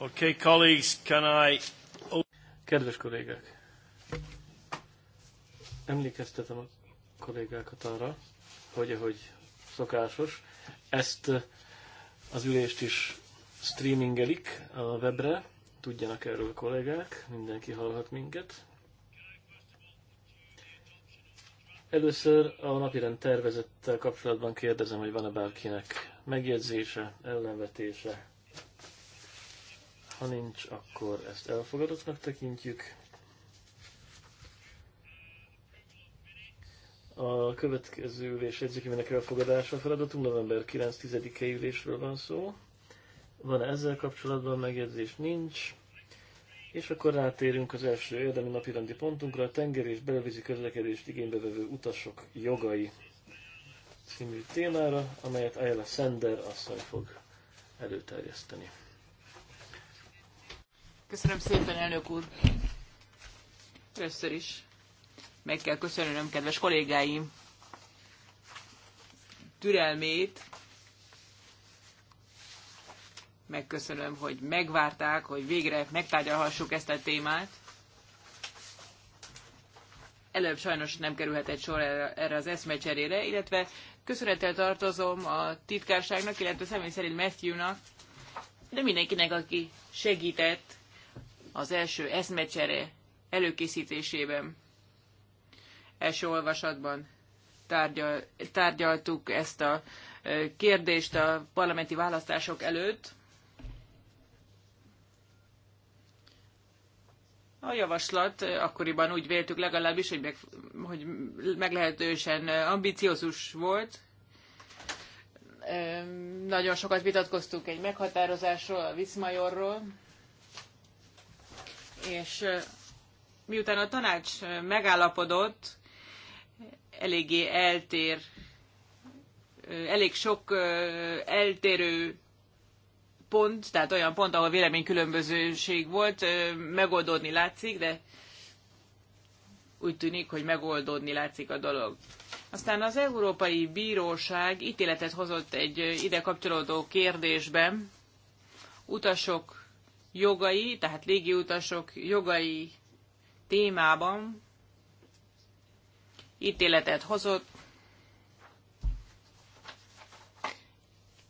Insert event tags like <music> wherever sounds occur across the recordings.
Okay, colleagues, can I... Kedves kollégák! Emlékeztetem a kollégákat arra, hogy ahogy szokásos, ezt eh, az ülést is streamingelik a webre, tudjanak erről a kollégák, mindenki hallhat minket. Először a napirend tervezettel kapcsolatban kérdezem, hogy van-e bárkinek megjegyzése, ellenvetése, ha nincs, akkor ezt elfogadottnak tekintjük. A következő ülés jegyzőkönyvének elfogadása a feladatunk, november 9-10-e ülésről van szó. Van -e ezzel kapcsolatban megjegyzés? Nincs. És akkor rátérünk az első érdemi napirendi pontunkra, a tenger és belvízi közlekedést igénybevevő utasok jogai című témára, amelyet Ayala Sender asszony fog előterjeszteni. Köszönöm szépen, elnök úr. Először is meg kell köszönöm kedves kollégáim türelmét. Megköszönöm, hogy megvárták, hogy végre megtárgyalhassuk ezt a témát. Előbb sajnos nem kerülhetett sor erre az eszmecserére, illetve köszönettel tartozom a titkárságnak, illetve személy szerint Matthew-nak, de mindenkinek, aki segített az első eszmecsere előkészítésében, első olvasatban tárgyal, tárgyaltuk ezt a kérdést a parlamenti választások előtt. A javaslat akkoriban úgy véltük legalábbis, hogy, meg, hogy meglehetősen ambiciózus volt. Nagyon sokat vitatkoztunk egy meghatározásról, a Viszmajorról és miután a tanács megállapodott, eléggé eltér, elég sok eltérő pont, tehát olyan pont, ahol véleménykülönbözőség volt, megoldódni látszik, de úgy tűnik, hogy megoldódni látszik a dolog. Aztán az Európai Bíróság ítéletet hozott egy ide kapcsolódó kérdésben, utasok jogai, tehát légiutasok jogai témában ítéletet hozott,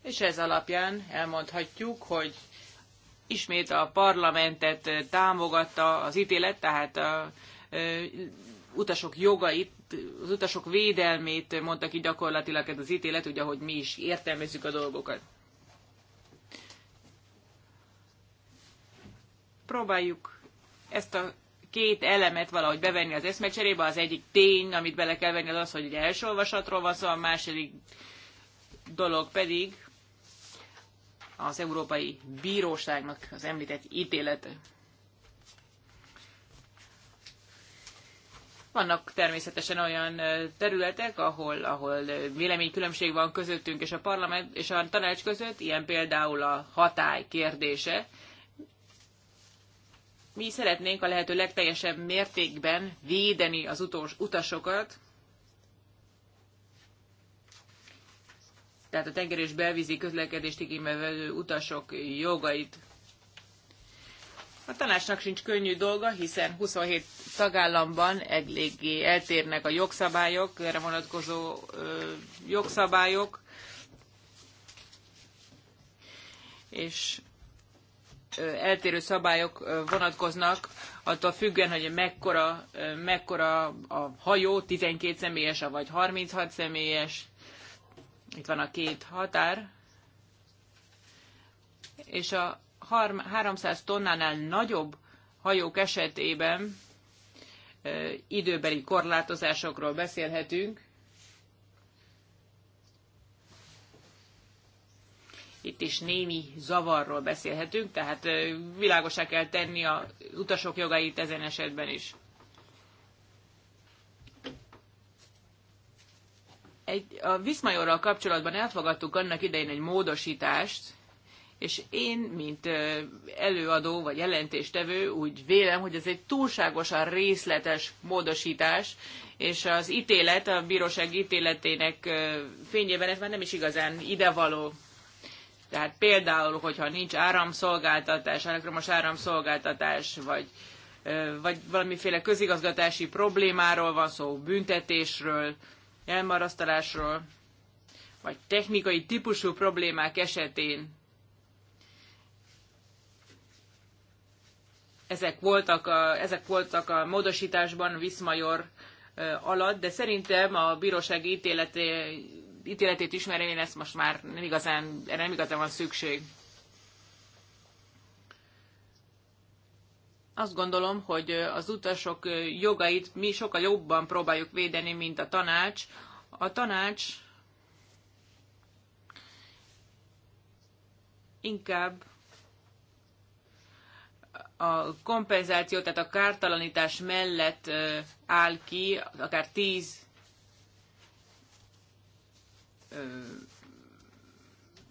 és ez alapján elmondhatjuk, hogy ismét a parlamentet támogatta az ítélet, tehát a utasok jogait, az utasok védelmét mondta ki gyakorlatilag ez az ítélet, ugye ahogy mi is értelmezzük a dolgokat. próbáljuk ezt a két elemet valahogy bevenni az eszmecserébe. Az egyik tény, amit bele kell venni, az az, hogy ugye első olvasatról van szó, szóval a második dolog pedig az Európai Bíróságnak az említett ítélete. Vannak természetesen olyan területek, ahol, ahol véleménykülönbség van közöttünk és a parlament és a tanács között, ilyen például a hatály kérdése. Mi szeretnénk a lehető legteljesebb mértékben védeni az utolsó utasokat, tehát a tenger és belvízi közlekedést igénybe utasok jogait. A tanácsnak sincs könnyű dolga, hiszen 27 tagállamban eléggé eltérnek a jogszabályok, erre vonatkozó ö, jogszabályok, és eltérő szabályok vonatkoznak, attól függően, hogy mekkora, mekkora a hajó, 12 személyes, vagy 36 személyes. Itt van a két határ. És a 300 tonnánál nagyobb hajók esetében időbeli korlátozásokról beszélhetünk, itt is némi zavarról beszélhetünk, tehát világosá kell tenni a utasok jogait ezen esetben is. Egy, a Viszmajorral kapcsolatban elfogadtuk annak idején egy módosítást, és én, mint előadó vagy jelentéstevő úgy vélem, hogy ez egy túlságosan részletes módosítás, és az ítélet, a bíróság ítéletének fényében ez már nem is igazán idevaló tehát például, hogyha nincs áramszolgáltatás, elektromos áramszolgáltatás, vagy, vagy valamiféle közigazgatási problémáról van szó, büntetésről, elmarasztalásról, vagy technikai típusú problémák esetén ezek voltak a, ezek voltak a módosításban Viszmajor alatt, de szerintem a bírósági ítélet ítéletét ismerem, én ezt most már nem igazán, erre nem igazán van szükség. Azt gondolom, hogy az utasok jogait mi sokkal jobban próbáljuk védeni, mint a tanács. A tanács inkább a kompenzáció, tehát a kártalanítás mellett áll ki, akár tíz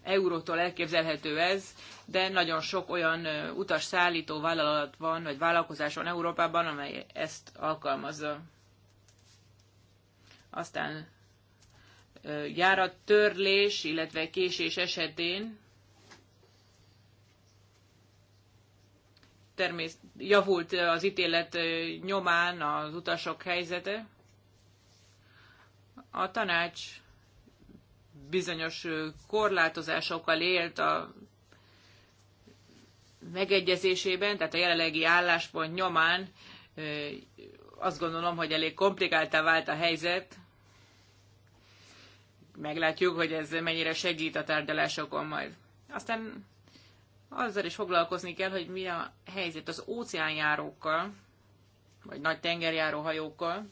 eurótól elképzelhető ez, de nagyon sok olyan utas szállító vállalat van, vagy vállalkozás van Európában, amely ezt alkalmazza. Aztán járattörlés, illetve késés esetén természet, javult az ítélet nyomán az utasok helyzete. A tanács bizonyos korlátozásokkal élt a megegyezésében, tehát a jelenlegi álláspont nyomán azt gondolom, hogy elég komplikáltá vált a helyzet. Meglátjuk, hogy ez mennyire segít a tárgyalásokon majd. Aztán azzal is foglalkozni kell, hogy mi a helyzet az óceánjárókkal, vagy nagy tengerjáró hajókkal.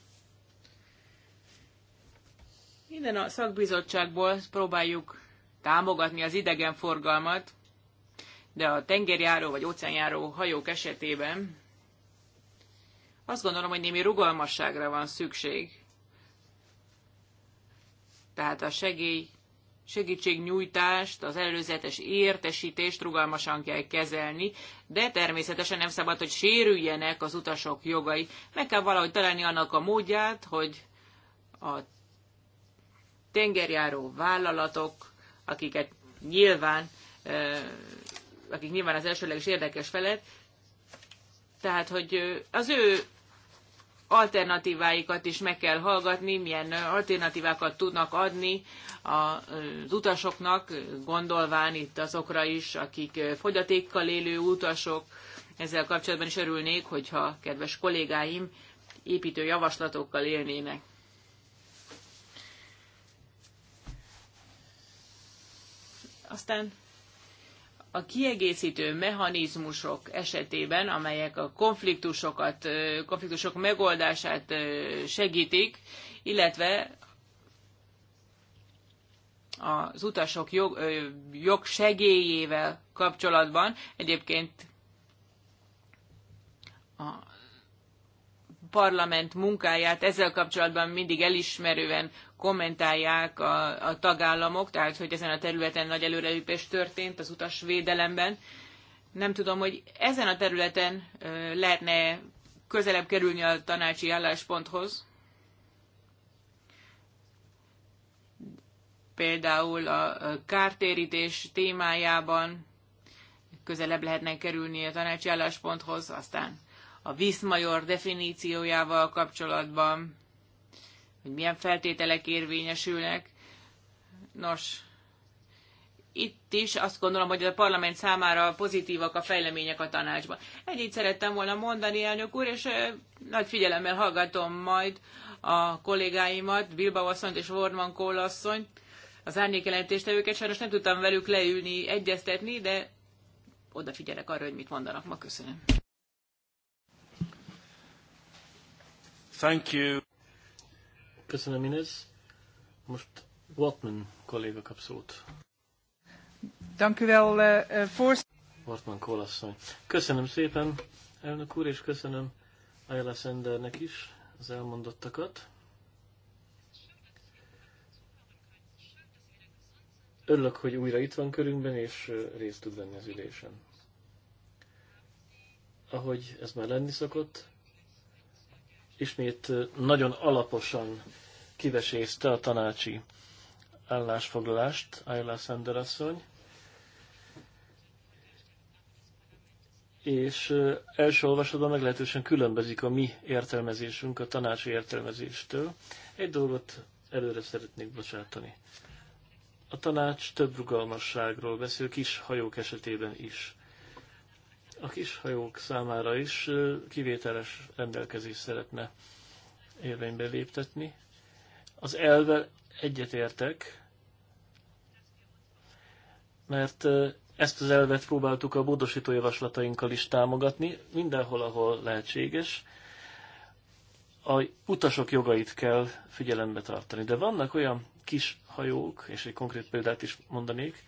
Minden a szakbizottságból próbáljuk támogatni az idegenforgalmat, de a tengerjáró vagy óceánjáró hajók esetében azt gondolom, hogy némi rugalmasságra van szükség. Tehát a segély, segítségnyújtást, az előzetes értesítést rugalmasan kell kezelni, de természetesen nem szabad, hogy sérüljenek az utasok jogai. Meg kell valahogy találni annak a módját, hogy a tengerjáró vállalatok, akiket nyilván, akik nyilván az elsőleges érdekes felett, tehát, hogy az ő alternatíváikat is meg kell hallgatni, milyen alternatívákat tudnak adni az utasoknak, gondolván itt azokra is, akik fogyatékkal élő utasok. Ezzel kapcsolatban is örülnék, hogyha kedves kollégáim építő javaslatokkal élnének. Aztán a kiegészítő mechanizmusok esetében, amelyek a konfliktusokat, konfliktusok megoldását segítik, illetve az utasok jog, jogsegélyével kapcsolatban egyébként a parlament munkáját ezzel kapcsolatban mindig elismerően kommentálják a, a tagállamok, tehát hogy ezen a területen nagy előrelépés történt az utasvédelemben. Nem tudom, hogy ezen a területen lehetne közelebb kerülni a tanácsi állásponthoz. Például a kártérítés témájában közelebb lehetne kerülni a tanácsi állásponthoz, aztán a viszmajor definíciójával kapcsolatban hogy milyen feltételek érvényesülnek. Nos, itt is azt gondolom, hogy a parlament számára pozitívak a fejlemények a tanácsban. Ennyit szerettem volna mondani, elnök úr, és nagy figyelemmel hallgatom majd a kollégáimat, Bilbao asszonyt és Vorman Kohl asszonyt, az árnyékjelentéstevőket. Sajnos nem tudtam velük leülni, egyeztetni, de odafigyelek arra, hogy mit mondanak ma. Köszönöm. Thank you. Köszönöm, Inez. Most Watman kolléga kap szót. Dank Watman eh, eh, kólasszony. Köszönöm szépen, elnök úr, és köszönöm Ayala Sendernek is az elmondottakat. Örülök, hogy újra itt van körünkben, és eh, részt tud venni az ülésen. Ahogy ez már lenni szokott, ismét nagyon alaposan kivesészte a tanácsi állásfoglalást, Ayla Sander asszony, és első olvasatban meglehetősen különbözik a mi értelmezésünk a tanácsi értelmezéstől. Egy dolgot előre szeretnék bocsátani. A tanács több rugalmasságról beszél kis hajók esetében is a kis hajók számára is kivételes rendelkezést szeretne érvénybe léptetni. Az elve egyetértek, mert ezt az elvet próbáltuk a módosító javaslatainkkal is támogatni, mindenhol, ahol lehetséges. A utasok jogait kell figyelembe tartani. De vannak olyan kis hajók, és egy konkrét példát is mondanék,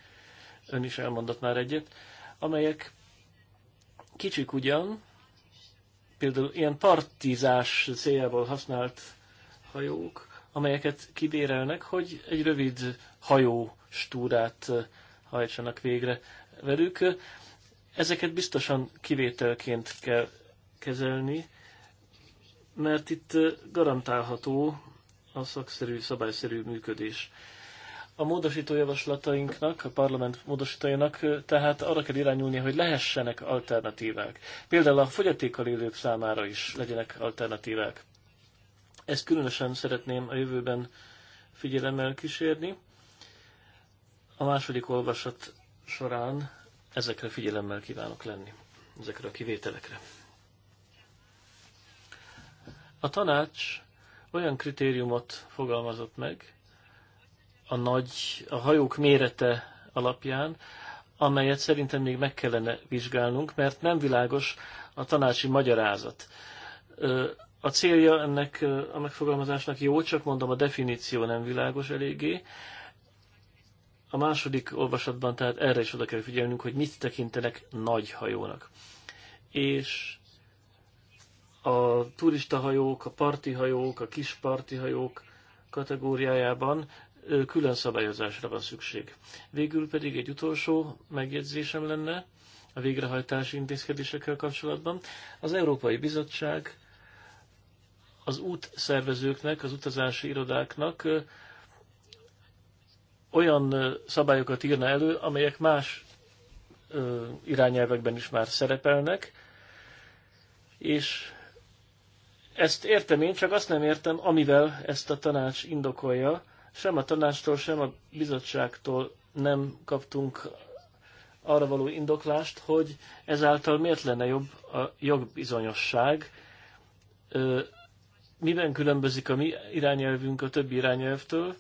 ön is elmondott már egyet, amelyek Kicsik ugyan, például ilyen partizás céljából használt hajók, amelyeket kibérelnek, hogy egy rövid hajó stúrát eh, hajtsanak végre velük. Ezeket biztosan kivételként kell kezelni, mert itt eh, garantálható a szakszerű, szabályszerű működés a módosító javaslatainknak, a parlament módosítójának, tehát arra kell irányulni, hogy lehessenek alternatívák. Például a fogyatékkal élők számára is legyenek alternatívák. Ezt különösen szeretném a jövőben figyelemmel kísérni. A második olvasat során ezekre figyelemmel kívánok lenni, ezekre a kivételekre. A tanács olyan kritériumot fogalmazott meg, a nagy, a hajók mérete alapján, amelyet szerintem még meg kellene vizsgálnunk, mert nem világos a tanácsi magyarázat. A célja ennek a megfogalmazásnak jó, csak mondom, a definíció nem világos eléggé. A második olvasatban tehát erre is oda kell figyelnünk, hogy mit tekintenek nagy hajónak. És a turistahajók, a partihajók, a kis partihajók kategóriájában külön szabályozásra van szükség. Végül pedig egy utolsó megjegyzésem lenne a végrehajtási intézkedésekkel kapcsolatban. Az Európai Bizottság az útszervezőknek, az utazási irodáknak olyan szabályokat írna elő, amelyek más irányelvekben is már szerepelnek, és ezt értem én, csak azt nem értem, amivel ezt a tanács indokolja, sem a tanácstól, sem a bizottságtól nem kaptunk arra való indoklást, hogy ezáltal miért lenne jobb a jogbizonyosság, miben különbözik a mi irányelvünk a többi irányelvtől,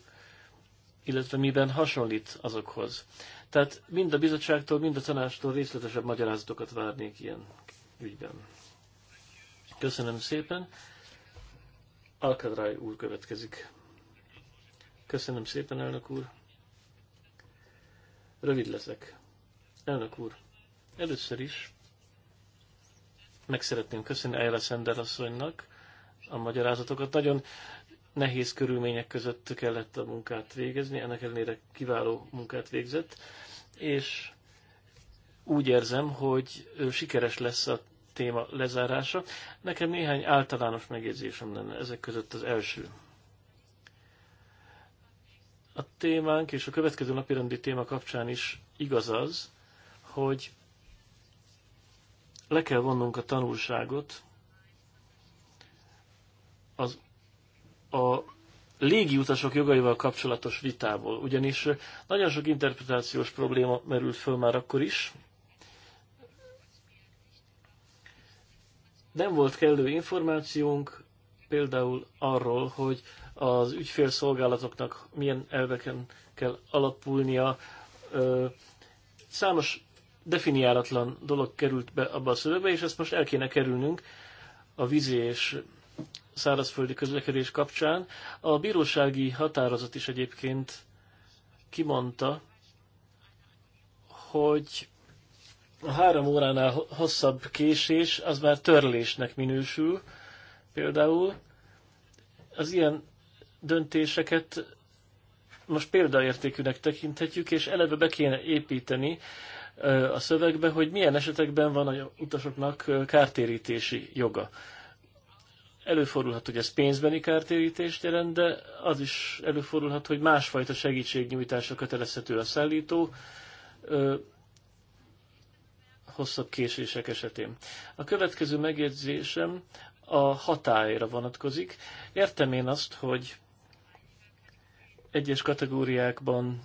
illetve miben hasonlít azokhoz. Tehát mind a bizottságtól, mind a tanástól részletesebb magyarázatokat várnék ilyen ügyben. Köszönöm szépen. Alkadráj úr következik. Köszönöm szépen, elnök úr. Rövid leszek. Elnök úr, először is meg szeretném köszönni Ayala Sender asszonynak a magyarázatokat. Nagyon nehéz körülmények között kellett a munkát végezni, ennek ellenére kiváló munkát végzett, és úgy érzem, hogy sikeres lesz a téma lezárása. Nekem néhány általános megjegyzésem lenne, ezek között az első a témánk és a következő napirendi téma kapcsán is igaz az, hogy le kell vonnunk a tanulságot az, a légiutasok jogaival kapcsolatos vitából, ugyanis nagyon sok interpretációs probléma merült föl már akkor is. Nem volt kellő információnk például arról, hogy az ügyfélszolgálatoknak milyen elveken kell alapulnia. Számos definiálatlan dolog került be abba a szövegbe, és ezt most el kéne kerülnünk a vízi és szárazföldi közlekedés kapcsán. A bírósági határozat is egyébként kimondta, hogy a három óránál hosszabb késés az már törlésnek minősül. Például az ilyen döntéseket most példaértékűnek tekinthetjük, és eleve be kéne építeni a szövegbe, hogy milyen esetekben van a utasoknak kártérítési joga. Előfordulhat, hogy ez pénzbeni kártérítést jelent, de az is előfordulhat, hogy másfajta segítségnyújtásra kötelezhető a szállító, hosszabb késések esetén. A következő megjegyzésem a hatályra vonatkozik. Értem én azt, hogy egyes kategóriákban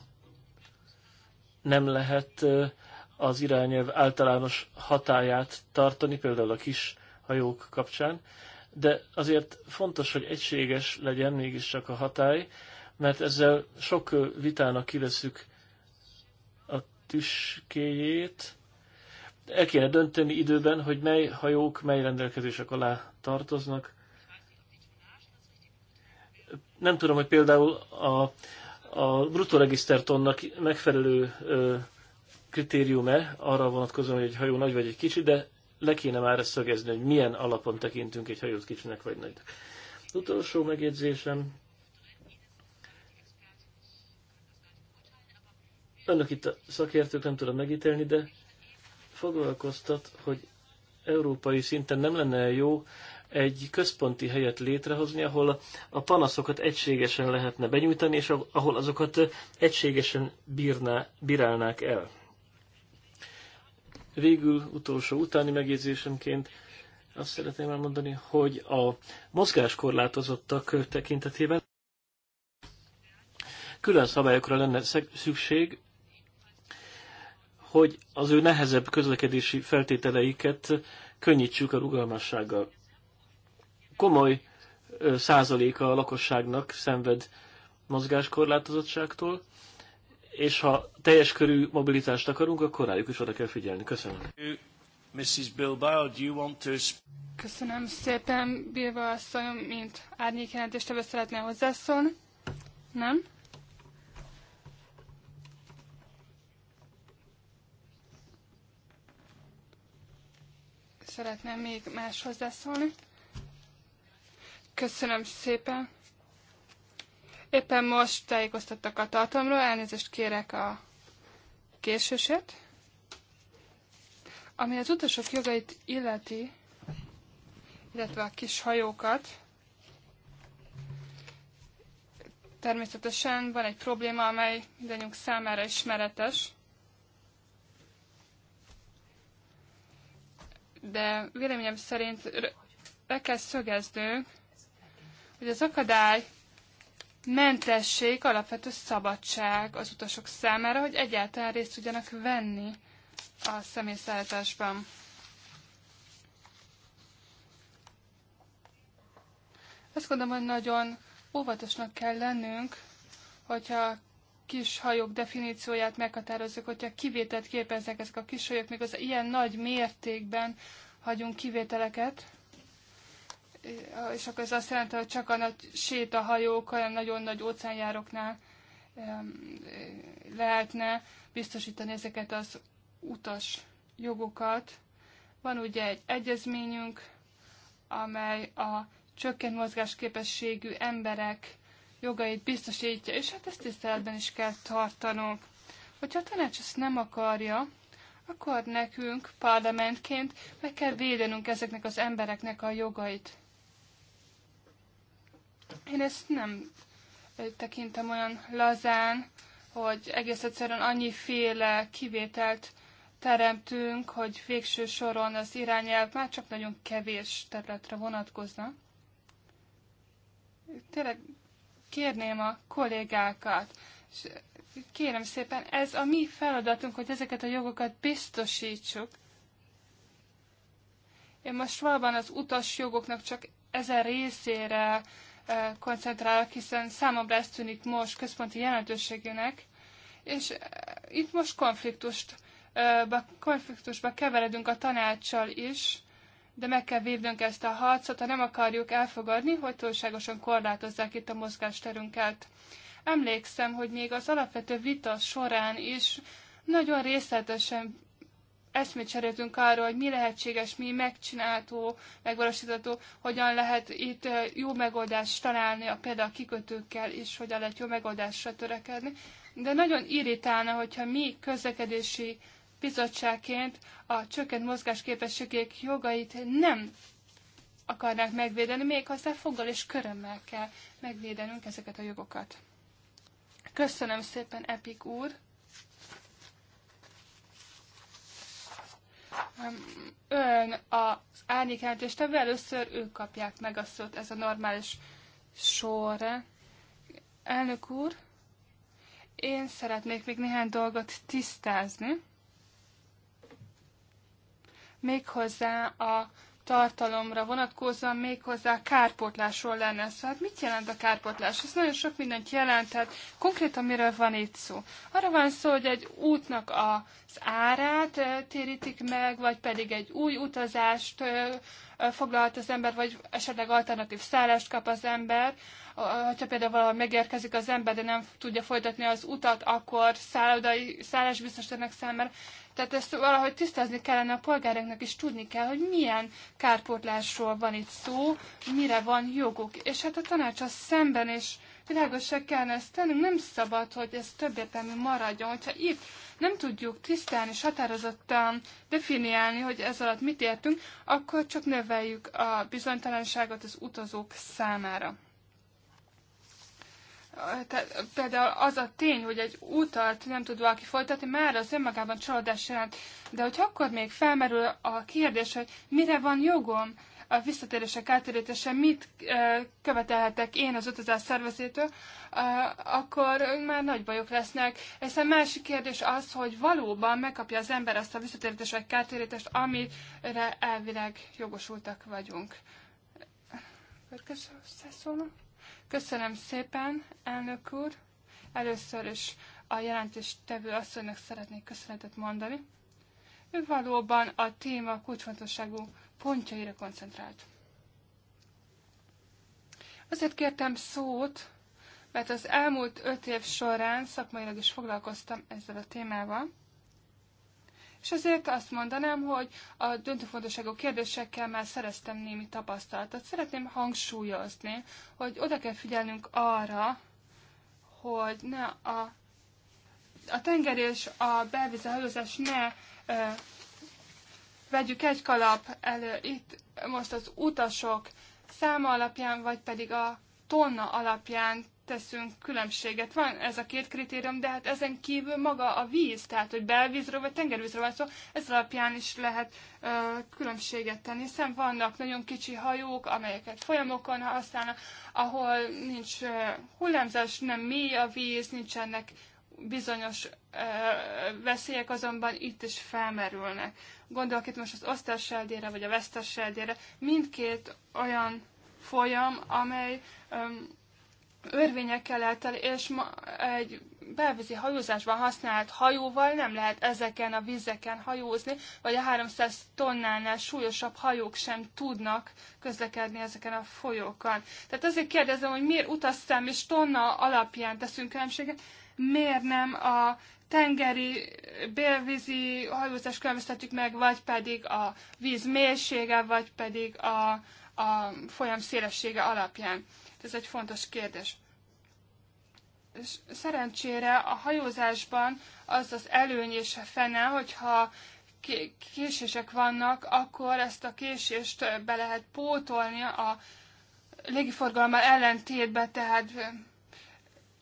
nem lehet az irányelv általános hatáját tartani, például a kis hajók kapcsán, de azért fontos, hogy egységes legyen mégiscsak a hatály, mert ezzel sok vitának kiveszük a tüskéjét. El kéne dönteni időben, hogy mely hajók mely rendelkezések alá tartoznak, nem tudom, hogy például a, a bruttó regisztertonnak megfelelő ö, kritériume arra vonatkozóan, hogy egy hajó nagy vagy egy kicsi, de le kéne már ezt szögezni, hogy milyen alapon tekintünk egy hajót kicsinek vagy nagynak. Utolsó megjegyzésem. Önök itt a szakértők, nem tudom megítélni, de foglalkoztat, hogy európai szinten nem lenne jó egy központi helyet létrehozni, ahol a panaszokat egységesen lehetne benyújtani, és ahol azokat egységesen bírná, bírálnák el. Végül utolsó utáni megjegyzésemként azt szeretném elmondani, hogy a mozgáskorlátozottak tekintetében külön szabályokra lenne szükség, hogy az ő nehezebb közlekedési feltételeiket könnyítsük a rugalmassággal komoly százaléka a lakosságnak szenved mozgáskorlátozottságtól, és ha teljes körű mobilitást akarunk, akkor rájuk is oda kell figyelni. Köszönöm. Mrs. Bilbao, do you want to... Köszönöm szépen, Bilbao asszony, mint árnyékjelentéstevő szeretné hozzászólni? Nem? Szeretném még más hozzászólni? Köszönöm szépen. Éppen most tájékoztattak a tartalomról, elnézést kérek a késősét. Ami az utasok jogait illeti, illetve a kis hajókat, természetesen van egy probléma, amely mindenünk számára ismeretes. De véleményem szerint le kell szögeznünk, hogy az akadály mentesség alapvető szabadság az utasok számára, hogy egyáltalán részt tudjanak venni a személyszállításban. Azt gondolom, hogy nagyon óvatosnak kell lennünk, hogyha kis hajók definícióját meghatározzuk, hogyha kivételt képeznek ezek a kis hajók, még az ilyen nagy mértékben hagyunk kivételeket, és akkor ez azt jelenti, hogy csak a nagy sétahajók, olyan nagyon nagy óceánjáróknál lehetne biztosítani ezeket az utas jogokat. Van ugye egy egyezményünk, amely a csökkent mozgásképességű emberek jogait biztosítja, és hát ezt tiszteletben is kell tartanunk. Hogyha a tanács ezt nem akarja, akkor nekünk parlamentként meg kell védenünk ezeknek az embereknek a jogait. Én ezt nem tekintem olyan lazán, hogy egész egyszerűen annyiféle kivételt teremtünk, hogy végső soron az irányelv már csak nagyon kevés területre vonatkozna. Tényleg kérném a kollégákat, és kérem szépen, ez a mi feladatunk, hogy ezeket a jogokat biztosítsuk. Én most valóban az utas jogoknak csak ezen részére koncentrálok, hiszen számomra ez tűnik most központi jelentőségűnek, és itt most konfliktust, konfliktusba keveredünk a tanácssal is, de meg kell vívnünk ezt a harcot, ha nem akarjuk elfogadni, hogy túlságosan korlátozzák itt a mozgásterünket. Emlékszem, hogy még az alapvető vita során is nagyon részletesen eszmét cseréltünk arról, hogy mi lehetséges, mi megcsinálható, megvalósítható, hogyan lehet itt jó megoldást találni, a például a kikötőkkel is, hogyan lehet jó megoldásra törekedni. De nagyon irritálna, hogyha mi közlekedési bizottságként a csökkent mozgásképességek jogait nem akarnák megvédeni, még ha foggal és körömmel kell megvédenünk ezeket a jogokat. Köszönöm szépen, Epik úr! ön az árnyékjelentéstevő, először ők kapják meg a szót, ez a normális sorra. Elnök úr, én szeretnék még néhány dolgot tisztázni. Méghozzá a tartalomra vonatkozóan méghozzá kárpótlásról lenne szó. Hát mit jelent a kárpótlás? Ez nagyon sok mindent jelent, tehát konkrétan miről van itt szó? Arra van szó, hogy egy útnak az árát eh, térítik meg, vagy pedig egy új utazást eh, foglalhat az ember, vagy esetleg alternatív szállást kap az ember. Ha például valahol megérkezik az ember, de nem tudja folytatni az utat, akkor szállodai szállás biztosítanak számára. Tehát ezt valahogy tisztázni kellene a polgároknak, és tudni kell, hogy milyen kárpótlásról van itt szó, mire van joguk. És hát a tanács az szemben is Világosra kell ezt tennünk, nem szabad, hogy ez többértelmű maradjon. Hogyha itt nem tudjuk tisztán és határozottan definiálni, hogy ez alatt mit értünk, akkor csak növeljük a bizonytalanságot az utazók számára. Tehát, például az a tény, hogy egy utat nem tud valaki folytatni, már az önmagában csalódás jelent. De hogy akkor még felmerül a kérdés, hogy mire van jogom, a visszatérések átérítése mit követelhetek én az utazás szervezétől, akkor már nagy bajok lesznek. a másik kérdés az, hogy valóban megkapja az ember azt a visszatérítések kártérítést, amire elvileg jogosultak vagyunk. Köszönöm, Köszönöm szépen, elnök úr. Először is a jelentéstevő asszonynak szeretnék köszönetet mondani. Ő valóban a téma kulcsfontosságú pontjaira koncentrált. Azért kértem szót, mert az elmúlt öt év során szakmailag is foglalkoztam ezzel a témával, és azért azt mondanám, hogy a döntőfontosságú kérdésekkel már szereztem némi tapasztalatot. Szeretném hangsúlyozni, hogy oda kell figyelnünk arra, hogy ne a, a tenger és a belvizelhajózás ne ö, vegyük egy kalap elő itt most az utasok száma alapján, vagy pedig a tonna alapján teszünk különbséget. Van ez a két kritérium, de hát ezen kívül maga a víz, tehát hogy belvízről vagy tengervízről van szó, ez alapján is lehet ö, különbséget tenni, hiszen vannak nagyon kicsi hajók, amelyeket folyamokon használnak, ahol nincs ö, hullámzás, nem mély a víz, nincsenek bizonyos ö, veszélyek, azonban itt is felmerülnek. Gondolok itt most az Osterseldére, vagy a Veszterseldére, mindkét olyan folyam, amely öm, örvényekkel eltel, és ma egy belvízi hajózásban használt hajóval nem lehet ezeken a vizeken hajózni, vagy a 300 tonnánál súlyosabb hajók sem tudnak közlekedni ezeken a folyókon. Tehát azért kérdezem, hogy miért utazszám és tonna alapján teszünk különbséget, miért nem a tengeri, bélvízi hajózás különböztetjük meg, vagy pedig a víz mélysége, vagy pedig a, a folyam szélessége alapján. Ez egy fontos kérdés. És szerencsére a hajózásban az az előny és fene, hogyha késések vannak, akkor ezt a késést be lehet pótolni a légiforgalommal ellentétbe, tehát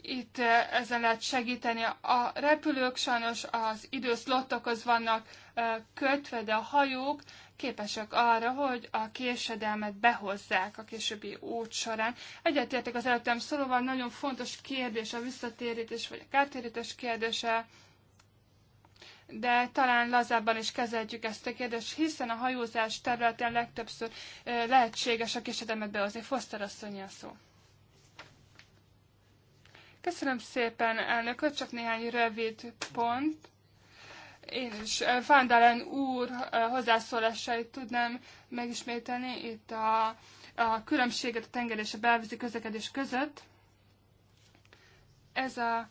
itt eh, ezen lehet segíteni. A repülők sajnos az időszlottokhoz vannak eh, kötve, de a hajók képesek arra, hogy a késedelmet behozzák a későbbi út során. Egyetértek az előttem szóval nagyon fontos kérdés a visszatérítés vagy a kártérítés kérdése, de talán lazábban is kezeljük ezt a kérdést, hiszen a hajózás területén legtöbbször eh, lehetséges a késedelmet behozni. Foster asszony a szó. Köszönöm szépen, elnök csak néhány rövid pont. Én is Fandalen eh, úr eh, hozzászólásait tudnám megismételni itt a, a különbséget a tenger és a belvízi közlekedés között. Ez a eh,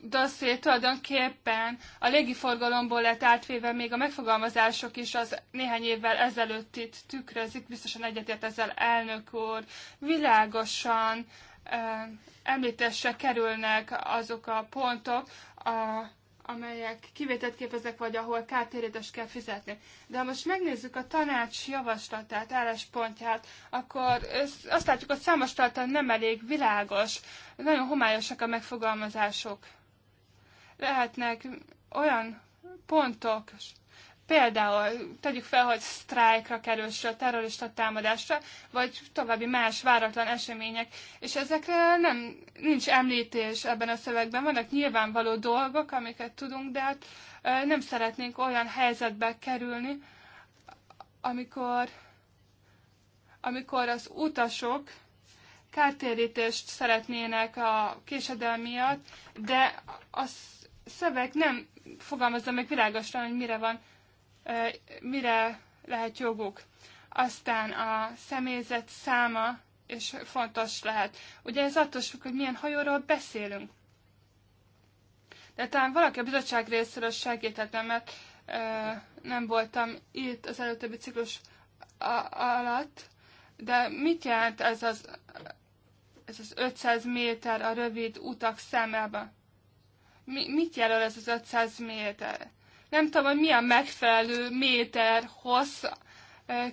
dosszé tulajdonképpen a légiforgalomból lett átvéve még a megfogalmazások is az néhány évvel ezelőtt itt tükrözik, biztosan egyetért ezzel elnök úr, világosan említésre kerülnek azok a pontok, a, amelyek kivételt képeznek, vagy ahol kártérítés kell fizetni. De ha most megnézzük a tanács javaslatát, álláspontját, akkor azt látjuk, hogy számos tartalom nem elég világos, nagyon homályosak a megfogalmazások. Lehetnek olyan pontok, Például tegyük fel, hogy sztrájkra kerül a terrorista támadásra, vagy további más váratlan események, és ezekre nem, nincs említés ebben a szövegben. Vannak nyilvánvaló dolgok, amiket tudunk, de hát nem szeretnénk olyan helyzetbe kerülni, amikor, amikor az utasok kártérítést szeretnének a késedel miatt, de a szöveg nem fogalmazza meg világosan, hogy mire van mire lehet joguk. Aztán a személyzet száma és fontos lehet. Ugye ez attól függ, hogy milyen hajóról beszélünk. De talán valaki a bizottság részéről segíthetne, mert ö, nem voltam itt az előtöbbi ciklus alatt, de mit jelent ez az, ez az 500 méter a rövid utak számában? Mi, mit jelöl ez az 500 méter? nem tudom, hogy mi a megfelelő méter hossz,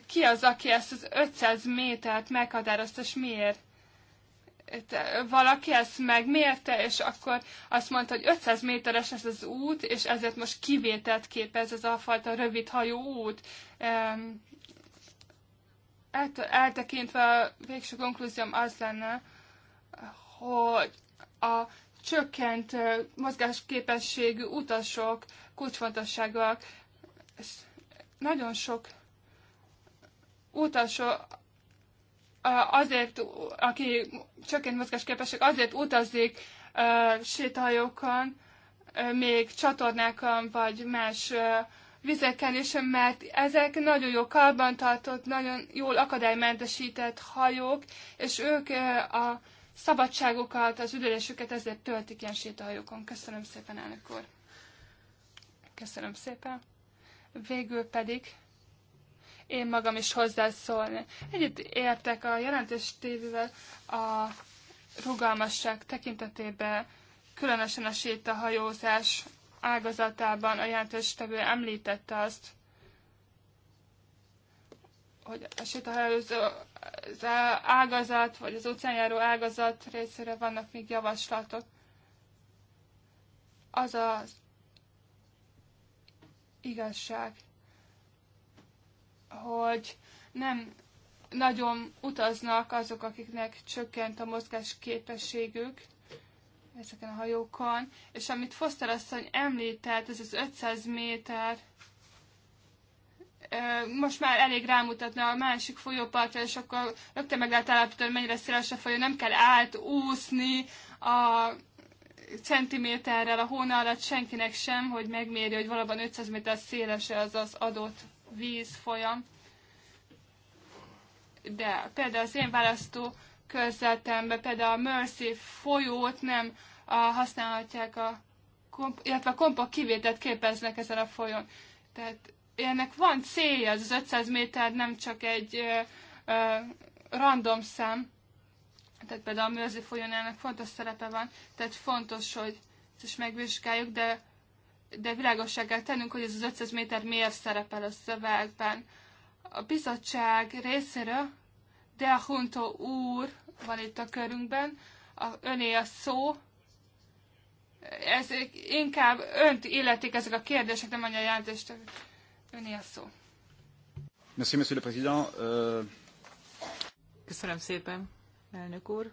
ki az, aki ezt az 500 métert meghatározta, és miért? valaki ezt megmérte, és akkor azt mondta, hogy 500 méteres ez az út, és ezért most kivételt képez ez a fajta rövid hajó út. Eltekintve a végső konklúzióm az lenne, hogy a csökkent mozgásképességű utasok kulcsfontosságúak. Nagyon sok utasó azért, aki csökkent mozgásképesség, azért utazik sétahajókon, még csatornákon, vagy más vizeken is, mert ezek nagyon jó karbantartott, nagyon jól akadálymentesített hajók, és ők a szabadságukat, az üdülésüket ezért töltik ilyen sétahajókon. Köszönöm szépen, elnök úr. Köszönöm szépen. Végül pedig én magam is hozzászólni. Egyet értek a tévével a rugalmasság tekintetében, különösen a sétahajózás ágazatában a jelentéstevő említette azt, hogy esetleg az ágazat, vagy az óceánjáró ágazat részére vannak még javaslatok. Az az igazság, hogy nem nagyon utaznak azok, akiknek csökkent a mozgás képességük ezeken a hajókon, és amit Foster asszony említett, ez az 500 méter most már elég rámutatna a másik folyópartra, és akkor rögtön meg lehet állapítani, hogy mennyire széles a folyó, nem kell átúszni a centiméterrel a hóna alatt senkinek sem, hogy megmérje, hogy valóban 500 méter széles az az adott vízfolyam. De például az én választó körzetemben például a Mercy folyót nem a, használhatják a komp, illetve a kompok kivételt képeznek ezen a folyón. Tehát ennek van célja, az 500 méter nem csak egy ö, ö, random szám, tehát például a Mörzi folyónának fontos szerepe van, tehát fontos, hogy ezt is megvizsgáljuk, de, de világosság kell tennünk, hogy ez az 500 méter miért szerepel a szövegben. A bizottság részéről de a Hunto úr van itt a körünkben, a, öné a szó, ez inkább önt illetik ezek a kérdések, nem annyi a jelentést. Öné a szó. Euh, Köszönöm szépen, elnök úr.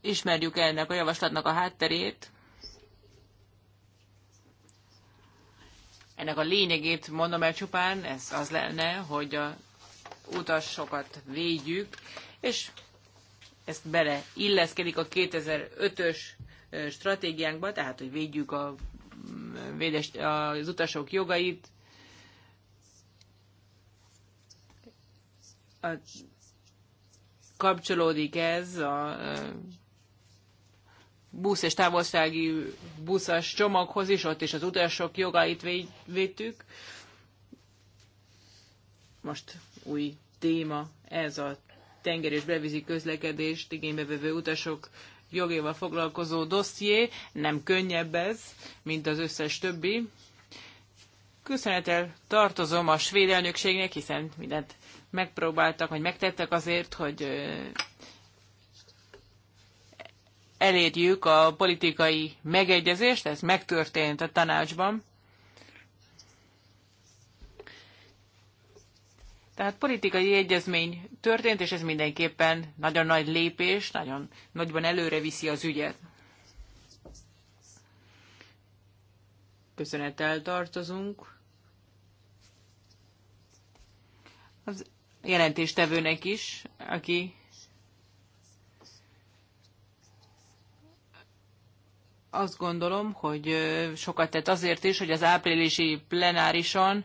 Ismerjük ennek a javaslatnak a hátterét. Ennek a lényegét mondom el csupán, ez az lenne, hogy a utasokat védjük, és ezt bele illeszkedik a 2005-ös stratégiánkba, tehát hogy védjük a, mm, az utasok jogait, a, kapcsolódik ez a busz és távolsági buszas csomaghoz is, ott is az utasok jogait védtük. Most új téma ez a tenger és bevízi közlekedést igénybevevő utasok jogéval foglalkozó dosszié. Nem könnyebb ez, mint az összes többi. Köszönettel tartozom a svéd elnökségnek, hiszen mindent megpróbáltak, vagy megtettek azért, hogy elérjük a politikai megegyezést, ez megtörtént a tanácsban. Tehát politikai egyezmény történt, és ez mindenképpen nagyon nagy lépés, nagyon nagyban előre viszi az ügyet. Köszönettel tartozunk. Az jelentéstevőnek is, aki azt gondolom, hogy sokat tett azért is, hogy az áprilisi plenárison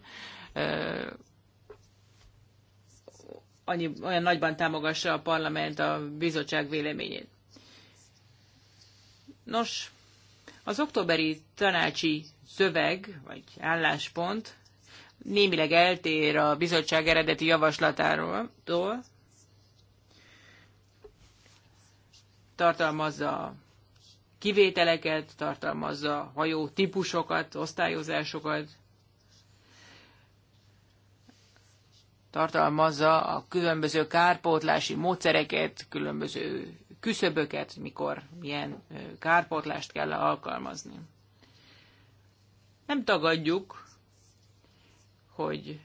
annyi, olyan nagyban támogassa a parlament a bizottság véleményét. Nos, az októberi tanácsi szöveg, vagy álláspont némileg eltér a bizottság eredeti javaslatáról, tartalmazza kivételeket, tartalmazza hajó típusokat, osztályozásokat, tartalmazza a különböző kárpótlási módszereket, különböző küszöböket, mikor milyen kárpótlást kell alkalmazni. Nem tagadjuk, hogy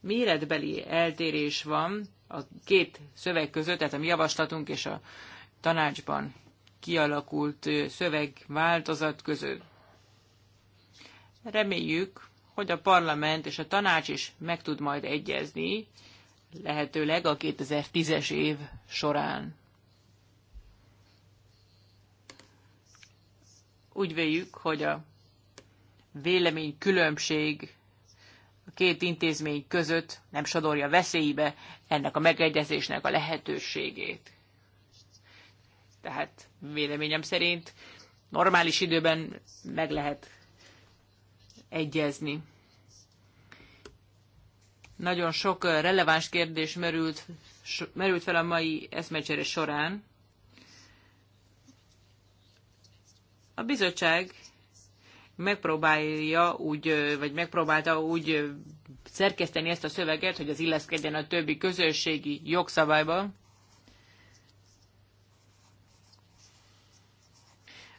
méretbeli eltérés van a két szöveg között, tehát a mi javaslatunk és a tanácsban kialakult szöveg változat között. Reméljük, hogy a parlament és a tanács is meg tud majd egyezni, lehetőleg a 2010-es év során. Úgy véljük, hogy a vélemény különbség a két intézmény között nem sodorja veszélybe ennek a megegyezésnek a lehetőségét. Tehát véleményem szerint normális időben meg lehet egyezni. Nagyon sok releváns kérdés merült, merült fel a mai eszmecsere során. A bizottság megpróbálja úgy, vagy megpróbálta úgy szerkeszteni ezt a szöveget, hogy az illeszkedjen a többi közösségi jogszabályba.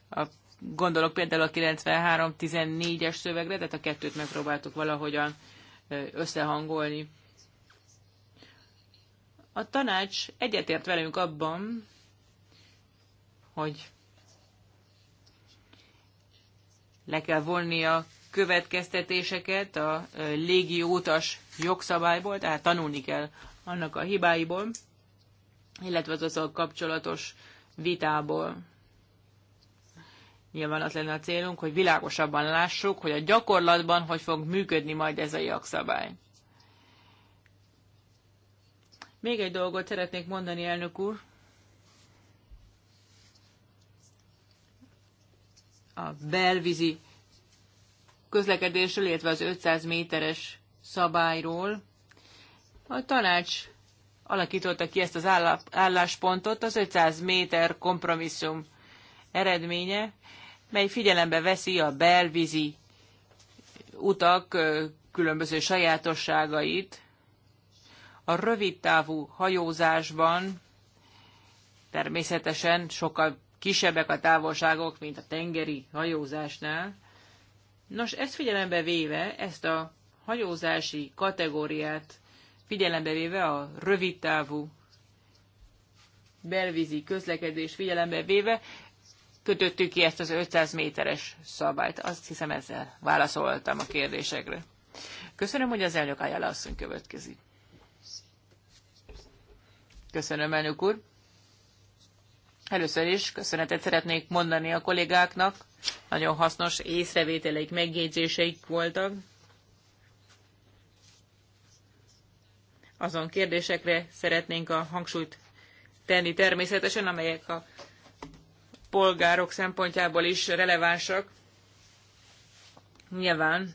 A Gondolok például a 93-14-es szövegre, tehát a kettőt megpróbáltuk valahogyan összehangolni. A tanács egyetért velünk abban, hogy le kell vonni a következtetéseket a légiótas jogszabályból, tehát tanulni kell annak a hibáiból, illetve az azzal kapcsolatos vitából. Nyilván az lenne a célunk, hogy világosabban lássuk, hogy a gyakorlatban hogy fog működni majd ez a jogszabály. Még egy dolgot szeretnék mondani, elnök úr. A belvízi közlekedésről, illetve az 500 méteres szabályról. A tanács alakította ki ezt az álláspontot, az 500 méter kompromisszum eredménye mely figyelembe veszi a belvízi utak különböző sajátosságait. A rövidtávú hajózásban természetesen sokkal kisebbek a távolságok, mint a tengeri hajózásnál. Nos, ezt figyelembe véve, ezt a hajózási kategóriát figyelembe véve a rövidtávú belvízi közlekedés figyelembe véve, kötöttük ki ezt az 500 méteres szabályt. Azt hiszem ezzel válaszoltam a kérdésekre. Köszönöm, hogy az elnök Ayala asszony következik. Köszönöm, elnök úr. Először is köszönetet szeretnék mondani a kollégáknak. Nagyon hasznos észrevételeik, megjegyzéseik voltak. Azon kérdésekre szeretnénk a hangsúlyt tenni természetesen, amelyek a polgárok szempontjából is relevánsak. Nyilván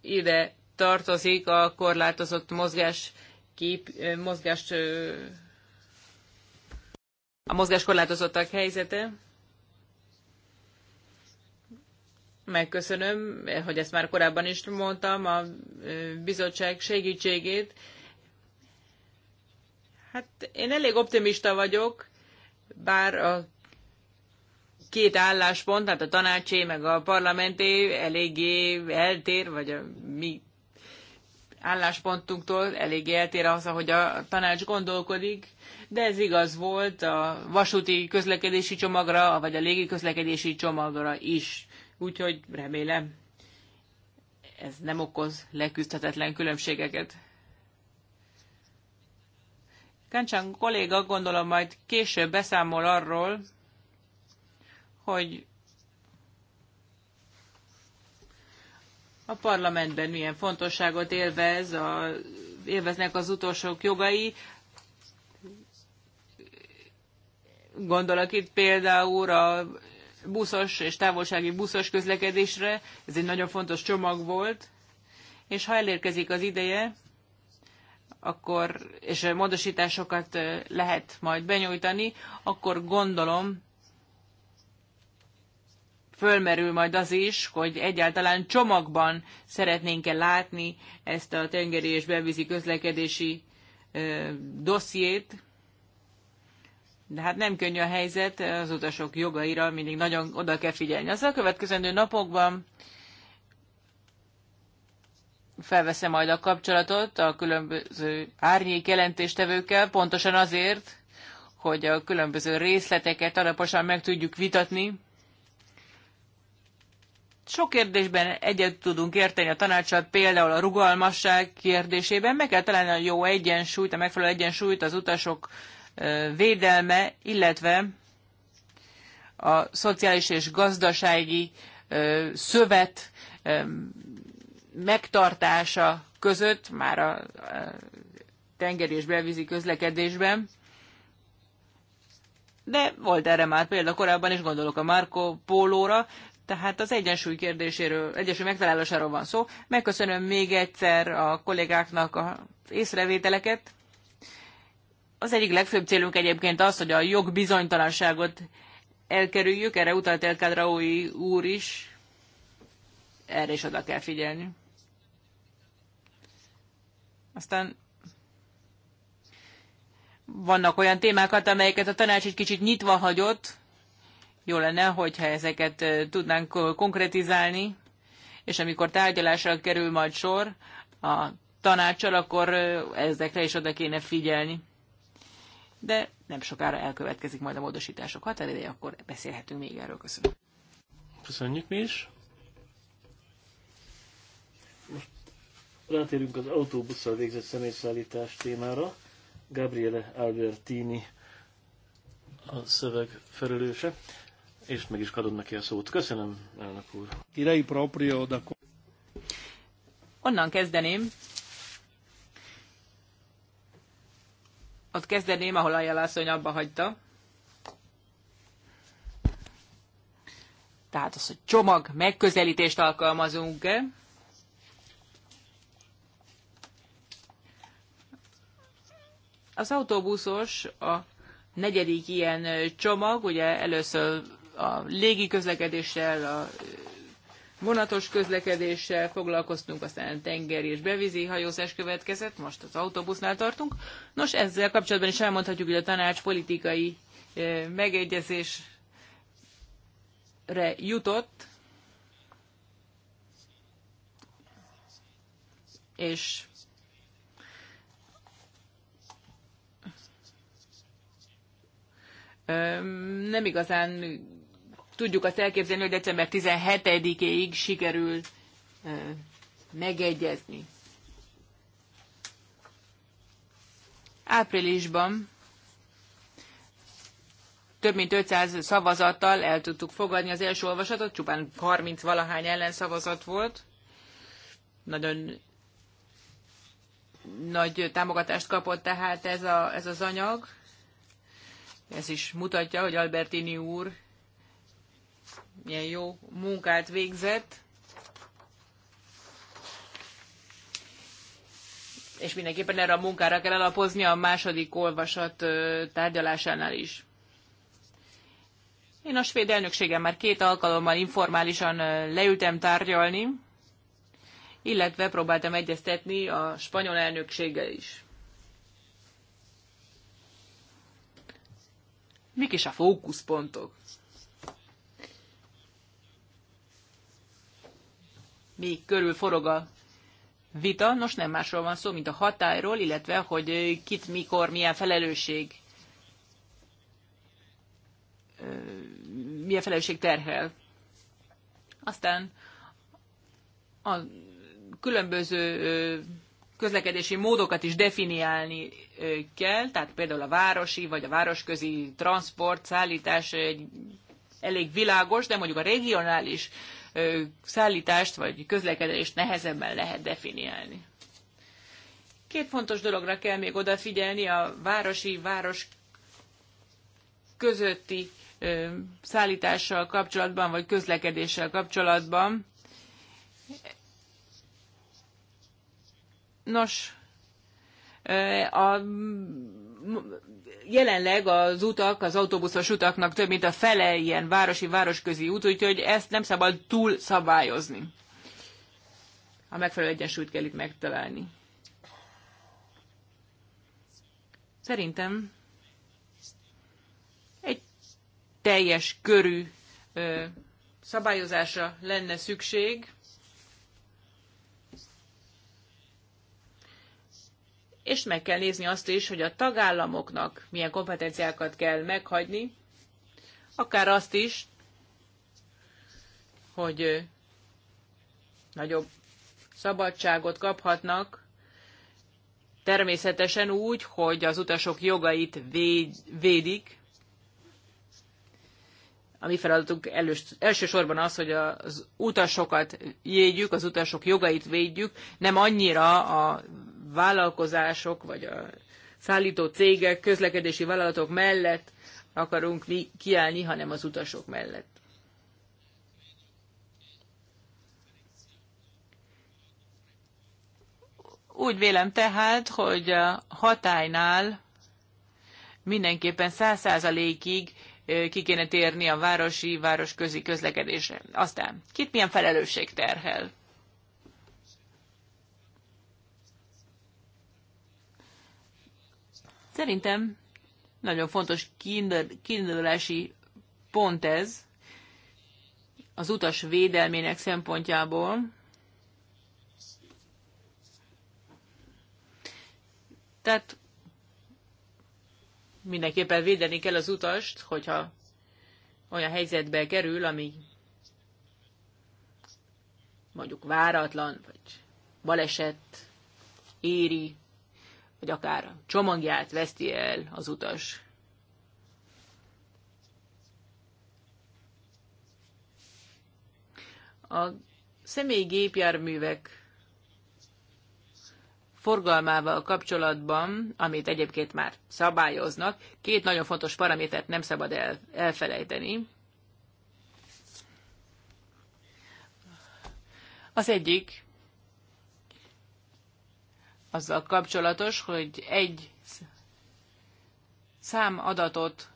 ide tartozik a korlátozott mozgás kép, mozgás a korlátozottak helyzete. Megköszönöm, hogy ezt már korábban is mondtam, a bizottság segítségét. Hát én elég optimista vagyok, bár a két álláspont, tehát a tanácsé meg a parlamenté eléggé eltér, vagy a mi álláspontunktól eléggé eltér az, ahogy a tanács gondolkodik, de ez igaz volt a vasúti közlekedési csomagra, vagy a légi közlekedési csomagra is. Úgyhogy remélem, ez nem okoz leküzdhetetlen különbségeket. Kancsán kolléga gondolom majd később beszámol arról, hogy a parlamentben milyen fontosságot élvez a, élveznek az utolsók jogai. Gondolok itt például a buszos és távolsági buszos közlekedésre, ez egy nagyon fontos csomag volt, és ha elérkezik az ideje, akkor, és módosításokat lehet majd benyújtani, akkor gondolom fölmerül majd az is, hogy egyáltalán csomagban szeretnénk-e látni ezt a tengeri és bevízi közlekedési ö, dossziét, de hát nem könnyű a helyzet, az utasok jogaira mindig nagyon oda kell figyelni. Az a következő napokban felveszem majd a kapcsolatot a különböző árnyék jelentéstevőkkel, pontosan azért, hogy a különböző részleteket alaposan meg tudjuk vitatni. Sok kérdésben egyet tudunk érteni a tanácsat, például a rugalmasság kérdésében. Meg kell találni a jó egyensúlyt, a megfelelő egyensúlyt az utasok védelme, illetve a szociális és gazdasági szövet megtartása között, már a tenger és belvízi közlekedésben, de volt erre már példa korábban, és gondolok a Marco Pólóra, tehát az egyensúly kérdéséről, egyensúly megtalálásáról van szó. Megköszönöm még egyszer a kollégáknak az észrevételeket. Az egyik legfőbb célunk egyébként az, hogy a jogbizonytalanságot elkerüljük, erre utalt El úr is, erre is oda kell figyelni. Aztán vannak olyan témákat, amelyeket a tanács egy kicsit nyitva hagyott. Jó lenne, hogyha ezeket tudnánk konkretizálni, és amikor tárgyalásra kerül majd sor a tanácsal, akkor ezekre is oda kéne figyelni. De nem sokára elkövetkezik majd a módosítások határideje, akkor beszélhetünk még erről. Köszönöm. Köszönjük mi is. Rátérünk az autóbusszal végzett személyszállítás témára. Gabriele Albertini a szöveg felelőse, és meg is adom neki a szót. Köszönöm, elnök úr. Kirei proprio da... Onnan kezdeném. Ott kezdeném, ahol a jelászony abba hagyta. Tehát az, hogy csomag megközelítést alkalmazunk-e, Az autóbuszos a negyedik ilyen csomag, ugye először a légi közlekedéssel, a vonatos közlekedéssel foglalkoztunk, aztán tengeri és bevizi hajózás következett, most az autóbusznál tartunk. Nos, ezzel kapcsolatban is elmondhatjuk, hogy a tanács politikai megegyezésre jutott, és nem igazán tudjuk azt elképzelni, hogy december 17-éig sikerül megegyezni. Áprilisban több mint 500 szavazattal el tudtuk fogadni az első olvasatot, csupán 30 valahány ellenszavazat volt. Nagyon nagy támogatást kapott tehát ez, a, ez az anyag. Ez is mutatja, hogy Albertini úr milyen jó munkát végzett, és mindenképpen erre a munkára kell alapozni a második olvasat tárgyalásánál is. Én a svéd elnökségen már két alkalommal informálisan leültem tárgyalni, illetve próbáltam egyeztetni a spanyol elnökséggel is. Mik is a fókuszpontok? Még körül forog a vita, nos nem másról van szó, mint a hatályról, illetve hogy kit, mikor, milyen felelősség milyen felelősség terhel. Aztán a különböző közlekedési módokat is definiálni kell, tehát például a városi vagy a városközi transport, szállítás egy elég világos, de mondjuk a regionális szállítást vagy közlekedést nehezebben lehet definiálni. Két fontos dologra kell még odafigyelni, a városi-város közötti szállítással kapcsolatban, vagy közlekedéssel kapcsolatban. Nos, a, jelenleg az utak, az autóbuszos utaknak több mint a fele ilyen városi-városközi út, úgyhogy ezt nem szabad túl szabályozni. A megfelelő egyensúlyt kell itt megtalálni. Szerintem egy teljes körű ö, lenne szükség, és meg kell nézni azt is, hogy a tagállamoknak milyen kompetenciákat kell meghagyni, akár azt is, hogy nagyobb szabadságot kaphatnak, természetesen úgy, hogy az utasok jogait véd, védik. A mi feladatunk elős, elsősorban az, hogy az utasokat védjük, az utasok jogait védjük, nem annyira a vállalkozások, vagy a szállító cégek, közlekedési vállalatok mellett akarunk mi kiállni, hanem az utasok mellett. Úgy vélem tehát, hogy a hatálynál mindenképpen száz százalékig ki kéne térni a városi, városközi közlekedésre. Aztán kit milyen felelősség terhel? Szerintem nagyon fontos kiindulási pont ez az utas védelmének szempontjából. Tehát mindenképpen védeni kell az utast, hogyha olyan helyzetbe kerül, ami mondjuk váratlan, vagy baleset éri, vagy akár csomagját veszti el az utas. A személygépjárművek forgalmával kapcsolatban, amit egyébként már szabályoznak, két nagyon fontos paramétert nem szabad el, elfelejteni. Az egyik azzal kapcsolatos, hogy egy szám adatot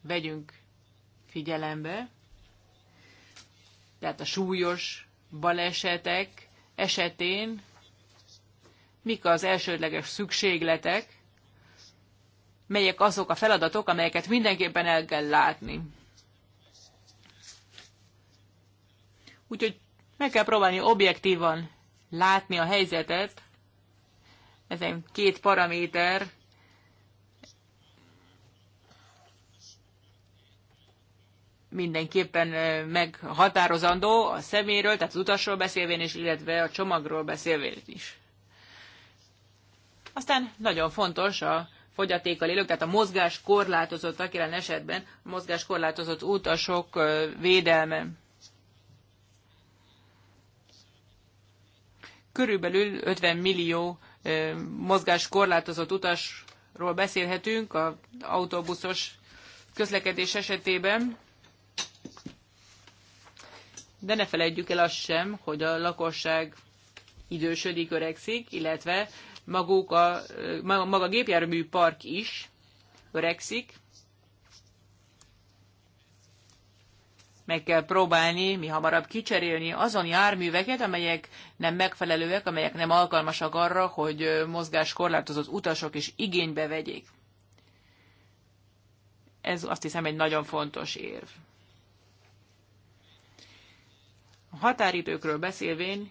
vegyünk figyelembe, tehát a súlyos balesetek esetén mik az elsődleges szükségletek, melyek azok a feladatok, amelyeket mindenképpen el kell látni. Úgyhogy meg kell próbálni objektívan látni a helyzetet, egy két paraméter mindenképpen meghatározandó a szeméről, tehát az utasról beszélvén is, illetve a csomagról beszélvén is. Aztán nagyon fontos a fogyatékkal élők, tehát a mozgás korlátozottak jelen esetben, a mozgás korlátozott utasok védelme. Körülbelül 50 millió mozgás korlátozott utasról beszélhetünk az autóbuszos közlekedés esetében. De ne felejtjük el azt sem, hogy a lakosság idősödik, öregszik, illetve maguk a, maga a gépjármű park is öregszik, meg kell próbálni mi hamarabb kicserélni azon járműveket, amelyek nem megfelelőek, amelyek nem alkalmasak arra, hogy mozgáskorlátozott utasok is igénybe vegyék. Ez azt hiszem egy nagyon fontos érv. A határidőkről beszélvén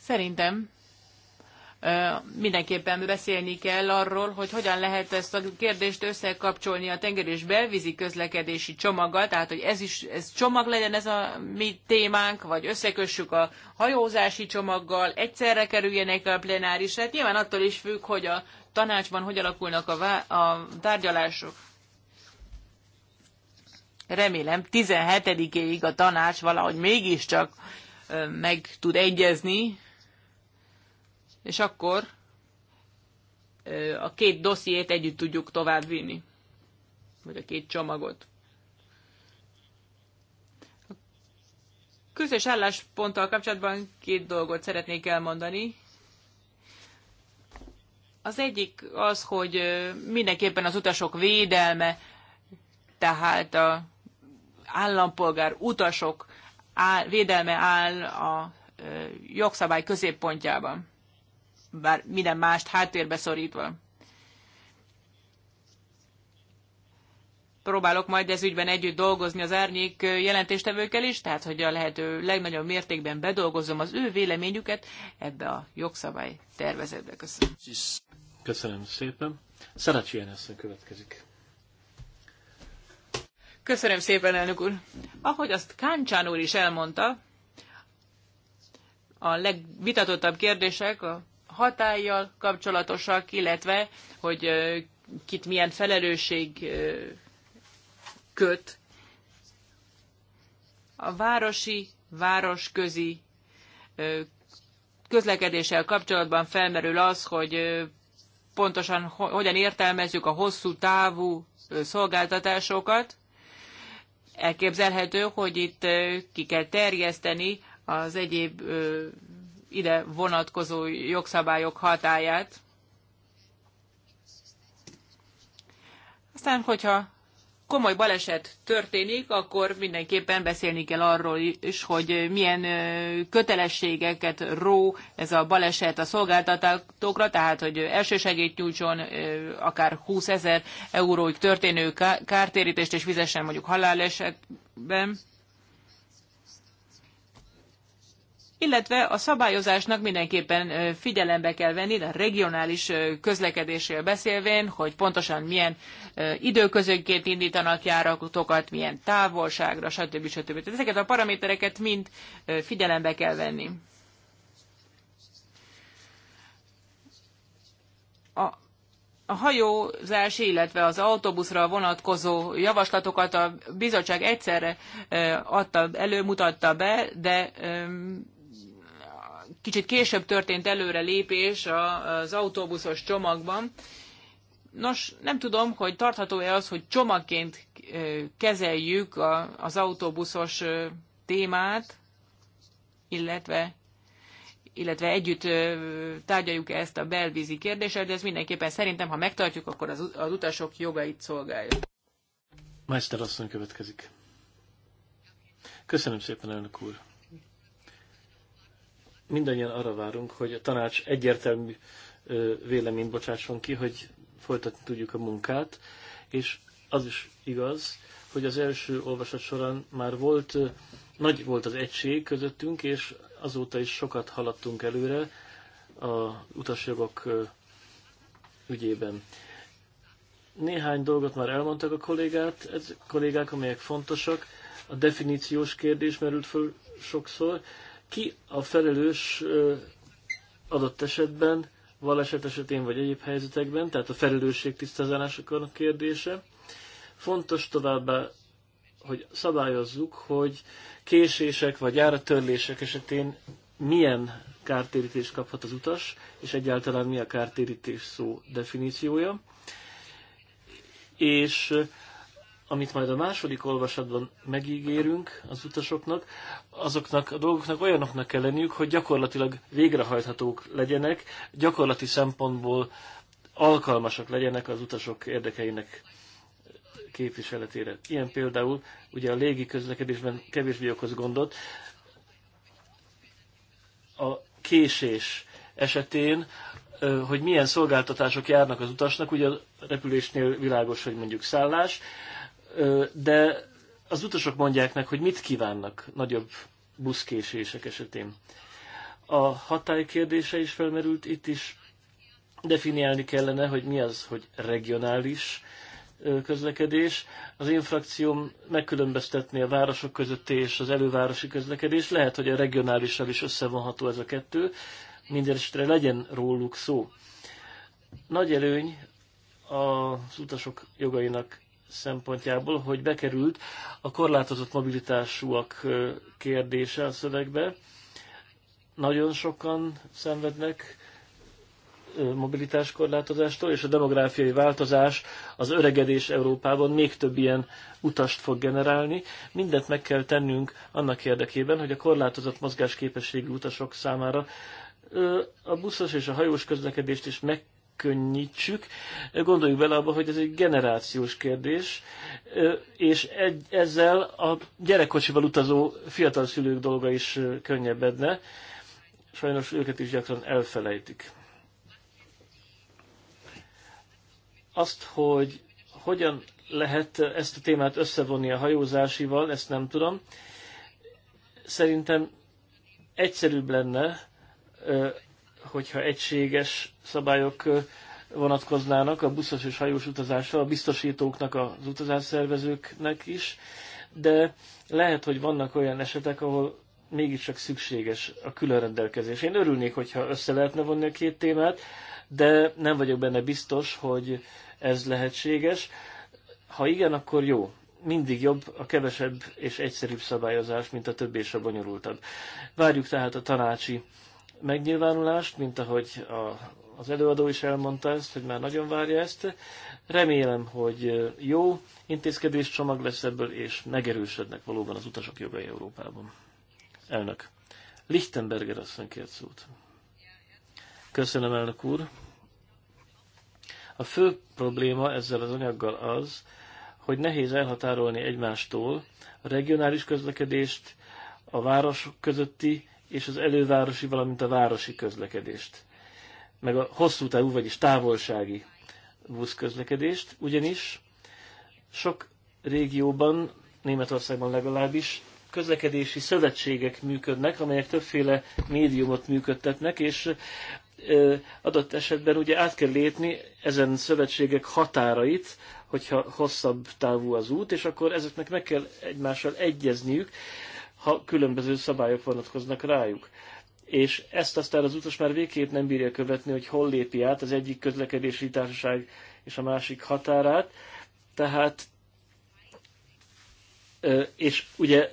szerintem mindenképpen beszélni kell arról, hogy hogyan lehet ezt a kérdést összekapcsolni a tenger és belvízi közlekedési csomaggal, tehát hogy ez is ez csomag legyen ez a mi témánk, vagy összekössük a hajózási csomaggal, egyszerre kerüljenek a plenárisra. Hát nyilván attól is függ, hogy a tanácsban hogy alakulnak a, vá- a tárgyalások. Remélem 17-éig a tanács valahogy mégiscsak meg tud egyezni és akkor a két dossziét együtt tudjuk továbbvinni, vagy a két csomagot. A közös állásponttal kapcsolatban két dolgot szeretnék elmondani. Az egyik az, hogy mindenképpen az utasok védelme, tehát a állampolgár utasok védelme áll a jogszabály középpontjában bár minden mást háttérbe szorítva. Próbálok majd ez ügyben együtt dolgozni az árnyék jelentéstevőkkel is, tehát hogy a lehető legnagyobb mértékben bedolgozom az ő véleményüket ebbe a jogszabály tervezetbe. Köszönöm. Köszönöm szépen. Szerácsi Jenesszen következik. Köszönöm szépen, elnök úr. Ahogy azt Káncsán úr is elmondta, a legvitatottabb kérdések a hatállyal kapcsolatosak, illetve hogy kit milyen felelősség köt. A városi, városközi közlekedéssel kapcsolatban felmerül az, hogy pontosan hogyan értelmezzük a hosszú távú szolgáltatásokat. Elképzelhető, hogy itt ki kell terjeszteni az egyéb ide vonatkozó jogszabályok hatáját. Aztán, hogyha komoly baleset történik, akkor mindenképpen beszélni kell arról is, hogy milyen kötelességeket ró ez a baleset a szolgáltatókra, tehát hogy elsősegét nyújtson akár 20 ezer euróig történő kártérítést, és fizessen mondjuk halálesetben. illetve a szabályozásnak mindenképpen figyelembe kell venni, a regionális közlekedésről beszélvén, hogy pontosan milyen időközönként indítanak járatokat, milyen távolságra, stb. stb. Tehát ezeket a paramétereket mind figyelembe kell venni. A a hajózás, illetve az autóbuszra vonatkozó javaslatokat a bizottság egyszerre adta, előmutatta be, de kicsit később történt előre lépés az autóbuszos csomagban. Nos, nem tudom, hogy tartható-e az, hogy csomagként kezeljük az autóbuszos témát, illetve illetve együtt tárgyaljuk -e ezt a belvízi kérdéssel, de ez mindenképpen szerintem, ha megtartjuk, akkor az, az utasok jogait szolgálja. Mester asszony következik. Köszönöm szépen, elnök úr mindannyian arra várunk, hogy a tanács egyértelmű véleményt bocsásson ki, hogy folytatni tudjuk a munkát, és az is igaz, hogy az első olvasat során már volt, nagy volt az egység közöttünk, és azóta is sokat haladtunk előre a utasjogok ügyében. Néhány dolgot már elmondtak a kollégát, ez, kollégák, amelyek fontosak. A definíciós kérdés merült föl sokszor ki a felelős adott esetben, valeset esetén vagy egyéb helyzetekben, tehát a felelősség tisztázásának a kérdése. Fontos továbbá, hogy szabályozzuk, hogy késések vagy áratörlések esetén milyen kártérítést kaphat az utas, és egyáltalán mi a kártérítés szó definíciója. És amit majd a második olvasatban megígérünk az utasoknak, azoknak a dolgoknak olyanoknak kell lenniük, hogy gyakorlatilag végrehajthatók legyenek, gyakorlati szempontból alkalmasak legyenek az utasok érdekeinek képviseletére. Ilyen például ugye a légi közlekedésben kevésbé okoz gondot. A késés esetén hogy milyen szolgáltatások járnak az utasnak, ugye a repülésnél világos, hogy mondjuk szállás, de az utasok mondják meg, hogy mit kívánnak nagyobb buszkésések esetén. A hatály kérdése is felmerült itt is. Definiálni kellene, hogy mi az, hogy regionális közlekedés. Az én frakcióm megkülönböztetni a városok közötti és az elővárosi közlekedés. Lehet, hogy a regionálisra is összevonható ez a kettő. Mindenesetre legyen róluk szó. Nagy előny az utasok jogainak szempontjából, hogy bekerült a korlátozott mobilitásúak kérdése a szövegbe. Nagyon sokan szenvednek mobilitás korlátozástól, és a demográfiai változás az öregedés Európában még több ilyen utast fog generálni. Mindent meg kell tennünk annak érdekében, hogy a korlátozott mozgásképességű utasok számára a buszos és a hajós közlekedést is meg megkönnyítsük. Gondoljuk bele abba, hogy ez egy generációs kérdés, és egy, ezzel a gyerekkocsival utazó fiatal szülők dolga is könnyebbedne. Sajnos őket is gyakran elfelejtik. Azt, hogy hogyan lehet ezt a témát összevonni a hajózásival, ezt nem tudom. Szerintem egyszerűbb lenne hogyha egységes szabályok vonatkoznának a buszos és hajós utazásra, a biztosítóknak, az utazásszervezőknek is, de lehet, hogy vannak olyan esetek, ahol mégiscsak szükséges a különrendelkezés. Én örülnék, hogyha össze lehetne vonni a két témát, de nem vagyok benne biztos, hogy ez lehetséges. Ha igen, akkor jó. Mindig jobb a kevesebb és egyszerűbb szabályozás, mint a több és a bonyolultabb. Várjuk tehát a tanácsi megnyilvánulást, mint ahogy a, az előadó is elmondta ezt, hogy már nagyon várja ezt. Remélem, hogy jó intézkedés csomag lesz ebből, és megerősödnek valóban az utasok jogai Európában. Elnök. Lichtenberger asszony kért szót. Köszönöm, elnök úr. A fő probléma ezzel az anyaggal az, hogy nehéz elhatárolni egymástól a regionális közlekedést, a város közötti és az elővárosi, valamint a városi közlekedést, meg a hosszú távú, vagyis távolsági buszközlekedést, ugyanis sok régióban, Németországban legalábbis, közlekedési szövetségek működnek, amelyek többféle médiumot működtetnek, és adott esetben ugye át kell lépni ezen szövetségek határait, hogyha hosszabb távú az út, és akkor ezeknek meg kell egymással egyezniük, ha különböző szabályok vonatkoznak rájuk. És ezt aztán az utas már végképp nem bírja követni, hogy hol lépi át az egyik közlekedési társaság és a másik határát. Tehát, és ugye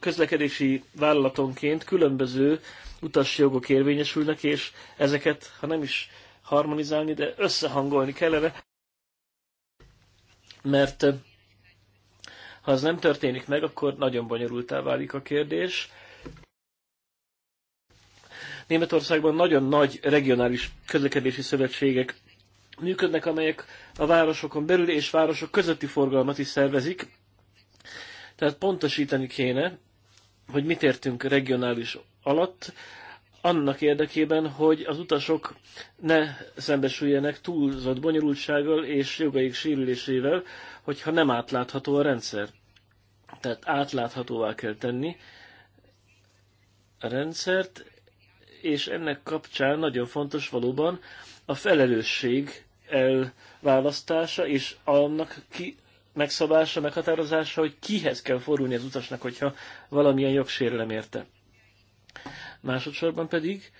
közlekedési vállalatonként különböző utasjogok érvényesülnek, és ezeket, ha nem is harmonizálni, de összehangolni kellene, mert ha az nem történik meg, akkor nagyon bonyolultá válik a kérdés. Németországban nagyon nagy regionális közlekedési szövetségek működnek, amelyek a városokon belül és városok közötti forgalmat is szervezik. Tehát pontosítani kéne, hogy mit értünk regionális alatt, annak érdekében, hogy az utasok ne szembesüljenek túlzott bonyolultsággal és jogaik sérülésével, hogyha nem átlátható a rendszer. Tehát átláthatóvá kell tenni a rendszert, és ennek kapcsán nagyon fontos valóban a felelősség elválasztása és annak ki megszabása, meghatározása, hogy kihez kell fordulni az utasnak, hogyha valamilyen jogsérelem érte. Másodszorban pedig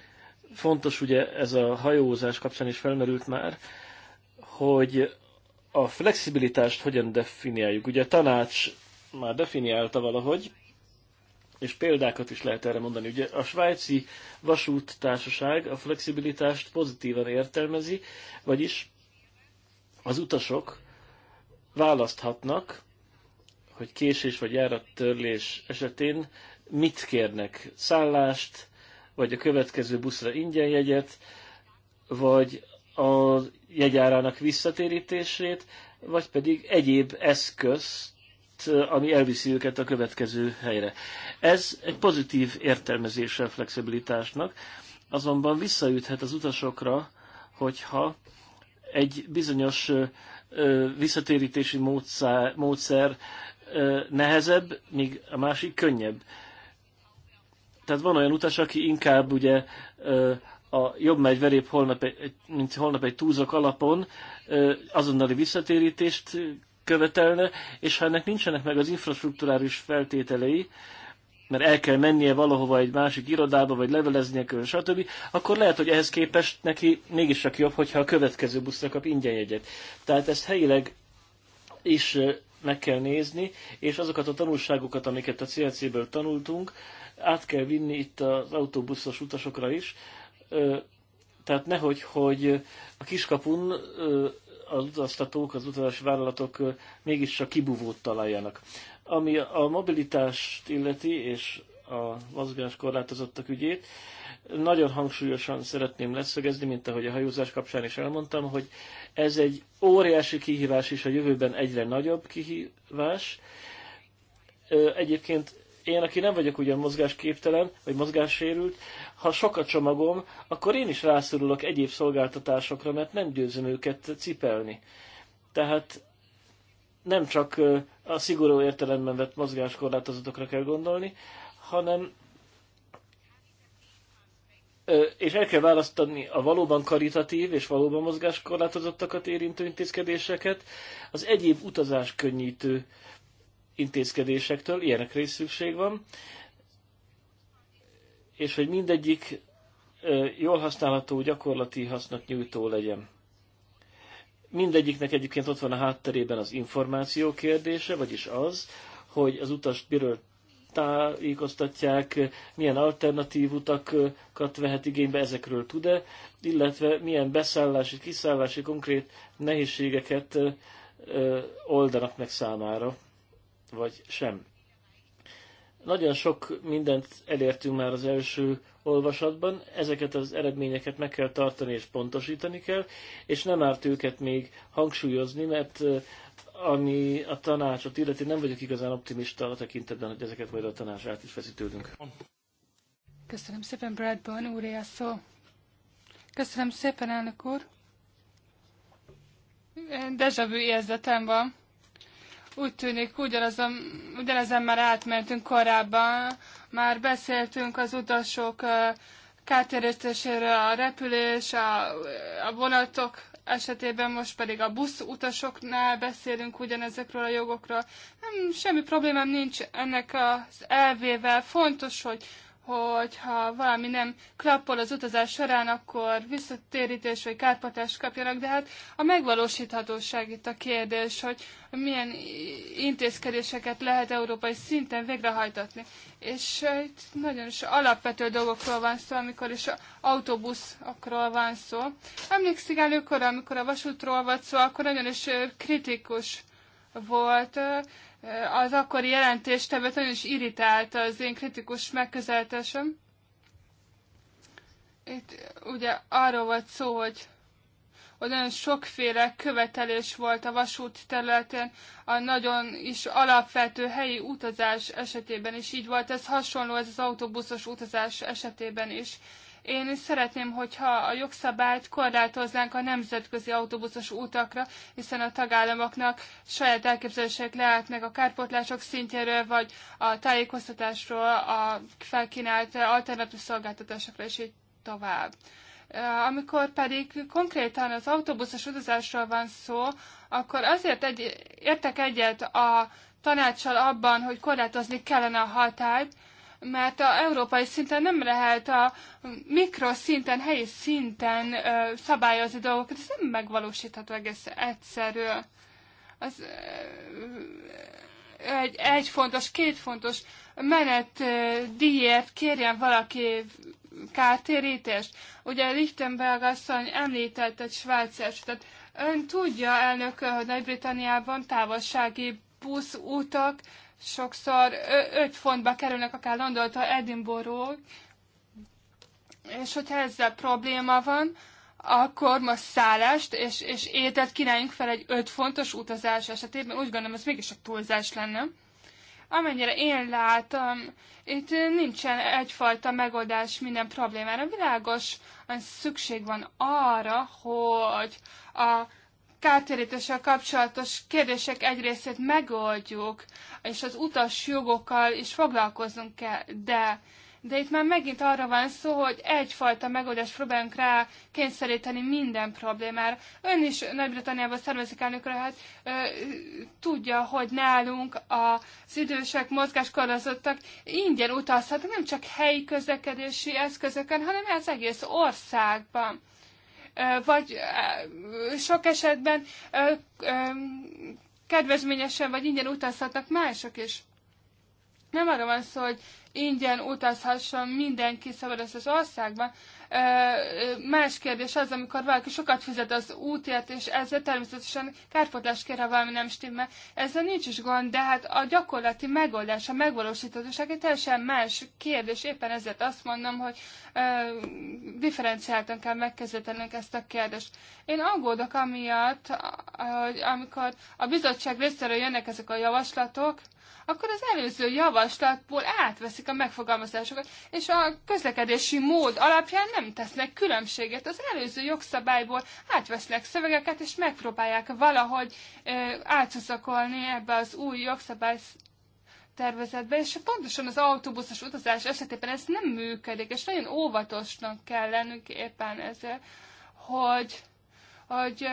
fontos ugye ez a hajózás kapcsán is felmerült már, hogy a flexibilitást hogyan definiáljuk. Ugye a tanács már definiálta valahogy, és példákat is lehet erre mondani. Ugye a svájci vasúttársaság a flexibilitást pozitívan értelmezi, vagyis az utasok választhatnak, hogy késés vagy járattörlés esetén mit kérnek, szállást, vagy a következő buszra ingyen jegyet, vagy a jegyárának visszatérítését, vagy pedig egyéb eszközt, ami elviszi őket a következő helyre. Ez egy pozitív értelmezése a flexibilitásnak, azonban visszaüthet az utasokra, hogyha egy bizonyos visszatérítési módszer, módszer nehezebb, míg a másik könnyebb. Tehát van olyan utas, aki inkább ugye a jobb megy verép holnap, egy, mint holnap egy túlzok alapon azonnali visszatérítést követelne, és ha ennek nincsenek meg az infrastruktúrális feltételei, mert el kell mennie valahova egy másik irodába, vagy leveleznie kell, stb., akkor lehet, hogy ehhez képest neki mégis csak jobb, hogyha a következő buszra kap ingyen jegyet. Tehát ezt helyileg is meg kell nézni, és azokat a tanulságokat, amiket a CLC-ből tanultunk, át kell vinni itt az autóbuszos utasokra is. Tehát nehogy, hogy a kiskapun az utaztatók, az utazási vállalatok mégis csak kibuvót találjanak. Ami a mobilitást illeti, és a mozgáskorlátozottak ügyét. Nagyon hangsúlyosan szeretném leszögezni, mint ahogy a hajózás kapcsán is elmondtam, hogy ez egy óriási kihívás, és a jövőben egyre nagyobb kihívás. Egyébként én, aki nem vagyok ugyan mozgásképtelen, vagy mozgássérült, ha sok a csomagom, akkor én is rászorulok egyéb szolgáltatásokra, mert nem győzöm őket cipelni. Tehát nem csak a szigorú értelemben vett mozgáskorlátozatokra kell gondolni, hanem és el kell választani a valóban karitatív és valóban mozgáskorlátozottakat érintő intézkedéseket az egyéb utazás könnyítő intézkedésektől, ilyenek rész szükség van, és hogy mindegyik jól használható, gyakorlati hasznot nyújtó legyen. Mindegyiknek egyébként ott van a hátterében az információ kérdése, vagyis az, hogy az utast miről tájékoztatják, milyen alternatív utakat vehet igénybe, ezekről tud-e, illetve milyen beszállási, kiszállási konkrét nehézségeket oldanak meg számára, vagy sem. Nagyon sok mindent elértünk már az első olvasatban, ezeket az eredményeket meg kell tartani és pontosítani kell, és nem árt őket még hangsúlyozni, mert ami a tanácsot illeti, nem vagyok igazán optimista a tekintetben, hogy ezeket majd a tanács át is feszítődünk. Köszönöm szépen, Bradburn úr, a szó. Köszönöm szépen, elnök úr. vu érzetem van. Úgy tűnik, ugyanazon, ugyanezen már átmentünk korábban. Már beszéltünk az utasok kártérésztéséről, a repülés, a, a vonatok esetében most pedig a busz utasoknál beszélünk ugyanezekről a jogokról. Nem, semmi problémám nincs ennek az elvével. Fontos, hogy hogyha valami nem klappol az utazás során, akkor visszatérítés vagy kárpatást kapjanak, de hát a megvalósíthatóság itt a kérdés, hogy milyen intézkedéseket lehet európai szinten végrehajtatni. És eh, itt nagyon is alapvető dolgokról van szó, amikor is autóbuszokról van szó. Emlékszik előkor, amikor a vasútról volt szó, akkor nagyon is eh, kritikus volt, eh, az akkori jelentéstevőt nagyon is irritált az én kritikus megközelítésem. Itt ugye arról volt szó, hogy hogy nagyon sokféle követelés volt a vasút területén, a nagyon is alapvető helyi utazás esetében is így volt. Ez hasonló ez az autóbuszos utazás esetében is. Én is szeretném, hogyha a jogszabályt korlátoznánk a nemzetközi autóbuszos utakra, hiszen a tagállamoknak saját elképzelések lehetnek a kárpótlások szintjéről, vagy a tájékoztatásról, a felkínált alternatív szolgáltatásokra, és így tovább. Amikor pedig konkrétan az autóbuszos utazásról van szó, akkor azért egy, értek egyet a tanácssal abban, hogy korlátozni kellene a hatályt, mert a európai szinten nem lehet a mikroszinten, helyi szinten ö, szabályozni dolgokat, ez nem megvalósítható egész egyszerű. Az, ö, egy, egy fontos, két fontos menet ö, díjért kérjen valaki kártérítést. Ugye Lichtenberg asszony említett egy svájci esetet. Ön tudja, elnök, hogy Nagy-Britanniában távolsági buszútak sokszor 5 fontba kerülnek akár a Edinburgh, és hogyha ezzel probléma van, akkor most szállást és, és ételt kínáljunk fel egy 5 fontos utazás esetében, úgy gondolom ez mégis egy túlzás lenne. Amennyire én látom, itt nincsen egyfajta megoldás minden problémára. Világos, szükség van arra, hogy a kártérítéssel kapcsolatos kérdések egy részét megoldjuk, és az utas jogokkal is foglalkozunk kell, de de itt már megint arra van szó, hogy egyfajta megoldást próbálunk rá kényszeríteni minden problémára. Ön is Nagy-Britanniában szervezik elnökre, hát ö, tudja, hogy nálunk az idősek, mozgáskorlazottak ingyen utazhatnak, nem csak helyi közlekedési eszközöken, hanem az egész országban vagy sok esetben kedvezményesen vagy ingyen utazhatnak mások is. Nem arra van szó, hogy ingyen utazhasson mindenki szabad az országban, más kérdés az, amikor valaki sokat fizet az útért, és ezzel természetesen kárpotlás kér, ha valami nem stimmel. Ezzel nincs is gond, de hát a gyakorlati megoldás, a megvalósíthatóság egy teljesen más kérdés. Éppen ezért azt mondom, hogy differenciáltan kell megkezdetelnünk ezt a kérdést. Én aggódok amiatt, hogy amikor a bizottság részéről jönnek ezek a javaslatok, akkor az előző javaslatból átveszik a megfogalmazásokat, és a közlekedési mód alapján nem tesznek különbséget. Az előző jogszabályból átvesznek szövegeket, és megpróbálják valahogy ö, átszakolni ebbe az új jogszabály tervezetbe, és pontosan az autóbuszos utazás esetében ez nem működik, és nagyon óvatosnak kell lennünk éppen ezért, hogy hogy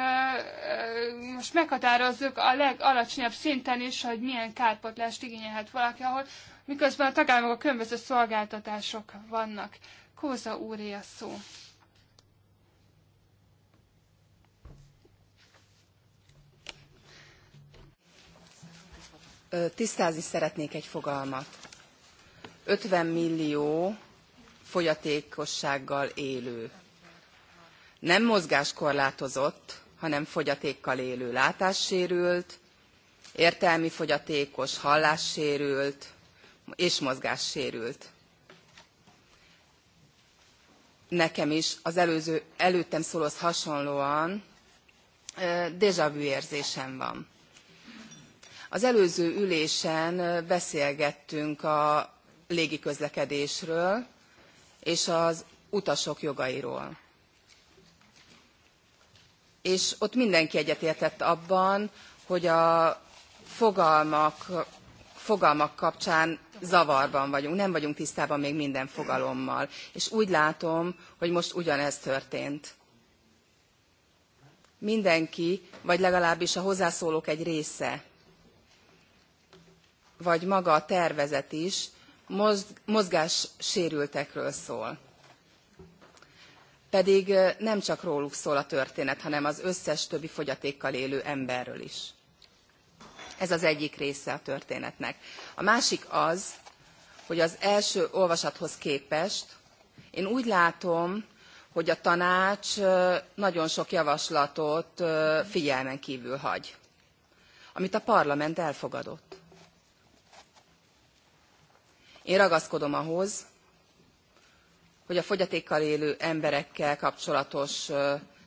most meghatározzuk a legalacsonyabb szinten is, hogy milyen kárpotlást igényelhet valaki, ahol miközben a tagállamok a különböző szolgáltatások vannak. Kóza úré a szó. Tisztázni szeretnék egy fogalmat. 50 millió fogyatékossággal élő nem mozgáskorlátozott, hanem fogyatékkal élő látássérült, értelmi fogyatékos, hallássérült és mozgássérült. Nekem is az előző, előttem szólóhoz hasonlóan déjà vu érzésem van. Az előző ülésen beszélgettünk a légiközlekedésről és az utasok jogairól és ott mindenki egyetértett abban, hogy a fogalmak, fogalmak kapcsán zavarban vagyunk, nem vagyunk tisztában még minden fogalommal. És úgy látom, hogy most ugyanez történt. Mindenki, vagy legalábbis a hozzászólók egy része, vagy maga a tervezet is mozgássérültekről szól pedig nem csak róluk szól a történet, hanem az összes többi fogyatékkal élő emberről is. Ez az egyik része a történetnek. A másik az, hogy az első olvasathoz képest én úgy látom, hogy a tanács nagyon sok javaslatot figyelmen kívül hagy, amit a parlament elfogadott. Én ragaszkodom ahhoz, hogy a fogyatékkal élő emberekkel kapcsolatos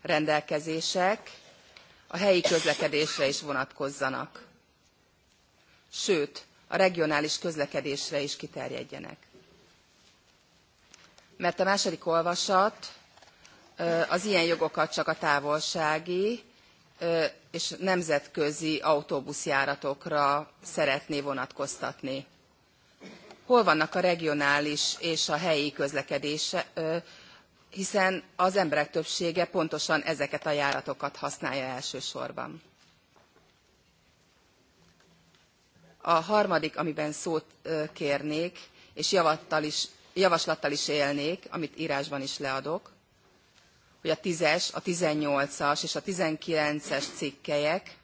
rendelkezések a helyi közlekedésre is vonatkozzanak. Sőt, a regionális közlekedésre is kiterjedjenek. Mert a második olvasat az ilyen jogokat csak a távolsági és nemzetközi autóbuszjáratokra szeretné vonatkoztatni hol vannak a regionális és a helyi közlekedés, hiszen az emberek többsége pontosan ezeket a járatokat használja elsősorban. A harmadik, amiben szót kérnék, és is, javaslattal is élnék, amit írásban is leadok, hogy a 10-es, a 18-as és a 19-es cikkelyek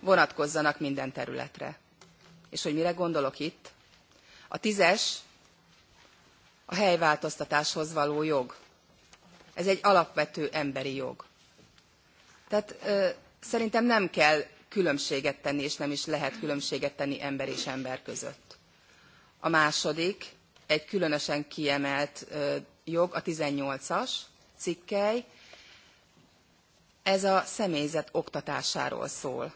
vonatkozzanak minden területre. És hogy mire gondolok itt? A tízes a helyváltoztatáshoz való jog. Ez egy alapvető emberi jog. Tehát ö, szerintem nem kell különbséget tenni, és nem is lehet különbséget tenni ember és ember között. A második, egy különösen kiemelt ö, jog, a 18-as cikkely, ez a személyzet oktatásáról szól.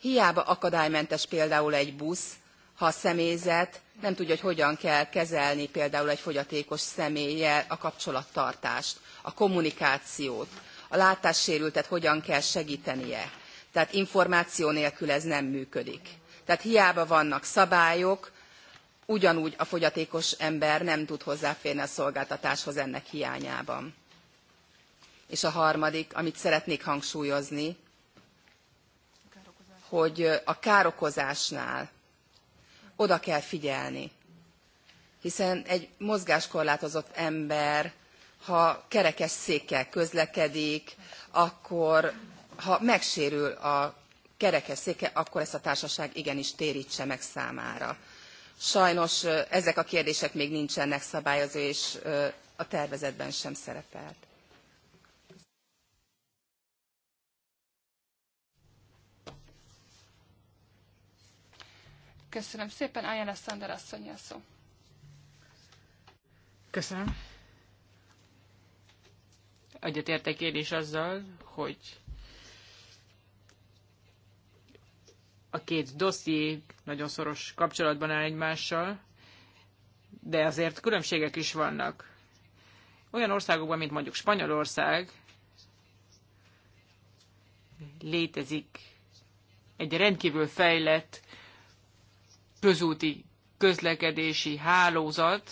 Hiába akadálymentes például egy busz, ha a személyzet nem tudja, hogy hogyan kell kezelni például egy fogyatékos személlyel a kapcsolattartást, a kommunikációt, a látássérültet hogyan kell segítenie. Tehát információ nélkül ez nem működik. Tehát hiába vannak szabályok, ugyanúgy a fogyatékos ember nem tud hozzáférni a szolgáltatáshoz ennek hiányában. És a harmadik, amit szeretnék hangsúlyozni, hogy a károkozásnál oda kell figyelni. Hiszen egy mozgáskorlátozott ember, ha kerekes székkel közlekedik, akkor ha megsérül a kerekes széke, akkor ezt a társaság igenis térítse meg számára. Sajnos ezek a kérdések még nincsenek szabályozva, és a tervezetben sem szerepelt. Köszönöm szépen, Ayala Sander asszony a szó. Köszönöm. Egyetértek én is azzal, hogy a két dosszié nagyon szoros kapcsolatban áll egymással, de azért különbségek is vannak. Olyan országokban, mint mondjuk Spanyolország, létezik egy rendkívül fejlett közúti közlekedési hálózat,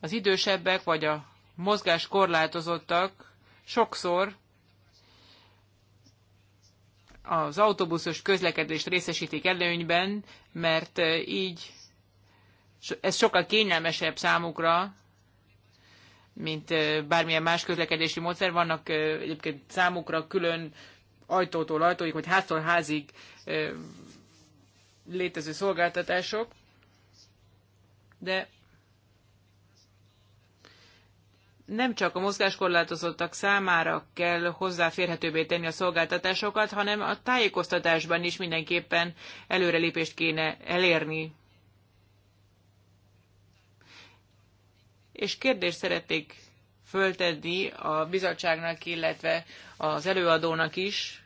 az idősebbek vagy a mozgás korlátozottak sokszor az autóbuszos közlekedést részesítik előnyben, mert így ez sokkal kényelmesebb számukra, mint bármilyen más közlekedési módszer. Vannak egyébként számukra külön ajtótól ajtóig, hogy háztól házig létező szolgáltatások, de nem csak a mozgáskorlátozottak számára kell hozzáférhetőbbé tenni a szolgáltatásokat, hanem a tájékoztatásban is mindenképpen előrelépést kéne elérni. És kérdést szeretnék föltenni a bizottságnak, illetve az előadónak is,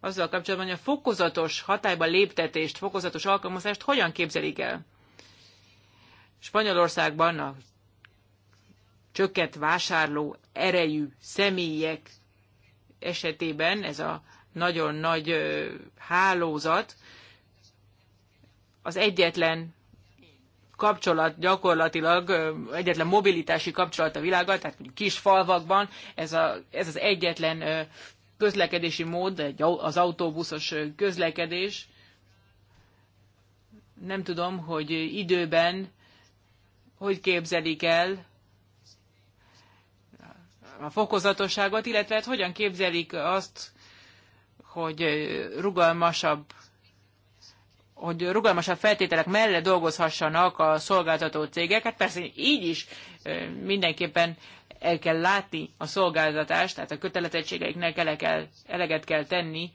azzal kapcsolatban, hogy a fokozatos hatályba léptetést, fokozatos alkalmazást hogyan képzelik el. Spanyolországban a csökkent vásárló erejű személyek esetében ez a nagyon nagy hálózat az egyetlen kapcsolat gyakorlatilag, egyetlen mobilitási kapcsolat a világgal, tehát kis falvakban ez, a, ez az egyetlen közlekedési mód, egy, az autóbuszos közlekedés. Nem tudom, hogy időben hogy képzelik el a fokozatosságot, illetve hát hogyan képzelik azt, hogy rugalmasabb hogy rugalmasabb feltételek mellett dolgozhassanak a szolgáltató cégek. Hát persze így is mindenképpen el kell látni a szolgáltatást, tehát a kötelezettségeiknek ele kell, eleget kell tenni.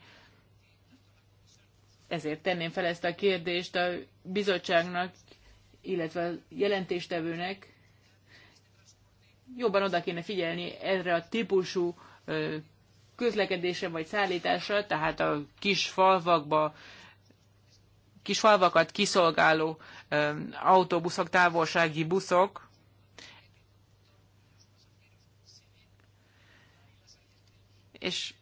Ezért tenném fel ezt a kérdést a bizottságnak, illetve a jelentéstevőnek. Jobban oda kéne figyelni erre a típusú közlekedésre vagy szállításra, tehát a kis falvakba kis falvakat kiszolgáló autóbuszok, távolsági buszok, és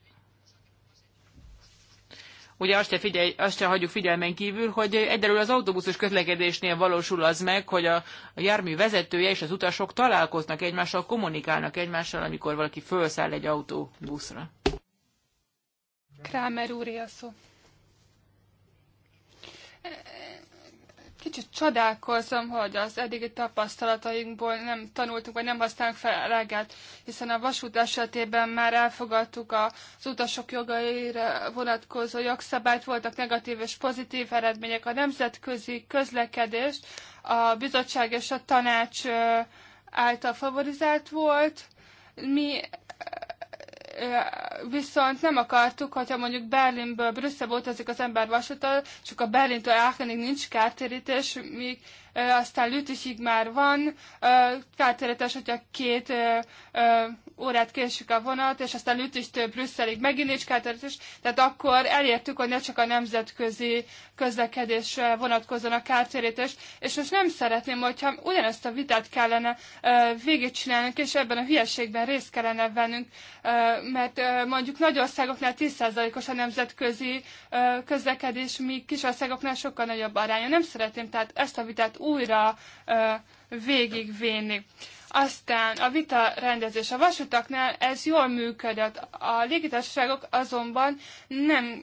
ugye azt se, figyelj, azt se hagyjuk figyelmen kívül, hogy egyelőre az autóbuszos közlekedésnél valósul az meg, hogy a, a jármű vezetője és az utasok találkoznak egymással, kommunikálnak egymással, amikor valaki felszáll egy autóbuszra. Kramer úr, szó. Kicsit csodálkozom, hogy az eddigi tapasztalatainkból nem tanultunk, vagy nem használunk fel eleget, hiszen a vasút esetében már elfogadtuk az utasok jogaira vonatkozó jogszabályt, voltak negatív és pozitív eredmények a nemzetközi közlekedést, a bizottság és a tanács által favorizált volt. Mi viszont nem akartuk, hogyha mondjuk Berlinből Brüsszelbe utazik az ember vasúttal, csak a Berlintől Aachenig nincs kártérítés, míg aztán Lütisig már van, kárteretes, hogyha két órát késik a vonat, és aztán Lütistől Brüsszelig megint nincs kárteretes, tehát akkor elértük, hogy ne csak a nemzetközi közlekedés vonatkozzon a kárteretes, és most nem szeretném, hogyha ugyanezt a vitát kellene végigcsinálnunk, és ebben a hülyeségben részt kellene vennünk, mert mondjuk nagy országoknál 10%-os a nemzetközi közlekedés, míg kis országoknál sokkal nagyobb aránya. Nem szeretném tehát ezt a vitát újra végigvinni. Aztán a vita rendezés a vasutaknál ez jól működött. A légitársaságok azonban nem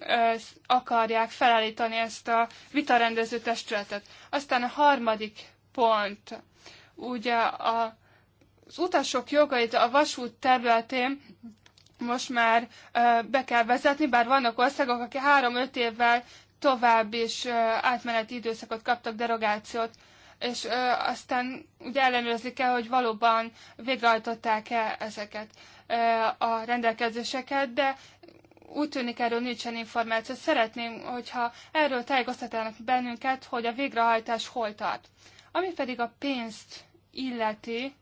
akarják felállítani ezt a vitarendező testületet. Aztán a harmadik pont, ugye a, az utasok jogait a vasút területén most már be kell vezetni, bár vannak országok, akik három-öt évvel tovább is átmeneti időszakot kaptak derogációt, és aztán ugye ellenőrzik kell, hogy valóban végrehajtották-e ezeket a rendelkezéseket, de úgy tűnik erről nincsen információ. Szeretném, hogyha erről tájékoztatnának bennünket, hogy a végrehajtás hol tart. Ami pedig a pénzt illeti,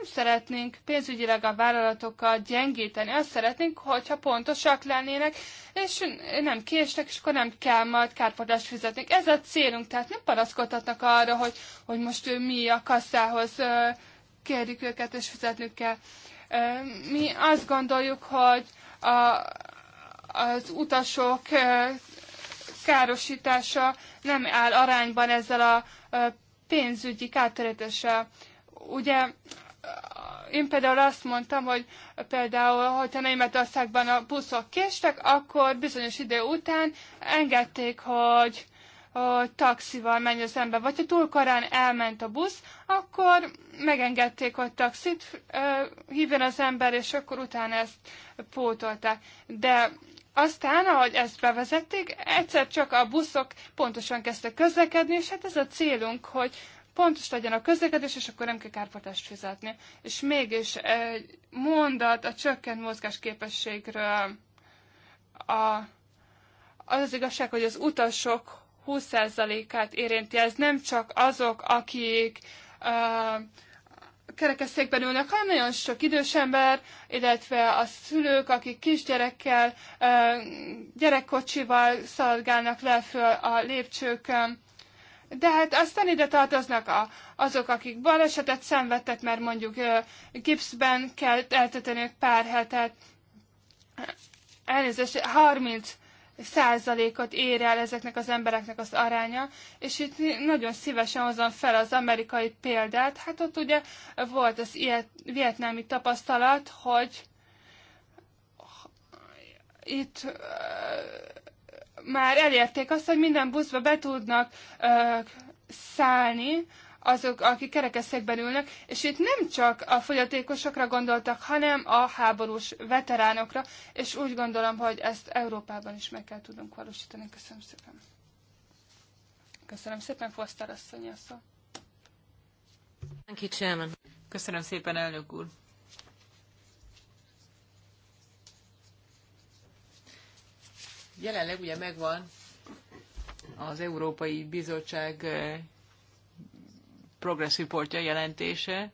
nem szeretnénk pénzügyileg a vállalatokat gyengíteni, azt szeretnénk, hogyha pontosak lennének, és nem késnek, és akkor nem kell majd kárpotlást fizetni. Ez a célunk, tehát nem paraszkodhatnak arra, hogy, hogy most mi a kasszához kérjük őket, és fizetnünk kell. Mi azt gondoljuk, hogy a, az utasok károsítása nem áll arányban ezzel a pénzügyi kártérítéssel. Ugye én például azt mondtam, hogy például, hogyha Németországban a buszok késtek, akkor bizonyos idő után engedték, hogy taxival menj az ember, vagy ha túl korán elment a busz, akkor megengedték, hogy taxit hívjon az ember, és akkor utána ezt pótolták. De aztán, ahogy ezt bevezették, egyszer csak a buszok pontosan kezdtek közlekedni, és hát ez a célunk, hogy pontos legyen a közlekedés, és akkor nem kell kárpotást fizetni. És mégis egy mondat a csökkent mozgásképességről. A, az az igazság, hogy az utasok 20%-át érinti. Ez nem csak azok, akik a, kerekesszékben ülnek, hanem nagyon sok idős ember, illetve a szülők, akik kisgyerekkel, gyerekkocsival szaladgálnak le föl a lépcsőkön de hát aztán ide tartoznak a, azok, akik balesetet szenvedtek, mert mondjuk gipszben kell eltölteniük pár hetet. Elnézést, 30 százalékot ér el ezeknek az embereknek az aránya, és itt nagyon szívesen hozom fel az amerikai példát. Hát ott ugye volt az ilyet, vietnámi tapasztalat, hogy itt már elérték azt, hogy minden buszba be tudnak ö, szállni azok, akik kerekesszékben ülnek, és itt nem csak a fogyatékosokra gondoltak, hanem a háborús veteránokra, és úgy gondolom, hogy ezt Európában is meg kell tudnunk valósítani. Köszönöm szépen. Köszönöm szépen, Foster asszony, a szó. Köszönöm szépen, elnök úr. Jelenleg ugye megvan az Európai Bizottság eh, progress reportja jelentése,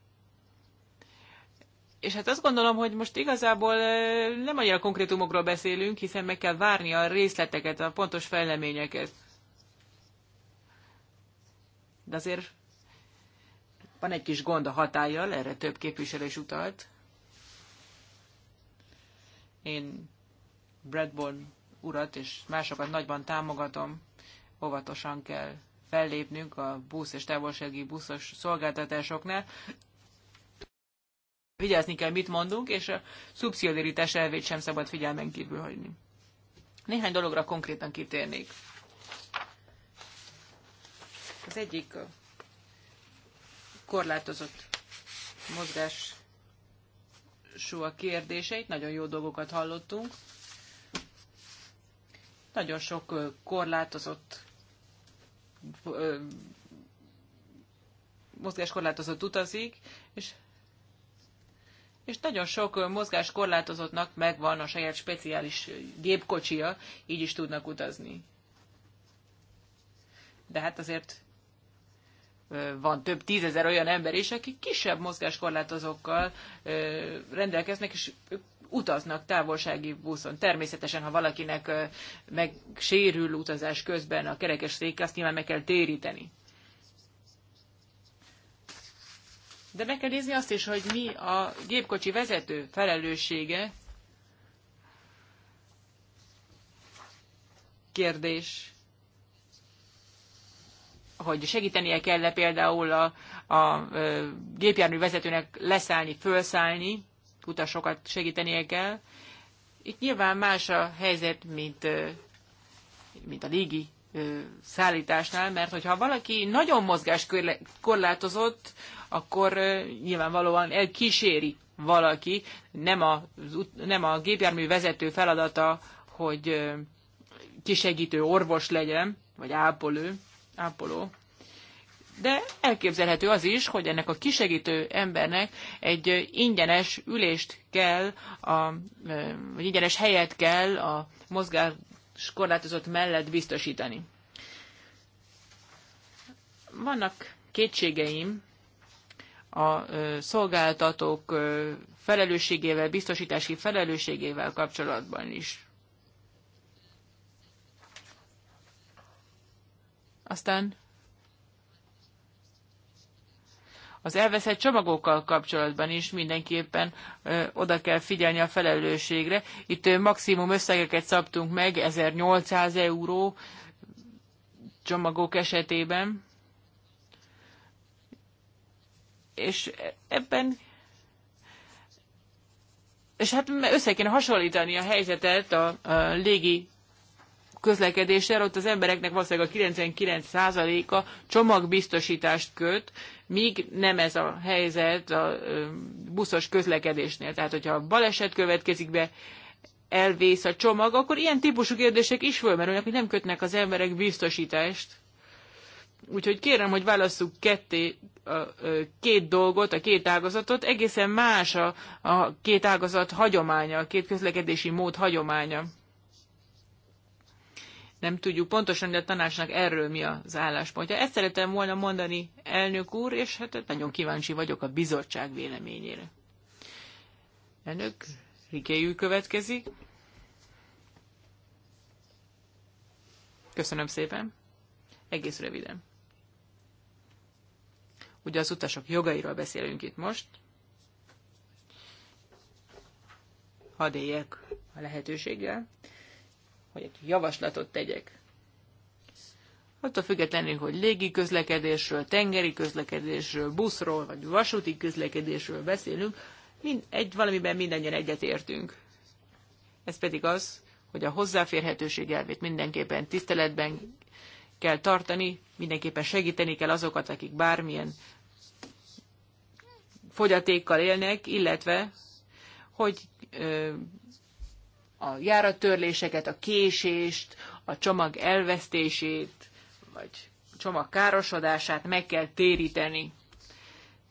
és hát azt gondolom, hogy most igazából eh, nem annyira konkrétumokról beszélünk, hiszen meg kell várni a részleteket, a pontos fejleményeket. De azért van egy kis gond a hatállyal, erre több képviselő is utalt. Én Bradborn urat és másokat nagyban támogatom. Óvatosan kell fellépnünk a busz és távolsági buszos szolgáltatásoknál. Vigyázni kell, mit mondunk, és a szubszidiaritás elvét sem szabad figyelmen kívül hagyni. Néhány dologra konkrétan kitérnék. Az egyik korlátozott mozgás a kérdéseit, nagyon jó dolgokat hallottunk. Nagyon sok korlátozott mozgáskorlátozott utazik, és, és nagyon sok mozgáskorlátozottnak megvan a saját speciális gépkocsia, így is tudnak utazni. De hát azért van több tízezer olyan ember is, akik kisebb mozgáskorlátozókkal rendelkeznek, és ők utaznak távolsági buszon. Természetesen, ha valakinek megsérül utazás közben a kerekes szék, azt nyilván meg kell téríteni. De meg kell nézni azt is, hogy mi a gépkocsi vezető felelőssége. Kérdés hogy segítenie kell -e például a, a, a gépjármű vezetőnek leszállni, fölszállni, utasokat segítenie kell. Itt nyilván más a helyzet, mint, mint a légi szállításnál, mert hogyha valaki nagyon mozgáskorlátozott, akkor nyilvánvalóan elkíséri valaki, nem a, nem a gépjármű vezető feladata, hogy kisegítő orvos legyen, vagy ápolő, ápoló de elképzelhető az is, hogy ennek a kisegítő embernek egy ingyenes ülést kell, a, vagy ingyenes helyet kell a mozgáskorlátozott mellett biztosítani. Vannak kétségeim a szolgáltatók felelősségével, biztosítási felelősségével kapcsolatban is. Aztán az elveszett csomagokkal kapcsolatban is mindenképpen ö, oda kell figyelni a felelősségre. Itt ö, maximum összegeket szabtunk meg, 1800 euró csomagok esetében, és ebben és hát össze kéne hasonlítani a helyzetet a, a légi közlekedéssel, ott az embereknek valószínűleg a 99%-a csomagbiztosítást köt, míg nem ez a helyzet a buszos közlekedésnél. Tehát, hogyha a baleset következik be, elvész a csomag, akkor ilyen típusú kérdések is fölmerülnek, hogy nem kötnek az emberek biztosítást. Úgyhogy kérem, hogy válasszuk ketté a, a, két dolgot, a két ágazatot. Egészen más a, a két ágazat hagyománya, a két közlekedési mód hagyománya nem tudjuk pontosan, de a tanácsnak erről mi az álláspontja. Ezt szeretem volna mondani, elnök úr, és hát nagyon kíváncsi vagyok a bizottság véleményére. Elnök, Rikéjű következik. Köszönöm szépen. Egész röviden. Ugye az utasok jogairól beszélünk itt most. Hadd éljek a lehetőséggel, hogy egy javaslatot tegyek. Attól függetlenül, hogy légi közlekedésről, tengeri közlekedésről, buszról vagy vasúti közlekedésről beszélünk, mind, egy, valamiben mindannyian egyetértünk. Ez pedig az, hogy a hozzáférhetőség elvét mindenképpen tiszteletben kell tartani, mindenképpen segíteni kell azokat, akik bármilyen fogyatékkal élnek, illetve hogy ö, a járatörléseket, a késést, a csomag elvesztését, vagy csomag károsodását meg kell téríteni.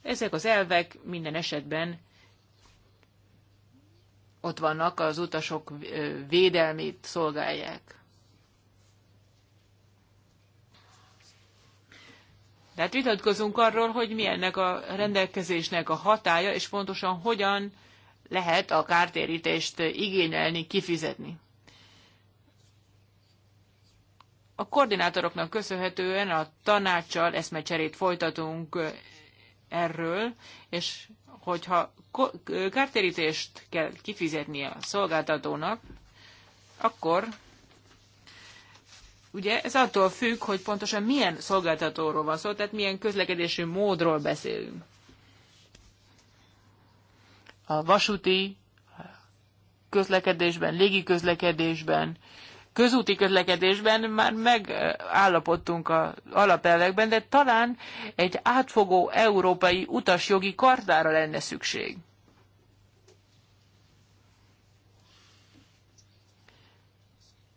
Ezek az elvek minden esetben ott vannak, az utasok védelmét szolgálják. Tehát vitatkozunk arról, hogy mi ennek a rendelkezésnek a hatája, és pontosan hogyan lehet a kártérítést igényelni, kifizetni. A koordinátoroknak köszönhetően a tanácssal eszmecserét folytatunk erről, és hogyha kártérítést kell kifizetni a szolgáltatónak, akkor ugye ez attól függ, hogy pontosan milyen szolgáltatóról van szó, tehát milyen közlekedési módról beszélünk a vasúti közlekedésben, légi közlekedésben, közúti közlekedésben már megállapodtunk az alapelvekben, de talán egy átfogó európai utasjogi kartára lenne szükség.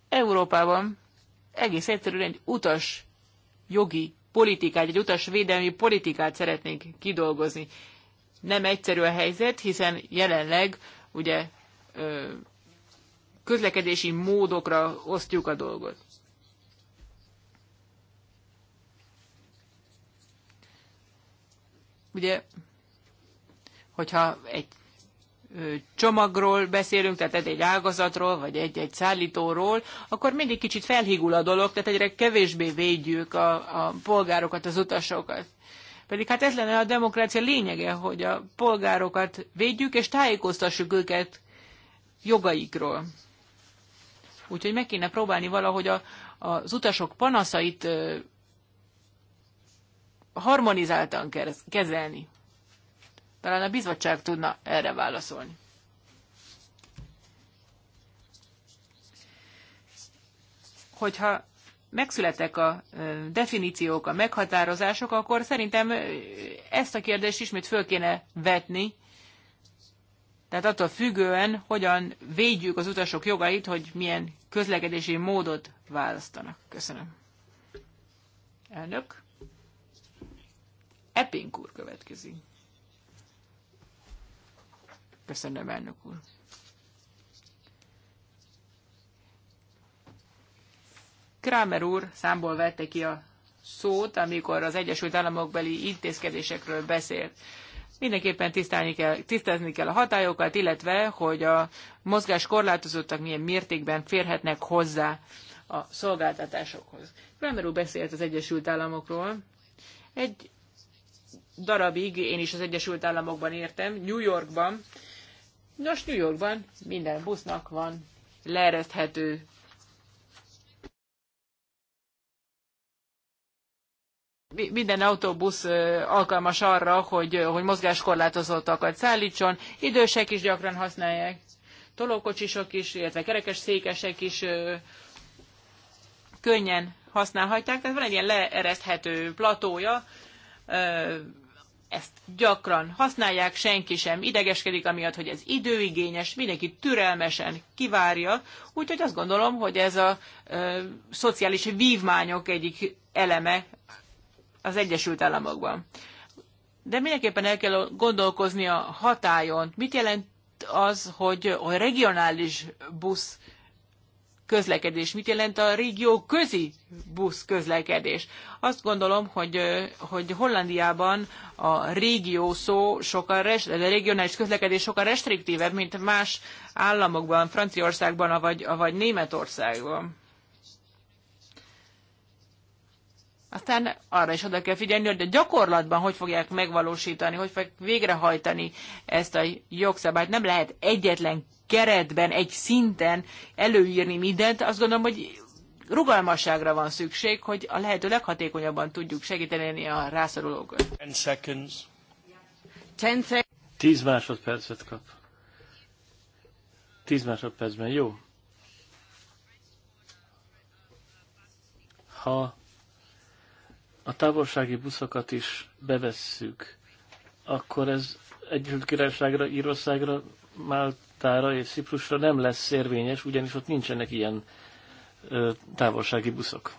Európában egész egyszerűen egy utas jogi politikát, egy utas védelmi politikát szeretnénk kidolgozni nem egyszerű a helyzet, hiszen jelenleg ugye közlekedési módokra osztjuk a dolgot. Ugye, hogyha egy csomagról beszélünk, tehát egy ágazatról, vagy egy-egy szállítóról, akkor mindig kicsit felhigul a dolog, tehát egyre kevésbé védjük a, a polgárokat, az utasokat. Pedig hát ez lenne a demokrácia lényege, hogy a polgárokat védjük és tájékoztassuk őket jogaikról. Úgyhogy meg kéne próbálni valahogy a, az utasok panaszait harmonizáltan kezelni. Talán a bizottság tudna erre válaszolni. Hogyha Megszületek a definíciók, a meghatározások, akkor szerintem ezt a kérdést ismét föl kéne vetni. Tehát attól függően, hogyan védjük az utasok jogait, hogy milyen közlekedési módot választanak. Köszönöm. Elnök. Epping úr következik. Köszönöm, elnök úr. Kramer úr számból vette ki a szót, amikor az Egyesült Államokbeli intézkedésekről beszélt. Mindenképpen kell, tisztázni kell a hatályokat, illetve, hogy a mozgás korlátozottak milyen mértékben férhetnek hozzá a szolgáltatásokhoz. Kramer úr beszélt az Egyesült Államokról. Egy darabig én is az Egyesült Államokban értem, New Yorkban. Nos, New Yorkban minden busznak van leereszthető minden autóbusz alkalmas arra, hogy, hogy mozgáskorlátozottakat szállítson, idősek is gyakran használják, tolókocsisok is, illetve kerekes székesek is könnyen használhatják, tehát van egy ilyen leereszthető platója, ezt gyakran használják, senki sem idegeskedik, amiatt, hogy ez időigényes, mindenki türelmesen kivárja, úgyhogy azt gondolom, hogy ez a ö, szociális vívmányok egyik eleme az Egyesült Államokban. De mindenképpen el kell gondolkozni a hatájon. Mit jelent az, hogy a regionális busz közlekedés, mit jelent a régió közi busz közlekedés. Azt gondolom, hogy, hogy Hollandiában a régió szó sokkal, rest, a regionális közlekedés sokkal restriktívebb, mint más államokban, Franciaországban, vagy, vagy Németországban. Aztán arra is oda kell figyelni, hogy a gyakorlatban hogy fogják megvalósítani, hogy fogják végrehajtani ezt a jogszabályt. Nem lehet egyetlen keretben, egy szinten előírni mindent. Azt gondolom, hogy rugalmasságra van szükség, hogy a lehető leghatékonyabban tudjuk segíteni a rászorulókat. 10 seconds. 10 sec- másodpercet kap. 10 másodpercben, jó. Ha a távolsági buszokat is bevesszük, akkor ez Egyesült Királyságra, Írországra, Máltára és Ciprusra nem lesz érvényes, ugyanis ott nincsenek ilyen ö, távolsági buszok.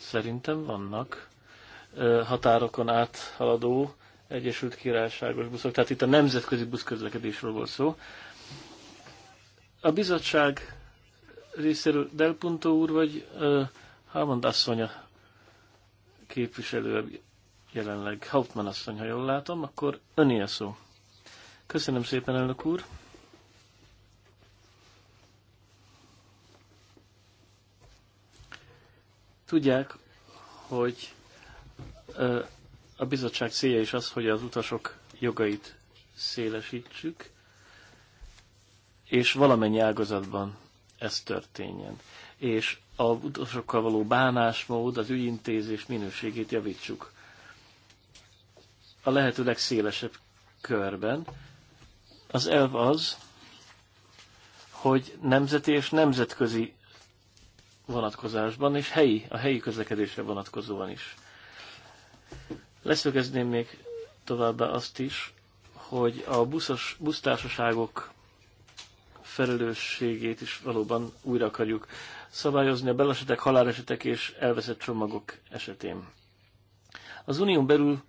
Szerintem vannak ö, határokon áthaladó Egyesült Királyságos buszok, tehát itt a nemzetközi buszközlekedésről volt szó. A bizottság részéről Del Punto úr, vagy uh, Hammond asszonya képviselő jelenleg, Hauptmann asszony, ha jól látom, akkor öné a szó. Köszönöm szépen, elnök úr. Tudják, hogy a bizottság célja is az, hogy az utasok jogait szélesítsük, és valamennyi ágazatban ez történjen. És a utasokkal való bánásmód, az ügyintézés minőségét javítsuk. A lehető legszélesebb körben. Az elv az, hogy nemzeti és nemzetközi vonatkozásban, és helyi, a helyi közlekedésre vonatkozóan is. Leszögezném még továbbá azt is, hogy a buszos, busztársaságok felelősségét is valóban újra akarjuk szabályozni a belesetek, halálesetek és elveszett csomagok esetén. Az unión belül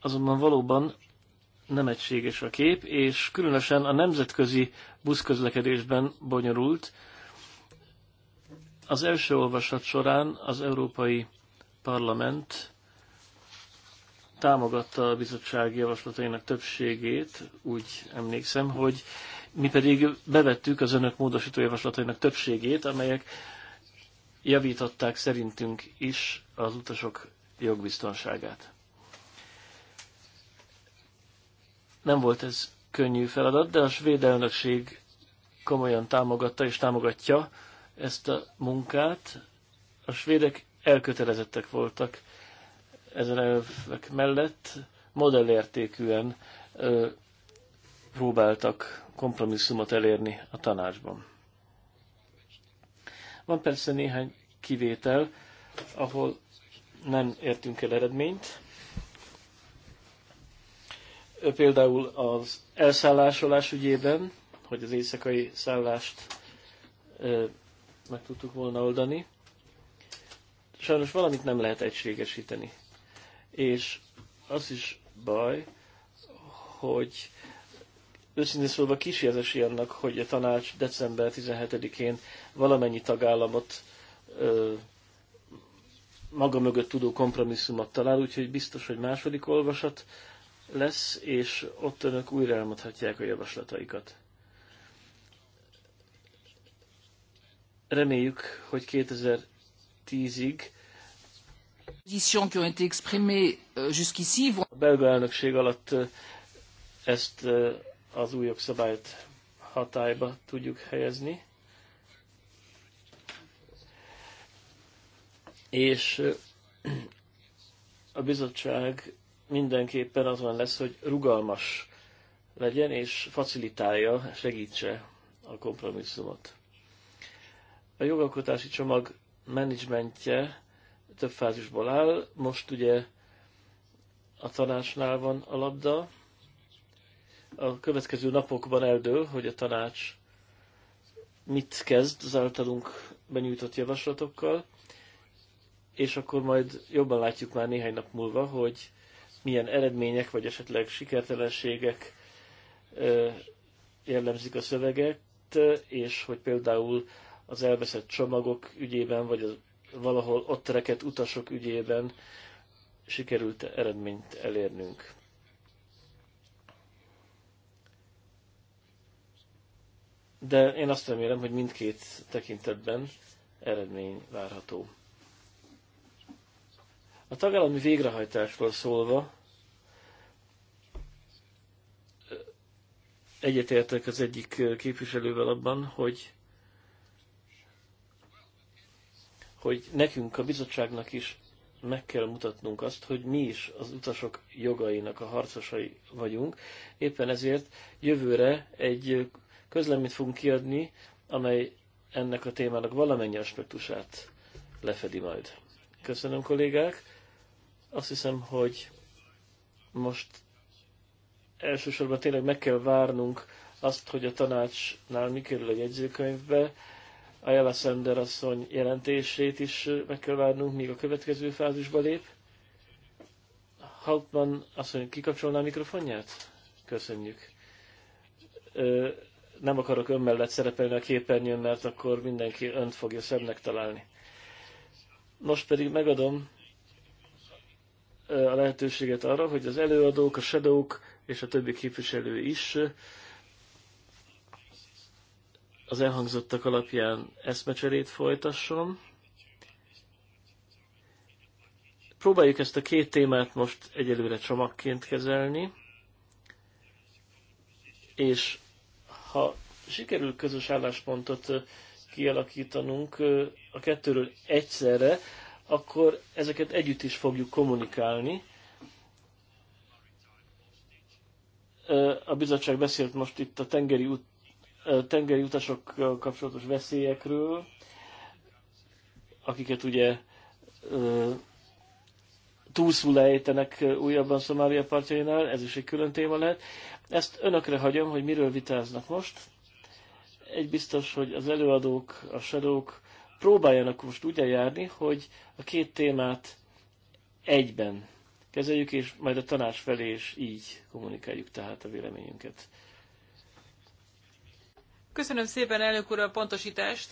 azonban valóban nem egységes a kép, és különösen a nemzetközi buszközlekedésben bonyolult. Az első olvasat során az Európai Parlament támogatta a bizottság javaslatainak többségét, úgy emlékszem, hogy mi pedig bevettük az önök módosító javaslatainak többségét, amelyek javították szerintünk is az utasok jogbiztonságát. Nem volt ez könnyű feladat, de a svéd elnökség komolyan támogatta és támogatja ezt a munkát. A svédek elkötelezettek voltak ezen elvek mellett, modellértékűen próbáltak kompromisszumot elérni a tanácsban. Van persze néhány kivétel, ahol nem értünk el eredményt. Például az elszállásolás ügyében, hogy az éjszakai szállást meg tudtuk volna oldani. Sajnos valamit nem lehet egységesíteni. És az is baj, hogy őszintén szólva kísérlesi annak, hogy a tanács december 17-én valamennyi tagállamot ö, maga mögött tudó kompromisszumot talál, úgyhogy biztos, hogy második olvasat lesz, és ott önök újra elmondhatják a javaslataikat. Reméljük, hogy 2010-ig euh, a belga elnökség alatt ezt az új jogszabályt hatályba tudjuk helyezni. És a bizottság mindenképpen azon lesz, hogy rugalmas legyen, és facilitálja, segítse a kompromisszumot. A jogalkotási csomag menedzsmentje több fázisból áll, most ugye a tanácsnál van a labda, a következő napokban eldől, hogy a tanács mit kezd az általunk benyújtott javaslatokkal, és akkor majd jobban látjuk már néhány nap múlva, hogy milyen eredmények vagy esetleg sikertelenségek jellemzik a szöveget, és hogy például az elveszett csomagok ügyében, vagy az valahol ott rekedt utasok ügyében sikerült eredményt elérnünk. de én azt remélem, hogy mindkét tekintetben eredmény várható. A tagállami végrehajtásról szólva egyetértek az egyik képviselővel abban, hogy hogy nekünk, a bizottságnak is meg kell mutatnunk azt, hogy mi is az utasok jogainak a harcosai vagyunk. Éppen ezért jövőre egy közleményt fogunk kiadni, amely ennek a témának valamennyi aspektusát lefedi majd. Köszönöm, kollégák! Azt hiszem, hogy most elsősorban tényleg meg kell várnunk azt, hogy a tanácsnál mi kerül a jegyzőkönyvbe, a Jela Szender asszony jelentését is meg kell várnunk, míg a következő fázisba lép. Hauptmann asszony kikapcsolná a mikrofonját? Köszönjük. Ö, nem akarok ön mellett szerepelni a képernyőn, mert akkor mindenki önt fogja szebbnek találni. Most pedig megadom a lehetőséget arra, hogy az előadók, a shadowk és a többi képviselő is az elhangzottak alapján eszmecserét folytasson. Próbáljuk ezt a két témát most egyelőre csomagként kezelni, és ha sikerül közös álláspontot kialakítanunk a kettőről egyszerre, akkor ezeket együtt is fogjuk kommunikálni. A bizottság beszélt most itt a tengeri, ut- tengeri utasokkal kapcsolatos veszélyekről, akiket ugye túlszul ejtenek újabban Szomália partjainál, ez is egy külön téma lehet. Ezt önökre hagyom, hogy miről vitáznak most. Egy biztos, hogy az előadók, a sadók próbáljanak most úgy eljárni, hogy a két témát egyben kezeljük, és majd a tanács felé is így kommunikáljuk tehát a véleményünket. Köszönöm szépen, elnök úr, a pontosítást.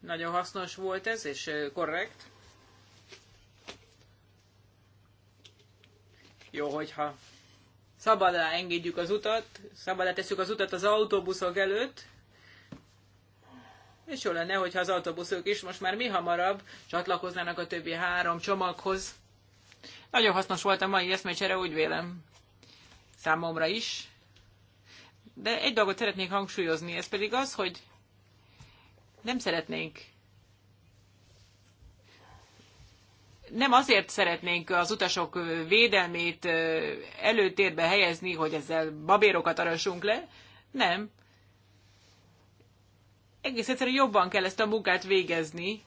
Nagyon hasznos volt ez, és korrekt. jó, hogyha szabadra engedjük az utat, szabadra tesszük az utat az autóbuszok előtt, és jó lenne, hogyha az autóbuszok is most már mi hamarabb csatlakoznának a többi három csomaghoz. Nagyon hasznos volt a mai eszmecsere, úgy vélem. Számomra is. De egy dolgot szeretnék hangsúlyozni, ez pedig az, hogy nem szeretnénk nem azért szeretnénk az utasok védelmét előtérbe helyezni, hogy ezzel babérokat arassunk le, nem. Egész egyszerűen jobban kell ezt a munkát végezni.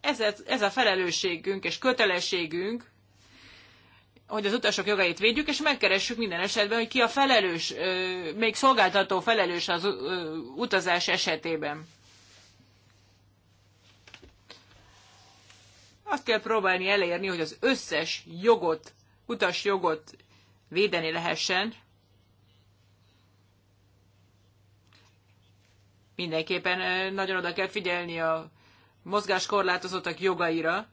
Ez, ez a felelősségünk és kötelességünk, hogy az utasok jogait védjük, és megkeressük minden esetben, hogy ki a felelős, még szolgáltató felelős az utazás esetében. Azt kell próbálni elérni, hogy az összes jogot, utas jogot védeni lehessen. Mindenképpen nagyon oda kell figyelni a mozgáskorlátozottak jogaira,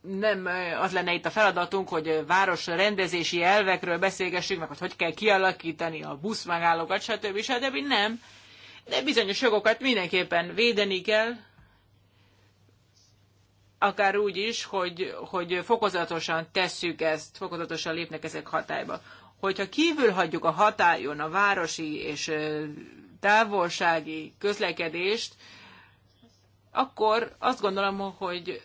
nem az lenne itt a feladatunk, hogy város rendezési elvekről beszélgessünk, meg hogy hogy kell kialakítani a buszmegállókat, stb. stb. Nem de bizonyos jogokat mindenképpen védeni kell, akár úgy is, hogy, hogy fokozatosan tesszük ezt, fokozatosan lépnek ezek hatályba. Hogyha kívül hagyjuk a hatályon a városi és távolsági közlekedést, akkor azt gondolom, hogy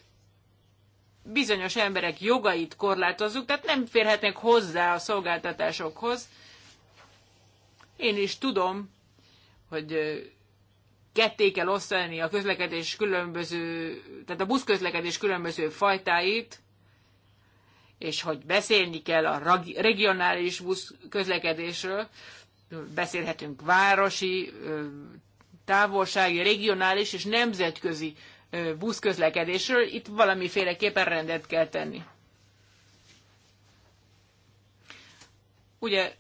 bizonyos emberek jogait korlátozzuk, tehát nem férhetnek hozzá a szolgáltatásokhoz. Én is tudom, hogy ketté kell osztani a közlekedés különböző, tehát a buszközlekedés különböző fajtáit, és hogy beszélni kell a regionális busz közlekedésről, beszélhetünk városi, távolsági, regionális és nemzetközi buszközlekedésről, itt valamiféleképpen rendet kell tenni. Ugye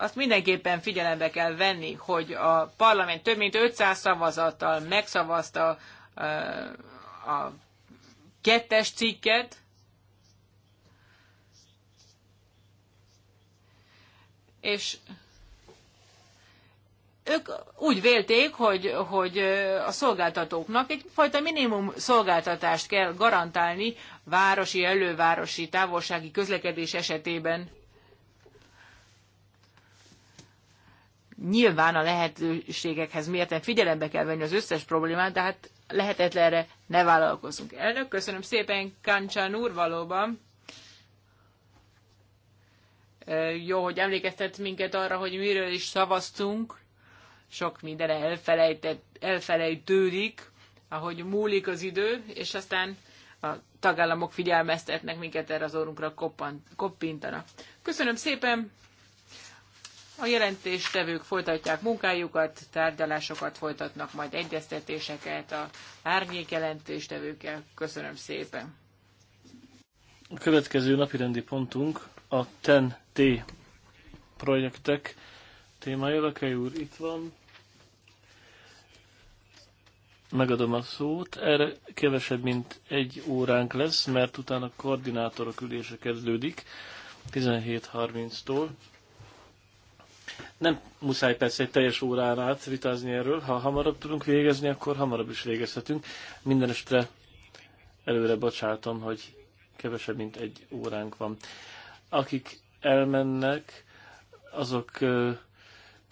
azt mindenképpen figyelembe kell venni, hogy a parlament több mint 500 szavazattal megszavazta a kettes cikket, és ők úgy vélték, hogy, hogy a szolgáltatóknak egyfajta minimum szolgáltatást kell garantálni városi, elővárosi, távolsági közlekedés esetében. Nyilván a lehetőségekhez mérten figyelembe kell venni az összes problémát, de hát lehetetlenre ne vállalkozunk. Elnök, köszönöm szépen Kancsán úr valóban. Jó, hogy emlékeztet minket arra, hogy miről is szavaztunk. Sok minden elfelejtődik, ahogy múlik az idő, és aztán a tagállamok figyelmeztetnek minket erre az orrunkra koppintanak. Köszönöm szépen! A jelentéstevők folytatják munkájukat, tárgyalásokat folytatnak, majd egyeztetéseket a árnyék jelentéstevőkkel. Köszönöm szépen. A következő napirendi pontunk a TEN-T projektek témája. Lakely úr itt van. Megadom a szót. Erre kevesebb, mint egy óránk lesz, mert utána a koordinátorok ülése kezdődik 17.30-tól. Nem muszáj persze egy teljes órán át vitázni erről. Ha hamarabb tudunk végezni, akkor hamarabb is végezhetünk. Minden estre előre bocsátom, hogy kevesebb, mint egy óránk van. Akik elmennek, azok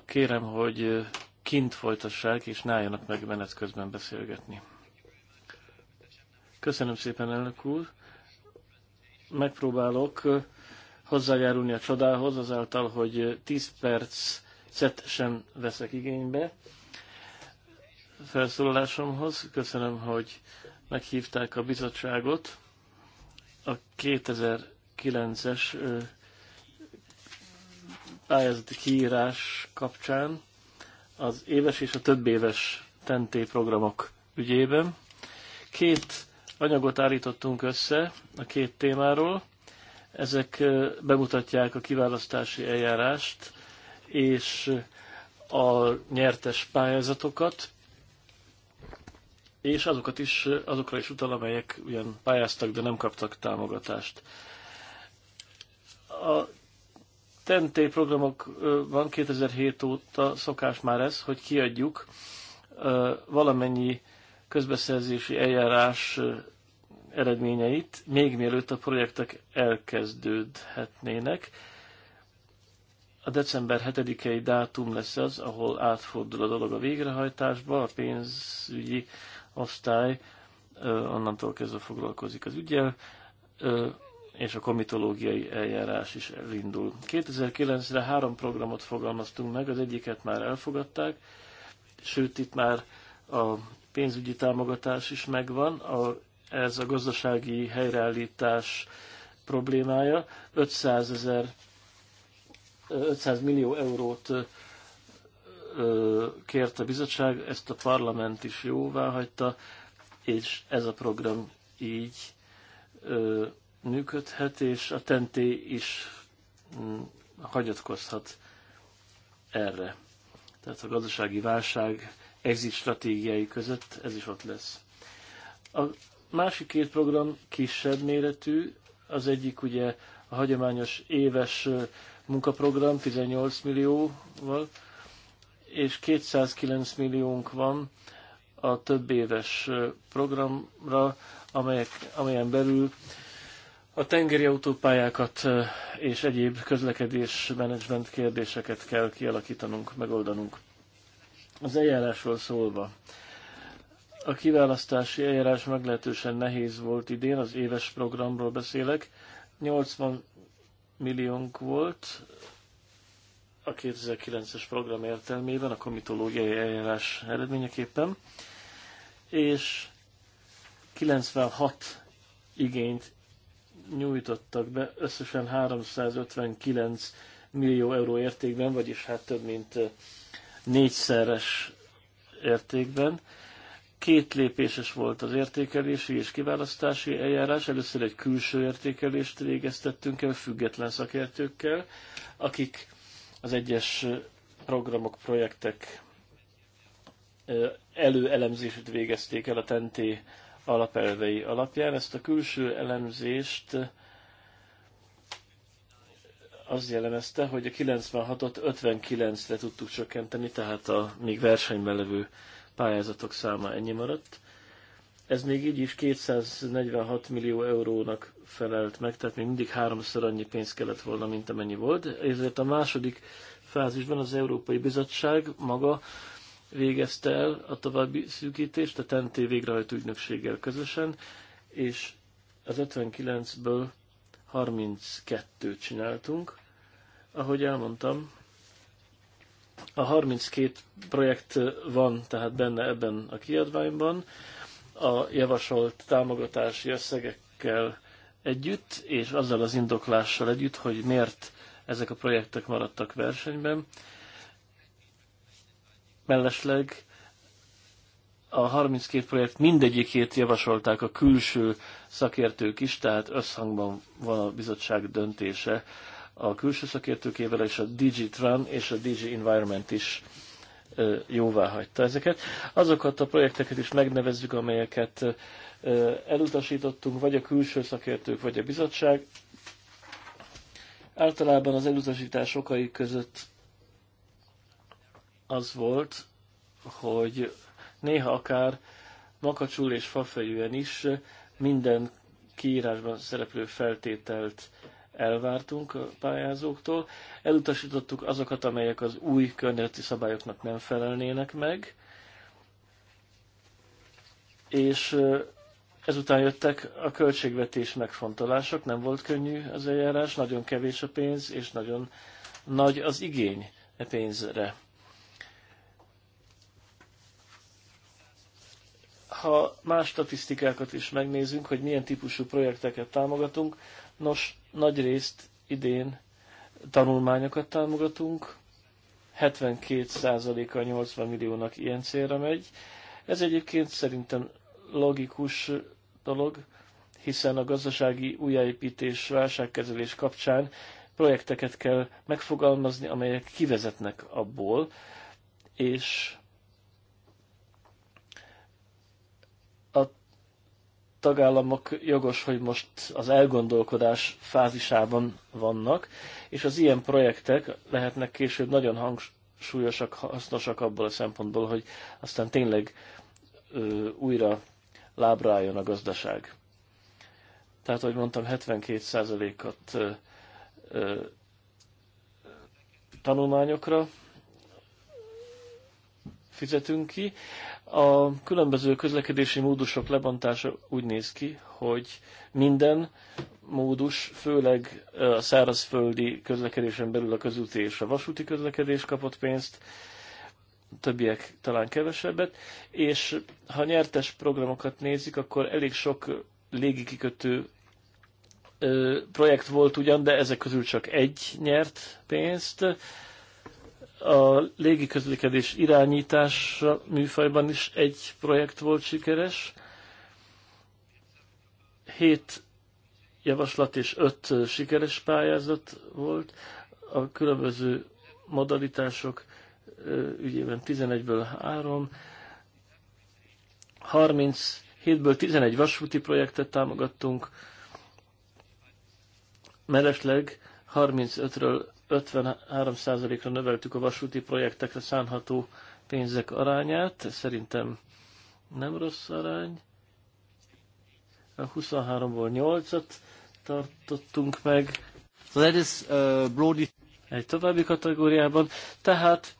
kérem, hogy kint folytassák, és ne álljanak meg menet közben beszélgetni. Köszönöm szépen, elnök úr. Megpróbálok hozzájárulni a csodához, azáltal, hogy 10 percet sem veszek igénybe felszólalásomhoz. Köszönöm, hogy meghívták a bizottságot. A 2009-es pályázati kiírás kapcsán az éves és a több éves TENTÉ programok ügyében. Két anyagot állítottunk össze a két témáról. Ezek bemutatják a kiválasztási eljárást és a nyertes pályázatokat, és azokat is, azokra is utal, amelyek ugyan pályáztak, de nem kaptak támogatást. A TNT programokban 2007 óta szokás már ez, hogy kiadjuk valamennyi közbeszerzési eljárás eredményeit, még mielőtt a projektek elkezdődhetnének. A december 7-i dátum lesz az, ahol átfordul a dolog a végrehajtásba, a pénzügyi osztály onnantól kezdve foglalkozik az ügyel, és a komitológiai eljárás is elindul. 2009-re három programot fogalmaztunk meg, az egyiket már elfogadták, sőt itt már a pénzügyi támogatás is megvan, a ez a gazdasági helyreállítás problémája. 500, ezer, 500 millió eurót kért a bizottság, ezt a parlament is jóvá hagyta, és ez a program így működhet, és a tenté is mm, hagyatkozhat erre. Tehát a gazdasági válság exit stratégiai között ez is ott lesz. A másik két program kisebb méretű, az egyik ugye a hagyományos éves munkaprogram 18 millióval, és 209 milliónk van a több éves programra, amelyek, amelyen belül a tengeri autópályákat és egyéb közlekedés menedzsment kérdéseket kell kialakítanunk, megoldanunk. Az eljárásról szólva, a kiválasztási eljárás meglehetősen nehéz volt idén, az éves programról beszélek. 80 milliónk volt a 2009-es program értelmében, a komitológiai eljárás eredményeképpen, és 96 igényt nyújtottak be, összesen 359 millió euró értékben, vagyis hát több mint négyszeres értékben. Két lépéses volt az értékelési és kiválasztási eljárás. Először egy külső értékelést végeztettünk el független szakértőkkel, akik az egyes programok, projektek előelemzését végezték el a tenté alapelvei alapján. Ezt a külső elemzést az jellemezte, hogy a 96-ot 59-re tudtuk csökkenteni, tehát a még versenyben levő pályázatok száma ennyi maradt. Ez még így is 246 millió eurónak felelt meg, tehát még mindig háromszor annyi pénz kellett volna, mint amennyi volt. Ezért a második fázisban az Európai Bizottság maga végezte el a további szűkítést a TNT végrehajtó ügynökséggel közösen, és az 59-ből 32-t csináltunk. Ahogy elmondtam, a 32 projekt van tehát benne ebben a kiadványban, a javasolt támogatási összegekkel együtt, és azzal az indoklással együtt, hogy miért ezek a projektek maradtak versenyben. Mellesleg a 32 projekt mindegyikét javasolták a külső szakértők is, tehát összhangban van a bizottság döntése a külső szakértőkével és a DigiTran és a Digi Environment is jóvá hagyta ezeket. Azokat a projekteket is megnevezzük, amelyeket elutasítottunk, vagy a külső szakértők, vagy a bizottság. Általában az elutasítás okai között az volt, hogy néha akár makacsul és fafejűen is minden kiírásban szereplő feltételt elvártunk a pályázóktól. Elutasítottuk azokat, amelyek az új környezeti szabályoknak nem felelnének meg, és ezután jöttek a költségvetés megfontolások, nem volt könnyű az eljárás, nagyon kevés a pénz, és nagyon nagy az igény e pénzre. ha más statisztikákat is megnézünk, hogy milyen típusú projekteket támogatunk, Nos, nagy részt idén tanulmányokat támogatunk, 72%-a 80 milliónak ilyen célra megy. Ez egyébként szerintem logikus dolog, hiszen a gazdasági újjáépítés, válságkezelés kapcsán projekteket kell megfogalmazni, amelyek kivezetnek abból, és tagállamok jogos, hogy most az elgondolkodás fázisában vannak, és az ilyen projektek lehetnek később nagyon hangsúlyosak, hasznosak abból a szempontból, hogy aztán tényleg ö, újra lábra álljon a gazdaság. Tehát, ahogy mondtam, 72%-at tanulmányokra fizetünk ki. A különböző közlekedési módusok lebontása úgy néz ki, hogy minden módus, főleg a szárazföldi közlekedésen belül a közúti és a vasúti közlekedés kapott pénzt, többiek talán kevesebbet, és ha nyertes programokat nézik, akkor elég sok légikikötő projekt volt ugyan, de ezek közül csak egy nyert pénzt, a légi közlekedés irányítása műfajban is egy projekt volt sikeres. Hét javaslat és öt sikeres pályázat volt. A különböző modalitások ügyében 11-ből 3, 37-ből 11 vasúti projektet támogattunk, mellesleg 35-ről 53%-ra növeltük a vasúti projektekre szánható pénzek arányát, szerintem nem rossz arány. A 23-ból 8-at tartottunk meg. that is, uh, broadly... Egy további kategóriában. Tehát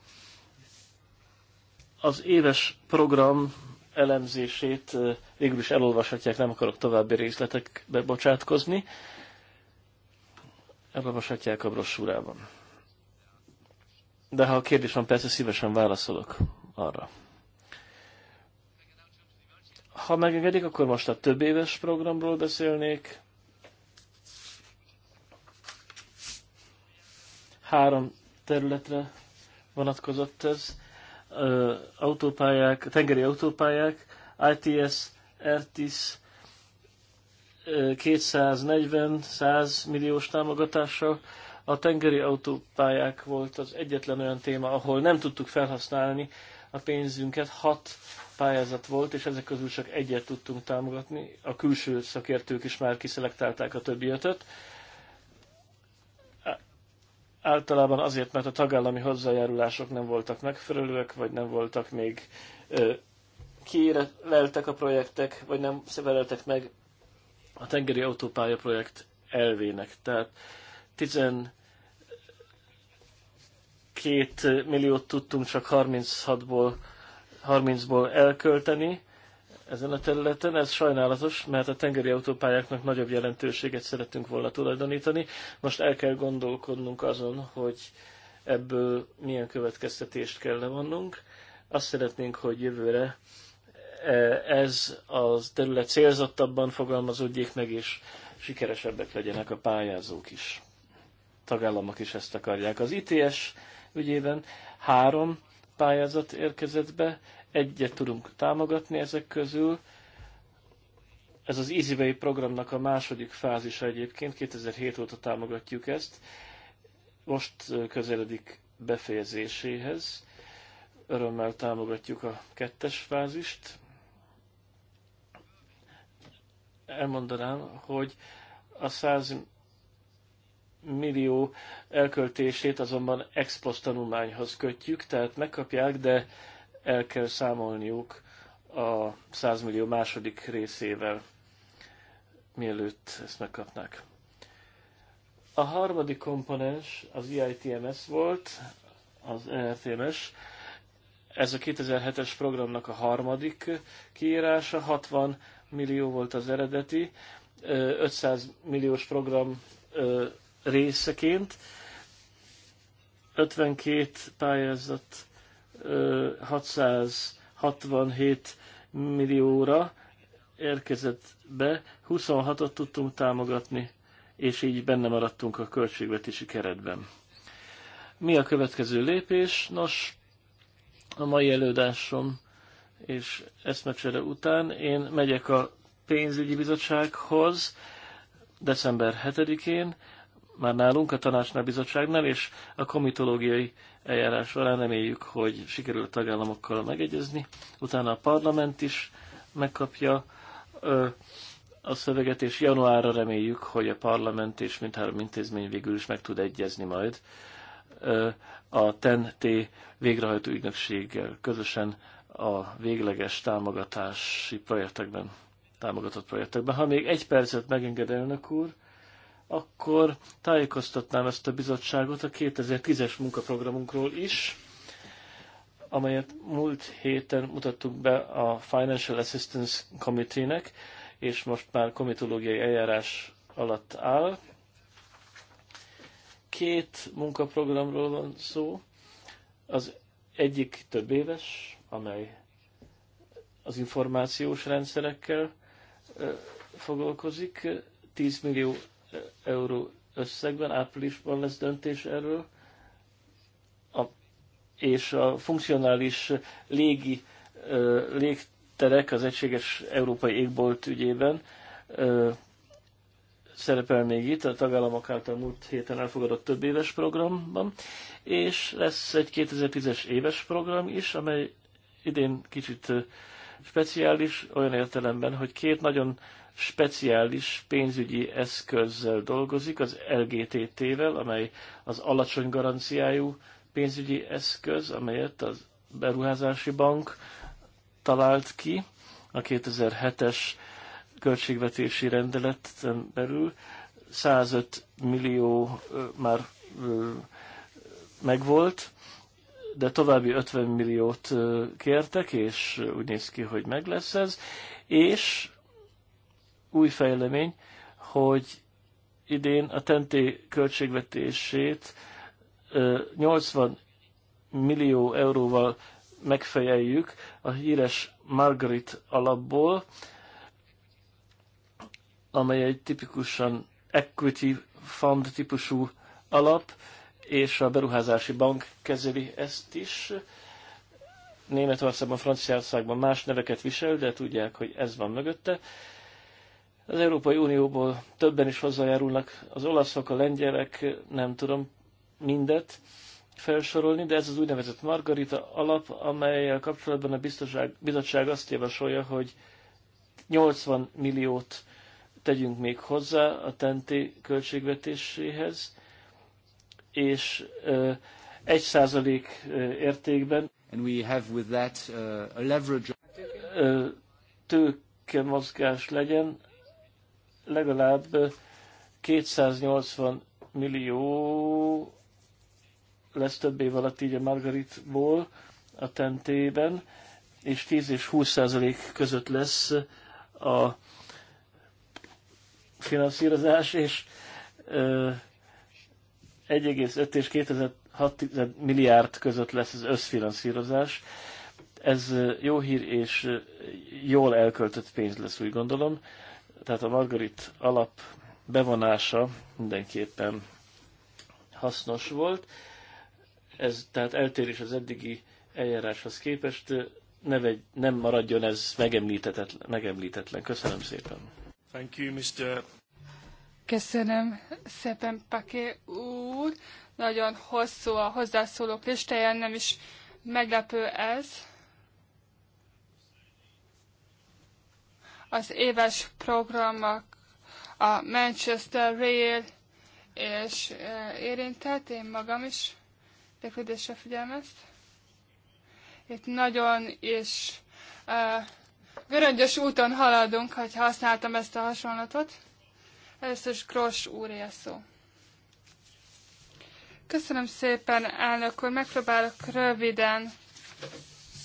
az éves program elemzését uh, végül is elolvashatják, nem akarok további részletekbe bocsátkozni elolvashatják a brossúrában. De ha a kérdés van, persze szívesen válaszolok arra. Ha megengedik, akkor most a több éves programról beszélnék. Három területre vonatkozott ez. Autópályák, tengeri autópályák, ITS, RTIS 240-100 milliós támogatással. A tengeri autópályák volt az egyetlen olyan téma, ahol nem tudtuk felhasználni a pénzünket. Hat pályázat volt, és ezek közül csak egyet tudtunk támogatni. A külső szakértők is már kiszelektálták a többi ötöt. Általában azért, mert a tagállami hozzájárulások nem voltak megfelelőek, vagy nem voltak még kiéreleltek a projektek, vagy nem szereltek meg a tengeri autópálya projekt elvének. Tehát 12 milliót tudtunk csak 36-ból 30-ból elkölteni ezen a területen. Ez sajnálatos, mert a tengeri autópályáknak nagyobb jelentőséget szeretünk volna tulajdonítani. Most el kell gondolkodnunk azon, hogy ebből milyen következtetést kell levonnunk. Azt szeretnénk, hogy jövőre ez az terület célzottabban fogalmazódjék meg, és sikeresebbek legyenek a pályázók is. Tagállamok is ezt akarják. Az ITS ügyében három pályázat érkezett be, egyet tudunk támogatni ezek közül. Ez az EasyWay programnak a második fázisa egyébként, 2007 óta támogatjuk ezt. Most közeledik befejezéséhez. Örömmel támogatjuk a kettes fázist elmondanám, hogy a 100 millió elköltését azonban ex post tanulmányhoz kötjük, tehát megkapják, de el kell számolniuk a 100 millió második részével, mielőtt ezt megkapnák. A harmadik komponens az EITMS volt, az ERTMS. Ez a 2007-es programnak a harmadik kiírása, 60 millió volt az eredeti, 500 milliós program részeként. 52 pályázat 667 millióra érkezett be, 26-ot tudtunk támogatni, és így benne maradtunk a költségvetési keretben. Mi a következő lépés? Nos, a mai előadásom és eszmecsere után én megyek a pénzügyi bizottsághoz december 7-én, már nálunk a tanácsnál bizottságnál, és a komitológiai eljárás során reméljük, hogy sikerül a tagállamokkal megegyezni. Utána a parlament is megkapja ö, a szöveget, és januárra reméljük, hogy a parlament és mindhárom intézmény végül is meg tud egyezni majd ö, a TEN-T végrehajtó ügynökséggel közösen a végleges támogatási projektekben, támogatott projektekben. Ha még egy percet megenged elnök úr, akkor tájékoztatnám ezt a bizottságot a 2010-es munkaprogramunkról is, amelyet múlt héten mutattuk be a Financial Assistance Committee-nek, és most már komitológiai eljárás alatt áll. Két munkaprogramról van szó. Az egyik több éves, amely az információs rendszerekkel foglalkozik, 10 millió euró összegben, áprilisban lesz döntés erről, a, és a funkcionális légi légterek az egységes európai égbolt ügyében szerepel még itt a tagállamok által múlt héten elfogadott több éves programban, és lesz egy 2010-es éves program is, amely idén kicsit speciális, olyan értelemben, hogy két nagyon speciális pénzügyi eszközzel dolgozik, az LGTT-vel, amely az alacsony garanciájú pénzügyi eszköz, amelyet az beruházási bank talált ki a 2007-es költségvetési rendeleten belül 105 millió már megvolt, de további 50 milliót kértek, és úgy néz ki, hogy meg lesz ez. És új fejlemény, hogy idén a tenté költségvetését 80 millió euróval megfejeljük a híres Margaret alapból, amely egy tipikusan equity fund típusú alap, és a beruházási bank kezeli ezt is. Németországban, Franciaországban más neveket visel, de tudják, hogy ez van mögötte. Az Európai Unióból többen is hozzájárulnak, az olaszok, a lengyelek, nem tudom mindet felsorolni, de ez az úgynevezett Margarita alap, amelyel kapcsolatban a bizottság azt javasolja, hogy 80 milliót tegyünk még hozzá a tenti költségvetéséhez, és egy százalék értékben And we have with that, uh, a leverage... tőke mozgás legyen legalább 280 millió lesz több év alatt így a Margaritból a tentében, és 10 és 20 százalék között lesz a finanszírozás, és 1,5 és 2006 milliárd között lesz az összfinanszírozás. Ez jó hír és jól elköltött pénz lesz, úgy gondolom. Tehát a Margarit alap bevonása mindenképpen hasznos volt. Ez tehát eltérés az eddigi eljáráshoz képest. Ne vegy, nem maradjon ez megemlítetlen. megemlítetlen. Köszönöm szépen. Thank you, Mr. Köszönöm szépen, Paké úr. Nagyon hosszú a hozzászólók listáján, nem is meglepő ez. Az éves programok a Manchester Rail és eh, érintett, én magam is érdeklődésre figyelmezt. Itt nagyon is uh, göröngyös úton haladunk, ha használtam ezt a hasonlatot. Először is Gross úr szó. Köszönöm szépen, elnök úr. Megpróbálok röviden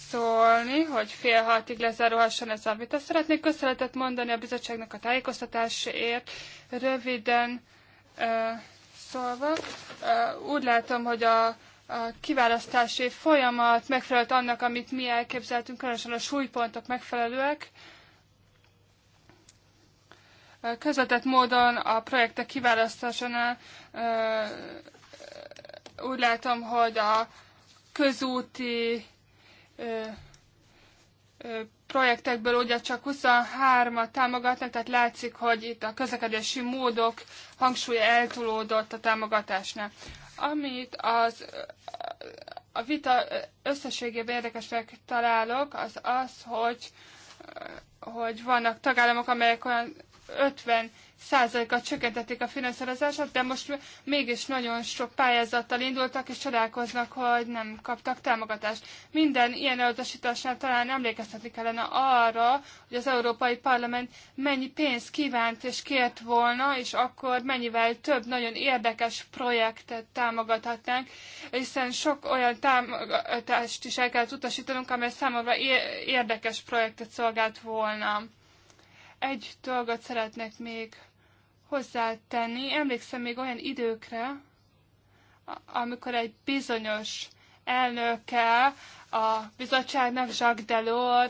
szólni, hogy fél hatig lezárulhasson ez a vita. Szeretnék köszönetet mondani a bizottságnak a tájékoztatásért. Röviden uh, szólva, uh, úgy látom, hogy a a kiválasztási folyamat megfelelt annak, amit mi elképzeltünk, különösen a súlypontok megfelelőek. Közvetett módon a projektek kiválasztásánál úgy látom, hogy a közúti projektekből ugye csak 23-at támogatnak, tehát látszik, hogy itt a közlekedési módok hangsúlya eltulódott a támogatásnál. Amit az, a vita összességében érdekesnek találok, az az, hogy, hogy vannak tagállamok, amelyek olyan 50 százalékkal csökkentették a finanszírozását, de most mégis nagyon sok pályázattal indultak, és csodálkoznak, hogy nem kaptak támogatást. Minden ilyen elutasításnál talán emlékeztetni kellene arra, hogy az Európai Parlament mennyi pénzt kívánt és kért volna, és akkor mennyivel több nagyon érdekes projektet támogathatnánk, hiszen sok olyan támogatást is el kell utasítanunk, amely számomra érdekes projektet szolgált volna egy dolgot szeretnék még hozzátenni. Emlékszem még olyan időkre, amikor egy bizonyos elnöke a bizottságnak, Jacques Delors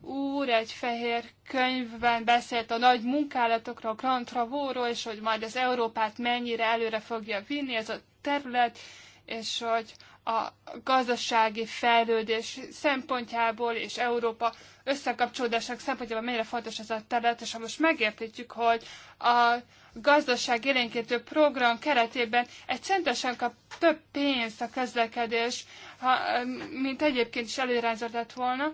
úr egy fehér könyvben beszélt a nagy munkálatokról, Grand Travóról, és hogy majd az Európát mennyire előre fogja vinni ez a terület, és hogy a gazdasági fejlődés szempontjából és Európa összekapcsolódásának szempontjából mennyire fontos ez a terület, és ha most megértjük, hogy a gazdaság élénkítő program keretében egy centesen kap több pénzt a közlekedés, ha, mint egyébként is előirányzott lett volna,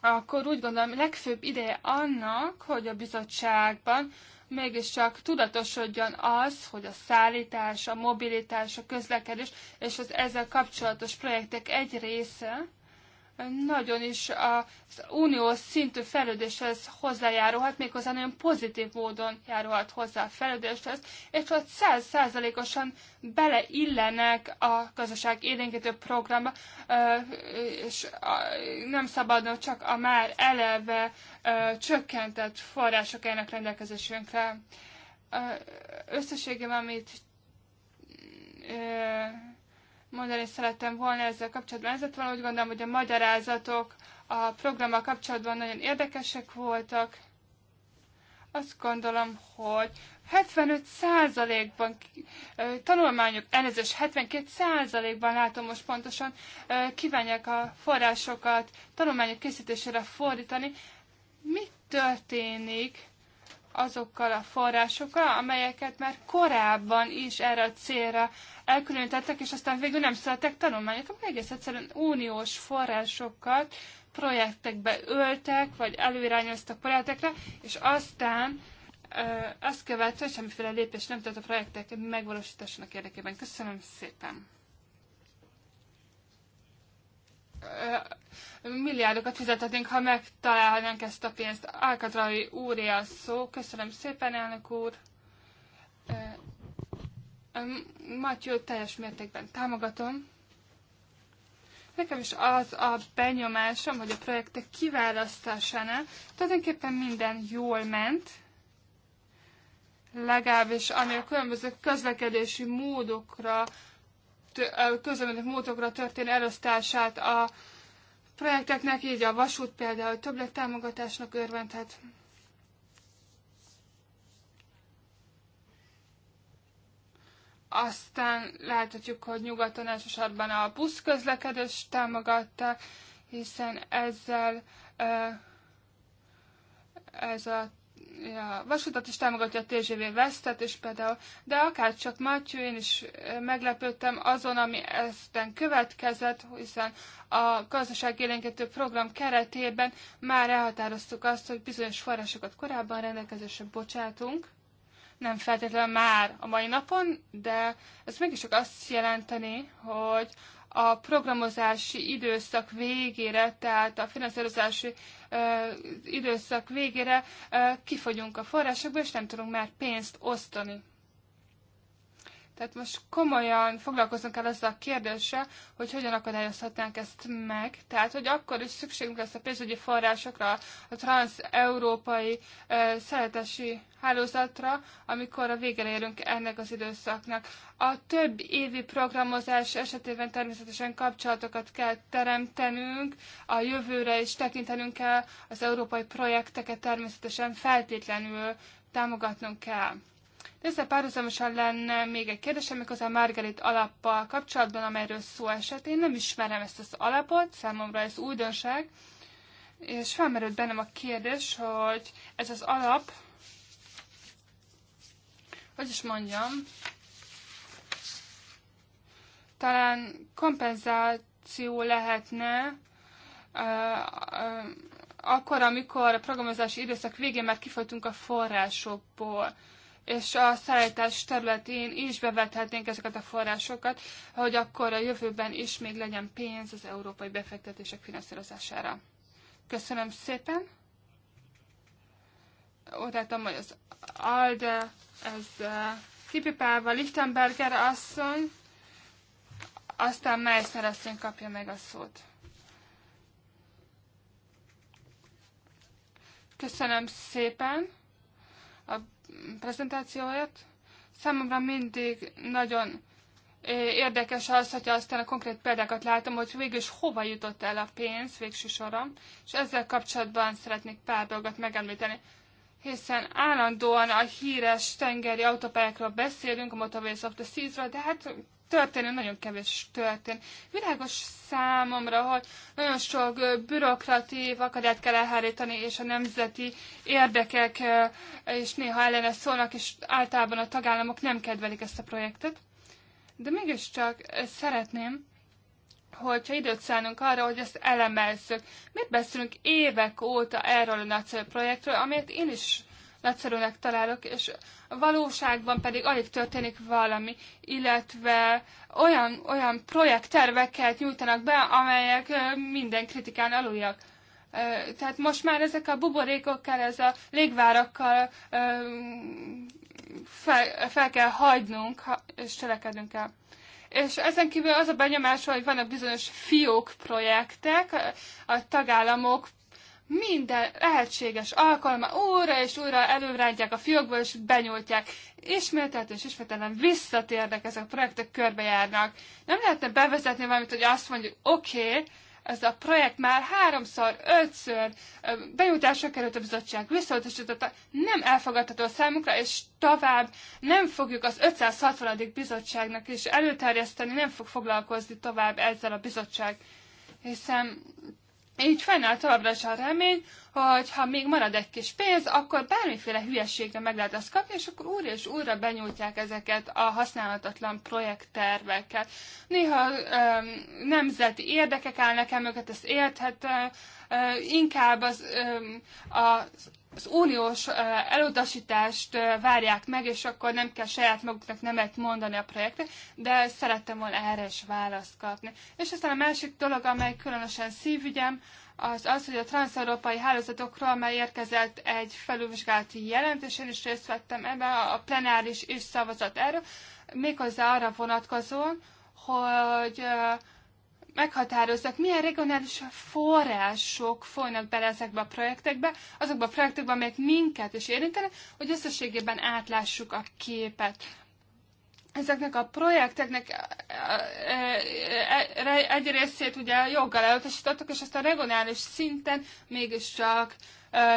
akkor úgy gondolom, legfőbb ideje annak, hogy a bizottságban mégiscsak tudatosodjon az, hogy a szállítás, a mobilitás, a közlekedés és az ezzel kapcsolatos projektek egy része nagyon is az uniós szintű fejlődéshez hozzájárulhat, méghozzá nagyon pozitív módon járulhat hozzá a fejlődéshez, és ott száz százalékosan beleillenek a gazdaság élénkítő programba, és nem szabadna csak a már eleve csökkentett források ennek rendelkezésünkre. Összességében, amit mondani szerettem volna ezzel kapcsolatban. Ezért van úgy gondolom, hogy a magyarázatok a programmal kapcsolatban nagyon érdekesek voltak. Azt gondolom, hogy 75%-ban tanulmányok, elnézős 72%-ban látom most pontosan, kívánják a forrásokat tanulmányok készítésére fordítani. Mit történik azokkal a forrásokkal, amelyeket már korábban is erre a célra elkülönítettek, és aztán végül nem születtek tanulmányok, amik egész egyszerűen uniós forrásokat projektekbe öltek, vagy előirányoztak projektekre, és aztán azt követően semmiféle lépés nem tett a projektek megvalósításának érdekében. Köszönöm szépen! milliárdokat fizethetnénk, ha megtalálnánk ezt a pénzt. Alkatrai úré a szó. Köszönöm szépen, elnök úr. Matyó teljes mértékben támogatom. Nekem is az a benyomásom, hogy a projektek kiválasztásánál tulajdonképpen minden jól ment, legalábbis ami a különböző közlekedési módokra közlemények módokra történő elosztását a projekteknek, így a vasút például többlet támogatásnak örvendhet. Aztán láthatjuk, hogy nyugaton elsősorban a busz közlekedés támogatta, hiszen ezzel ez a a vasutat is támogatja a TGV Vesztet, és például, de akár csak Matyő, én is meglepődtem azon, ami ezten következett, hiszen a élénkető program keretében már elhatároztuk azt, hogy bizonyos forrásokat korábban rendelkezésre bocsátunk, nem feltétlenül már a mai napon, de ez mégis csak azt jelenteni, hogy a programozási időszak végére, tehát a finanszírozási időszak végére kifogyunk a forrásokból, és nem tudunk már pénzt osztani. Tehát most komolyan foglalkozunk el ezzel a kérdéssel, hogy hogyan akadályozhatnánk ezt meg. Tehát, hogy akkor is szükségünk lesz a pénzügyi forrásokra, a transeurópai európai szeretesi hálózatra, amikor a végére érünk ennek az időszaknak. A több évi programozás esetében természetesen kapcsolatokat kell teremtenünk, a jövőre is tekintenünk kell, az európai projekteket természetesen feltétlenül támogatnunk kell de ezzel párhuzamosan lenne még egy kérdésem, méghozzá a Margarit alappal kapcsolatban, amelyről szó esett. Én nem ismerem ezt az alapot, számomra ez újdonság, és felmerült bennem a kérdés, hogy ez az alap, hogy is mondjam, talán kompenzáció lehetne akkor, amikor a programozási időszak végén már kifolytunk a forrásokból és a szállítás területén is bevethetnénk ezeket a forrásokat, hogy akkor a jövőben is még legyen pénz az európai befektetések finanszírozására. Köszönöm szépen! Úgy hogy az ALDE, ez uh, kipipálva Lichtenberger asszony, aztán Meissner asszony kapja meg a szót. Köszönöm szépen! a prezentációját. Számomra mindig nagyon érdekes az, hogy aztán a konkrét példákat látom, hogy végülis hova jutott el a pénz végső soron, és ezzel kapcsolatban szeretnék pár dolgot megemlíteni hiszen állandóan a híres tengeri autópályákról beszélünk, a Motorways of the Seas-ről, de hát történő, nagyon kevés történ. Világos számomra, hogy nagyon sok bürokratív akadályt kell elhárítani, és a nemzeti érdekek és néha ellene szólnak, és általában a tagállamok nem kedvelik ezt a projektet. De mégiscsak szeretném, hogyha időt szállunk arra, hogy ezt elemezzük. Mit beszélünk évek óta erről a nagyszerű projektről, amelyet én is nagyszerűnek találok, és a valóságban pedig alig történik valami, illetve olyan, olyan projektterveket nyújtanak be, amelyek minden kritikán aluljak. Tehát most már ezek a buborékokkal, ez a légvárakkal fel, fel kell hagynunk, és cselekednünk el És ezen kívül az a benyomás, hogy vannak bizonyos fiók projektek, a tagállamok minden lehetséges alkalma óra és óra előrántják a fiókból, és benyújtják. Ismételt és ismételten visszatérnek ezek a projektek, körbejárnak. Nem lehetne bevezetni valamit, hogy azt mondjuk, oké, okay, ez a projekt már háromszor, ötször bejutásra került a bizottság, visszautasította, nem elfogadható a számukra, és tovább nem fogjuk az 560. bizottságnak is előterjeszteni, nem fog foglalkozni tovább ezzel a bizottság, hiszen így fennáll továbbra is a remény, hogy ha még marad egy kis pénz, akkor bármiféle hülyeségre meg lehet azt kapni, és akkor újra és újra benyújtják ezeket a használatatlan projektterveket. Néha öm, nemzeti érdekek állnak el mögött, ezt érthetem, inkább az, öm, az az uniós elutasítást várják meg, és akkor nem kell saját maguknak nemet mondani a projektre, de szerettem volna erre is választ kapni. És aztán a másik dolog, amely különösen szívügyem, az az, hogy a transzeurópai hálózatokról már érkezett egy felülvizsgálati jelentés, én is részt vettem ebben, a plenáris is szavazat erről, méghozzá arra vonatkozóan, hogy meghatároznak, milyen regionális források folynak bele ezekbe a projektekbe, azokba a projektekbe, amelyek minket is érintenek, hogy összességében átlássuk a képet. Ezeknek a projekteknek e, e, e, egy részét ugye joggal elutasítottak, és ezt a regionális szinten mégiscsak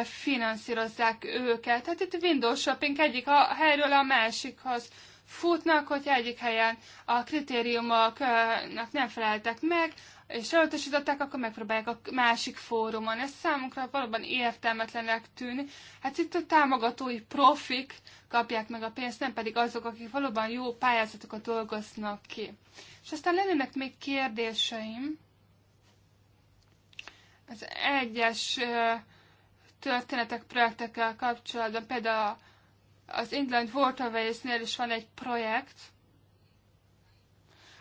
finanszírozzák őket. Tehát itt Windows, shopping egyik a helyről a másikhoz futnak, hogyha egyik helyen a kritériumoknak nem feleltek meg, és elutasították, akkor megpróbálják a másik fórumon. Ez számunkra valóban értelmetlenek tűn. Hát itt a támogatói profik kapják meg a pénzt, nem pedig azok, akik valóban jó pályázatokat dolgoznak ki. És aztán lennének még kérdéseim. Az egyes történetek, projektekkel kapcsolatban, például a az England Waterways-nél is van egy projekt.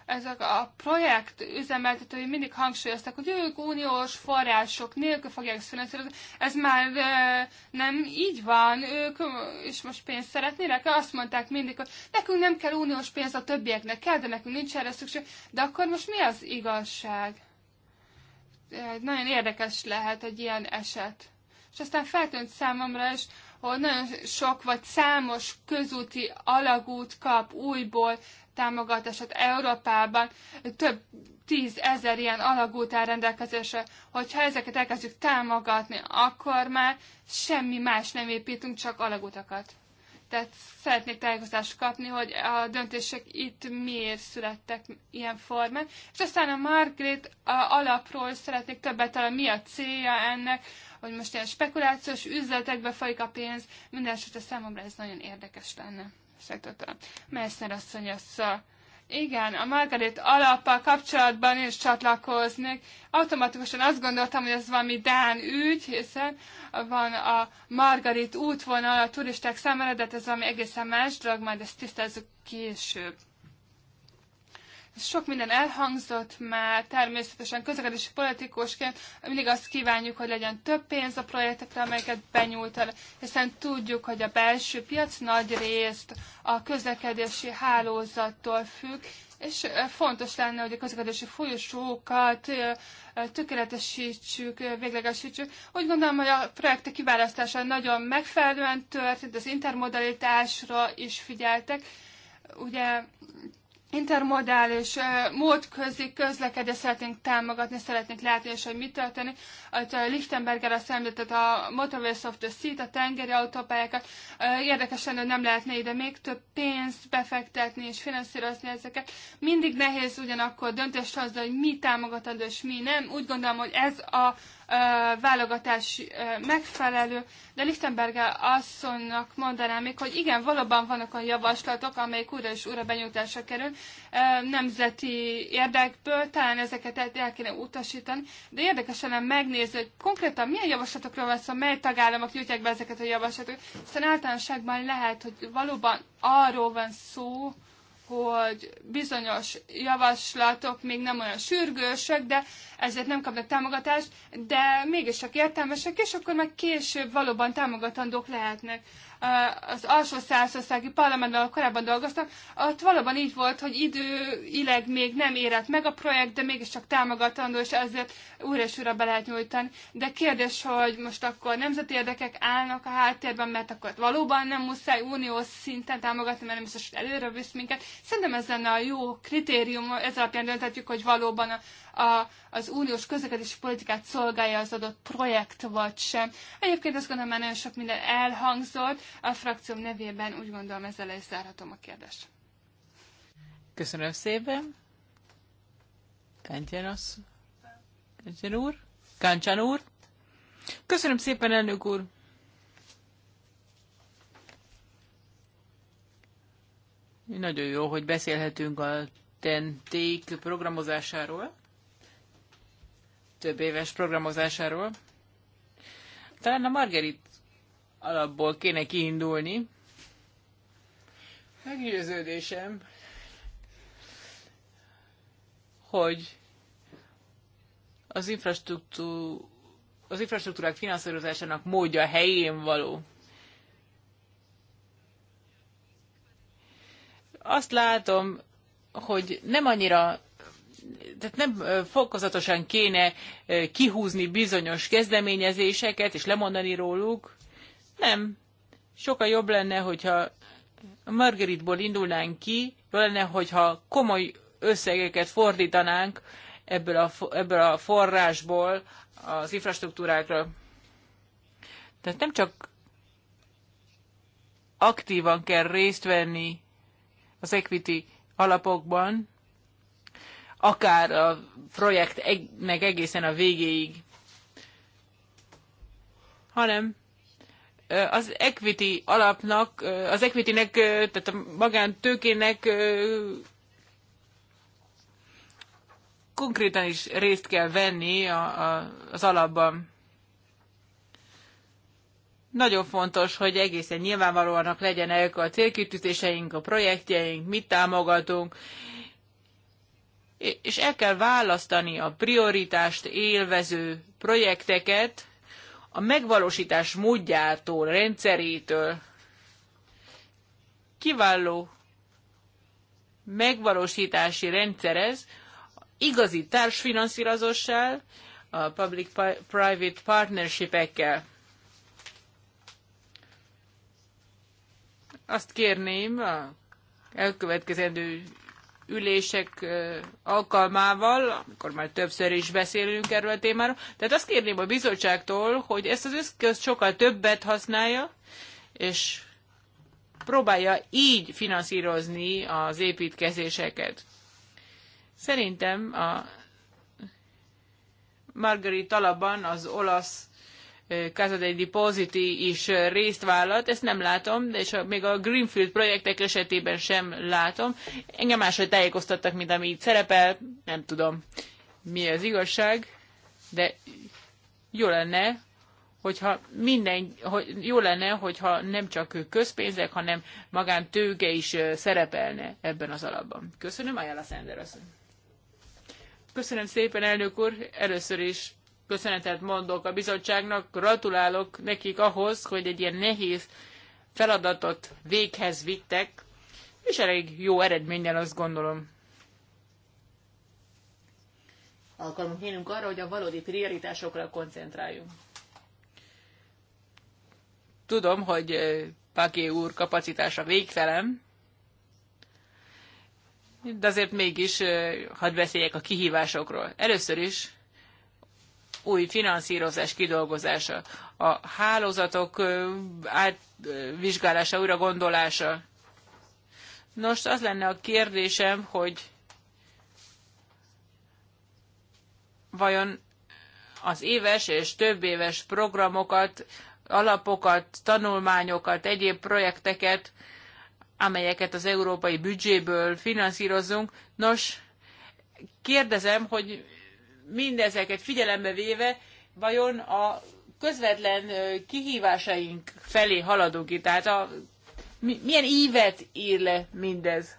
Ezek a projekt üzemeltetői mindig hangsúlyozták, hogy ők uniós források nélkül fogják finanszírozni. Ez már e, nem így van, ők és most pénzt szeretnének. Azt mondták mindig, hogy nekünk nem kell uniós pénz a többieknek, kell, de nekünk nincs erre szükség. De akkor most mi az igazság? E, nagyon érdekes lehet egy ilyen eset. És aztán feltűnt számomra is, ahol nagyon sok vagy számos közúti alagút kap újból támogatását Európában, több tízezer ilyen alagút áll rendelkezésre. Hogyha ezeket elkezdjük támogatni, akkor már semmi más nem építünk, csak alagutakat. Tehát szeretnék tájékoztást kapni, hogy a döntések itt miért születtek ilyen formán. És aztán a Margaret alapról szeretnék többet találni, mi a célja ennek, hogy most ilyen spekulációs üzletekbe folyik a pénz, minden esetre számomra ez nagyon érdekes lenne. Szektortől. Messner asszony asszal. Igen, a Margaret alappal kapcsolatban is csatlakoznék. Automatikusan azt gondoltam, hogy ez valami Dán ügy, hiszen van a Margarit útvonal a turisták számára, de hát ez valami egészen más dolog, majd ezt tisztázzuk később. Sok minden elhangzott már, természetesen közlekedési politikusként mindig azt kívánjuk, hogy legyen több pénz a projektekre, amelyeket benyújt el, hiszen tudjuk, hogy a belső piac nagy részt a közlekedési hálózattól függ, és fontos lenne, hogy a közlekedési folyosókat tökéletesítsük, véglegesítsük. Úgy gondolom, hogy a projektek kiválasztása nagyon megfelelően történt, az intermodalitásra is figyeltek. Ugye intermodális módközi közlekedés szeretnénk támogatni, szeretnénk látni, és hogy mi történik. A Lichtenberger azt említett a Motorways of the Sea, a tengeri autópályákat. Érdekes lenne, hogy nem lehetne ide még több pénzt befektetni és finanszírozni ezeket. Mindig nehéz ugyanakkor döntést hozni, hogy mi támogatandó és mi nem. Úgy gondolom, hogy ez a, válogatás megfelelő, de Lichtenberg asszonynak mondanám még, hogy igen, valóban vannak olyan javaslatok, amelyek újra és újra benyújtásra kerül nemzeti érdekből, talán ezeket el kéne utasítani, de érdekes lenne megnézni, hogy konkrétan milyen javaslatokról van szó, mely tagállamok nyújtják be ezeket a javaslatokat, hiszen általánosságban lehet, hogy valóban arról van szó, hogy bizonyos javaslatok még nem olyan sürgősek, de ezért nem kapnak támogatást, de mégis csak értelmesek, és akkor meg később valóban támogatandók lehetnek az alsó százországi parlamentben, ahol korábban dolgoztam, ott valóban így volt, hogy időileg még nem érett meg a projekt, de mégiscsak támogatandó, és ezért újra és újra be lehet nyújtani. De kérdés, hogy most akkor nemzeti érdekek állnak a háttérben, mert akkor valóban nem muszáj uniós szinten támogatni, mert nem biztos, hogy előre visz minket. Szerintem ez lenne a jó kritérium, ez alapján dönthetjük, hogy valóban a, a az uniós közlekedési politikát szolgálja az adott projekt vagy sem. Egyébként azt gondolom már nagyon sok minden elhangzott, a frakcióm nevében úgy gondolom ezzel is zárhatom a kérdést. Köszönöm szépen. Kantyan Kancsán úr? Kancsán úr? Köszönöm szépen, elnök úr! Nagyon jó, hogy beszélhetünk a TENTÉK programozásáról több éves programozásáról. Talán a Margerit alapból kéne kiindulni. Meggyőződésem, hogy az, infrastruktúr, az infrastruktúrák finanszírozásának módja helyén való. Azt látom, hogy nem annyira tehát nem fokozatosan kéne kihúzni bizonyos kezdeményezéseket és lemondani róluk. Nem. Sokkal jobb lenne, hogyha Margaritból indulnánk ki, jó lenne, hogyha komoly összegeket fordítanánk ebből a, ebből a forrásból az infrastruktúrákra. Tehát nem csak aktívan kell részt venni az equity alapokban, akár a projektnek egészen a végéig, hanem az equity alapnak, az equitynek, tehát a magántőkének konkrétan is részt kell venni a, a, az alapban. Nagyon fontos, hogy egészen nyilvánvalóanak legyenek a célkitűzéseink, a projektjeink, mit támogatunk, és el kell választani a prioritást élvező projekteket a megvalósítás módjától, rendszerétől. Kiváló megvalósítási rendszer ez, igazi társfinanszírozóssal, a public-private partnershipekkel. Azt kérném a elkövetkezendő ülések alkalmával, amikor már többször is beszélünk erről a témáról. Tehát azt kérném a bizottságtól, hogy ezt az eszközt sokkal többet használja, és próbálja így finanszírozni az építkezéseket. Szerintem a Margarit Alaban az olasz Casa dei Depositi is részt vállalt, ezt nem látom, és még a Greenfield projektek esetében sem látom. Engem máshogy tájékoztattak, mint ami itt szerepel, nem tudom mi az igazság, de jó lenne, hogyha minden, hogy jó lenne, hogyha nem csak közpénzek, hanem tőke is szerepelne ebben az alapban. Köszönöm, Ajala Szender Köszönöm szépen, elnök úr. Először is köszönetet mondok a bizottságnak, gratulálok nekik ahhoz, hogy egy ilyen nehéz feladatot véghez vittek, és elég jó eredménnyel azt gondolom. Alkalmunk nyílunk arra, hogy a valódi prioritásokra koncentráljunk. Tudom, hogy Paké úr kapacitása végfelem, de azért mégis hadd beszéljek a kihívásokról. Először is új finanszírozás kidolgozása, a hálózatok átvizsgálása, újra gondolása. Nos, az lenne a kérdésem, hogy vajon az éves és több éves programokat, alapokat, tanulmányokat, egyéb projekteket, amelyeket az európai büdzséből finanszírozunk. Nos, kérdezem, hogy mindezeket figyelembe véve, vajon a közvetlen kihívásaink felé haladunk itt? Tehát a, milyen ívet ír le mindez?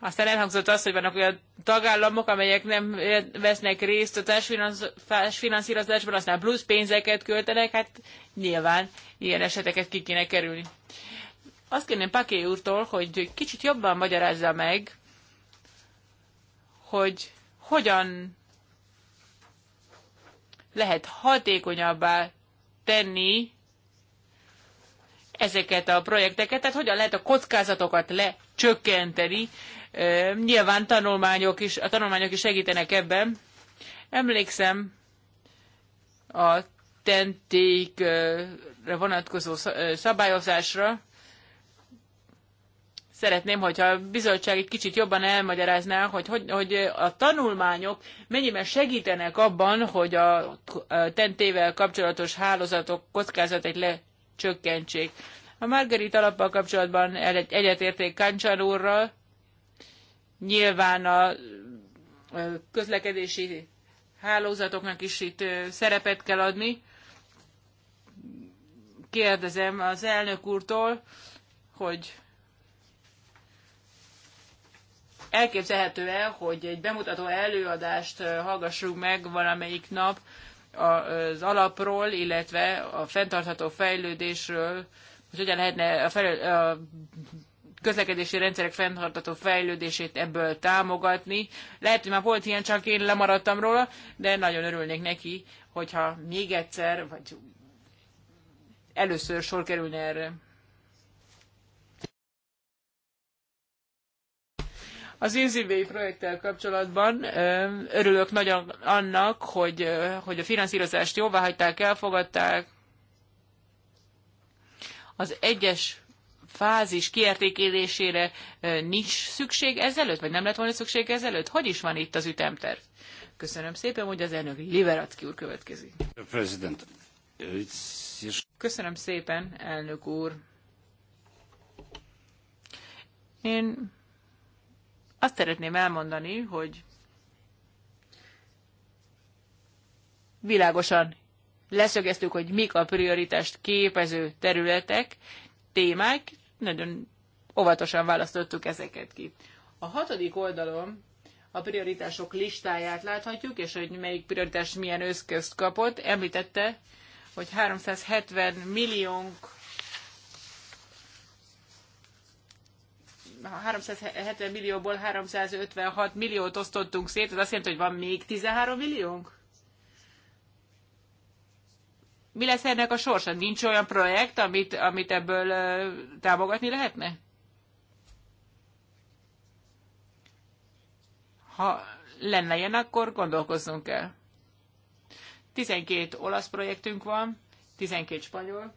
Aztán elhangzott az, hogy vannak olyan tagállamok, amelyek nem vesznek részt a társfinanszírozásban, aztán plusz pénzeket költenek, hát nyilván ilyen eseteket ki kéne kerülni. Azt kérném Paké úrtól, hogy kicsit jobban magyarázza meg, hogy hogyan lehet hatékonyabbá tenni ezeket a projekteket, tehát hogyan lehet a kockázatokat lecsökkenteni. Nyilván tanulmányok is, a tanulmányok is segítenek ebben. Emlékszem a tentékre vonatkozó szabályozásra, szeretném, hogyha a bizottság egy kicsit jobban elmagyarázná, hogy, hogy, hogy a tanulmányok mennyiben segítenek abban, hogy a tentével kapcsolatos hálózatok kockázatait lecsökkentsék. A Margarit alappal kapcsolatban egyetérték Kancsar úrral, nyilván a közlekedési hálózatoknak is itt szerepet kell adni. Kérdezem az elnök úrtól, hogy elképzelhető-e, hogy egy bemutató előadást hallgassunk meg valamelyik nap az alapról, illetve a fenntartható fejlődésről, hogy hogyan lehetne a, fel, a közlekedési rendszerek fenntartató fejlődését ebből támogatni. Lehet, hogy már volt ilyen, csak én lemaradtam róla, de nagyon örülnék neki, hogyha még egyszer, vagy először sor kerülne erre. Az Inzibéi projekttel kapcsolatban örülök nagyon annak, hogy, hogy a finanszírozást jóvá hagyták, elfogadták. Az egyes fázis kiértékelésére nincs szükség ezelőtt, vagy nem lett volna szükség ezelőtt? Hogy is van itt az ütemterv? Köszönöm szépen, hogy az elnök Liberacki úr következik. Köszönöm szépen, elnök úr. Én azt szeretném elmondani, hogy világosan leszögeztük, hogy mik a prioritást képező területek, témák, nagyon óvatosan választottuk ezeket ki. A hatodik oldalon a prioritások listáját láthatjuk, és hogy melyik prioritás milyen összközt kapott. Említette, hogy 370 milliónk 370 millióból 356 milliót osztottunk szét, az azt jelenti, hogy van még 13 milliónk? Mi lesz ennek a sorsa? Nincs olyan projekt, amit, amit ebből uh, támogatni lehetne? Ha lenne ilyen, akkor gondolkozzunk el. 12 olasz projektünk van, 12 spanyol,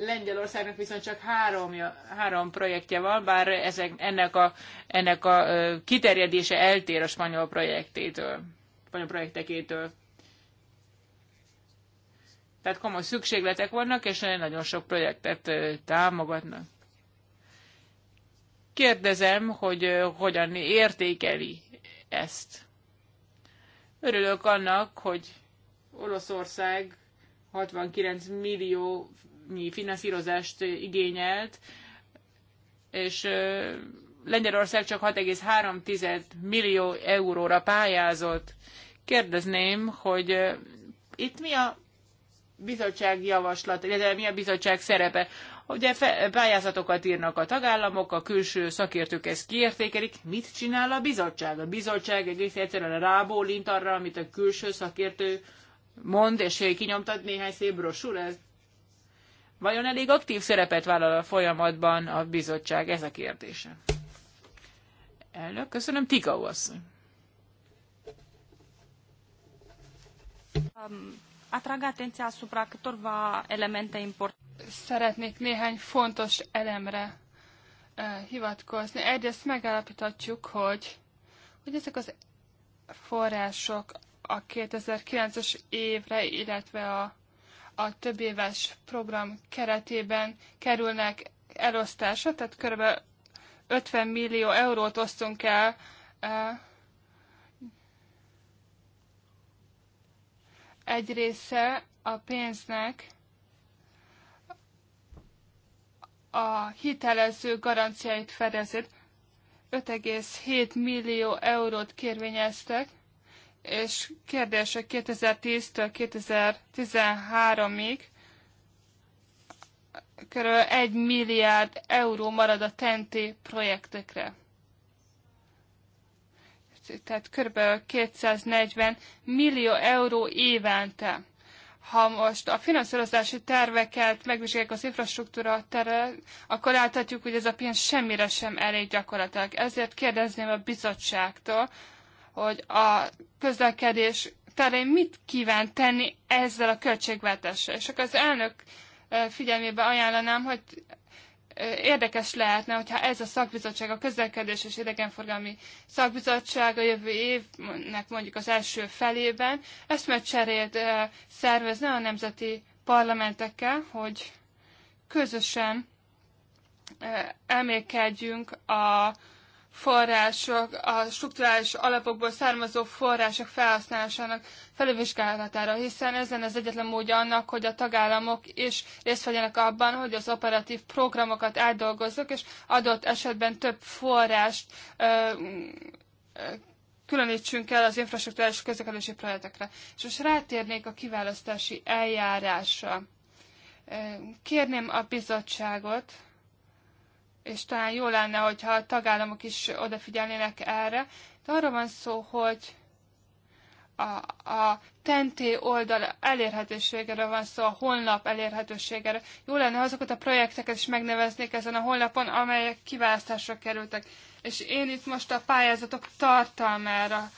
Lengyelországnak viszont csak három, három projektje van, bár ezek, ennek, a, ennek a kiterjedése eltér a spanyol projektétől, spanyol projektekétől. Tehát komoly szükségletek vannak, és nagyon sok projektet támogatnak. Kérdezem, hogy hogyan értékeli ezt. Örülök annak, hogy Olaszország 69 millió finanszírozást igényelt, és Lengyelország csak 6,3 millió euróra pályázott. Kérdezném, hogy itt mi a bizottság javaslat, illetve mi a bizottság szerepe? Ugye pályázatokat írnak a tagállamok, a külső szakértők ezt kiértékelik. Mit csinál a bizottság? A bizottság egész egyszerűen rábólint arra, amit a külső szakértő mond, és kinyomtat néhány szép brosúr, ez Vajon elég aktív szerepet vállal a folyamatban a bizottság? Ez a kérdése. Elnök, köszönöm. tika asszony. Um, atrag atenția asupra câtorva elemente importante. Szeretnék néhány fontos elemre eh, hivatkozni. Egyrészt megállapíthatjuk, hogy, hogy ezek az források a 2009-es évre, illetve a a több éves program keretében kerülnek elosztásra, tehát kb. 50 millió eurót osztunk el eh, egy része a pénznek a hitelező garanciáit fedezett. 5,7 millió eurót kérvényeztek, és kérdés, hogy 2010-től 2013-ig kb. 1 milliárd euró marad a TENTI projektekre. Tehát kb. 240 millió euró évente. Ha most a finanszírozási terveket megvizsgáljuk az infrastruktúra terület, akkor láthatjuk, hogy ez a pénz semmire sem elég gyakorlatilag. Ezért kérdezném a bizottságtól, hogy a közlekedés terén mit kíván tenni ezzel a költségvetéssel. És akkor az elnök figyelmébe ajánlanám, hogy érdekes lehetne, hogyha ez a szakbizottság, a közlekedés és idegenforgalmi szakbizottság a jövő évnek mondjuk az első felében ezt majd cserélt szervezne a nemzeti parlamentekkel, hogy közösen emlékedjünk a források, a strukturális alapokból származó források felhasználásának felülvizsgálatára, hiszen ezen az egyetlen módja annak, hogy a tagállamok is részt vegyenek abban, hogy az operatív programokat átdolgozzuk, és adott esetben több forrást ö, különítsünk el az infrastruktúrális közlekedési projektekre. És most rátérnék a kiválasztási eljárásra. Kérném a bizottságot, és talán jó lenne, hogyha a tagállamok is odafigyelnének erre. De arra van szó, hogy a, a tenté oldal elérhetőségére van szó, a honlap elérhetőségére. Jó lenne, azokat a projekteket is megneveznék ezen a honlapon, amelyek kiválasztásra kerültek. És én itt most a pályázatok tartalmára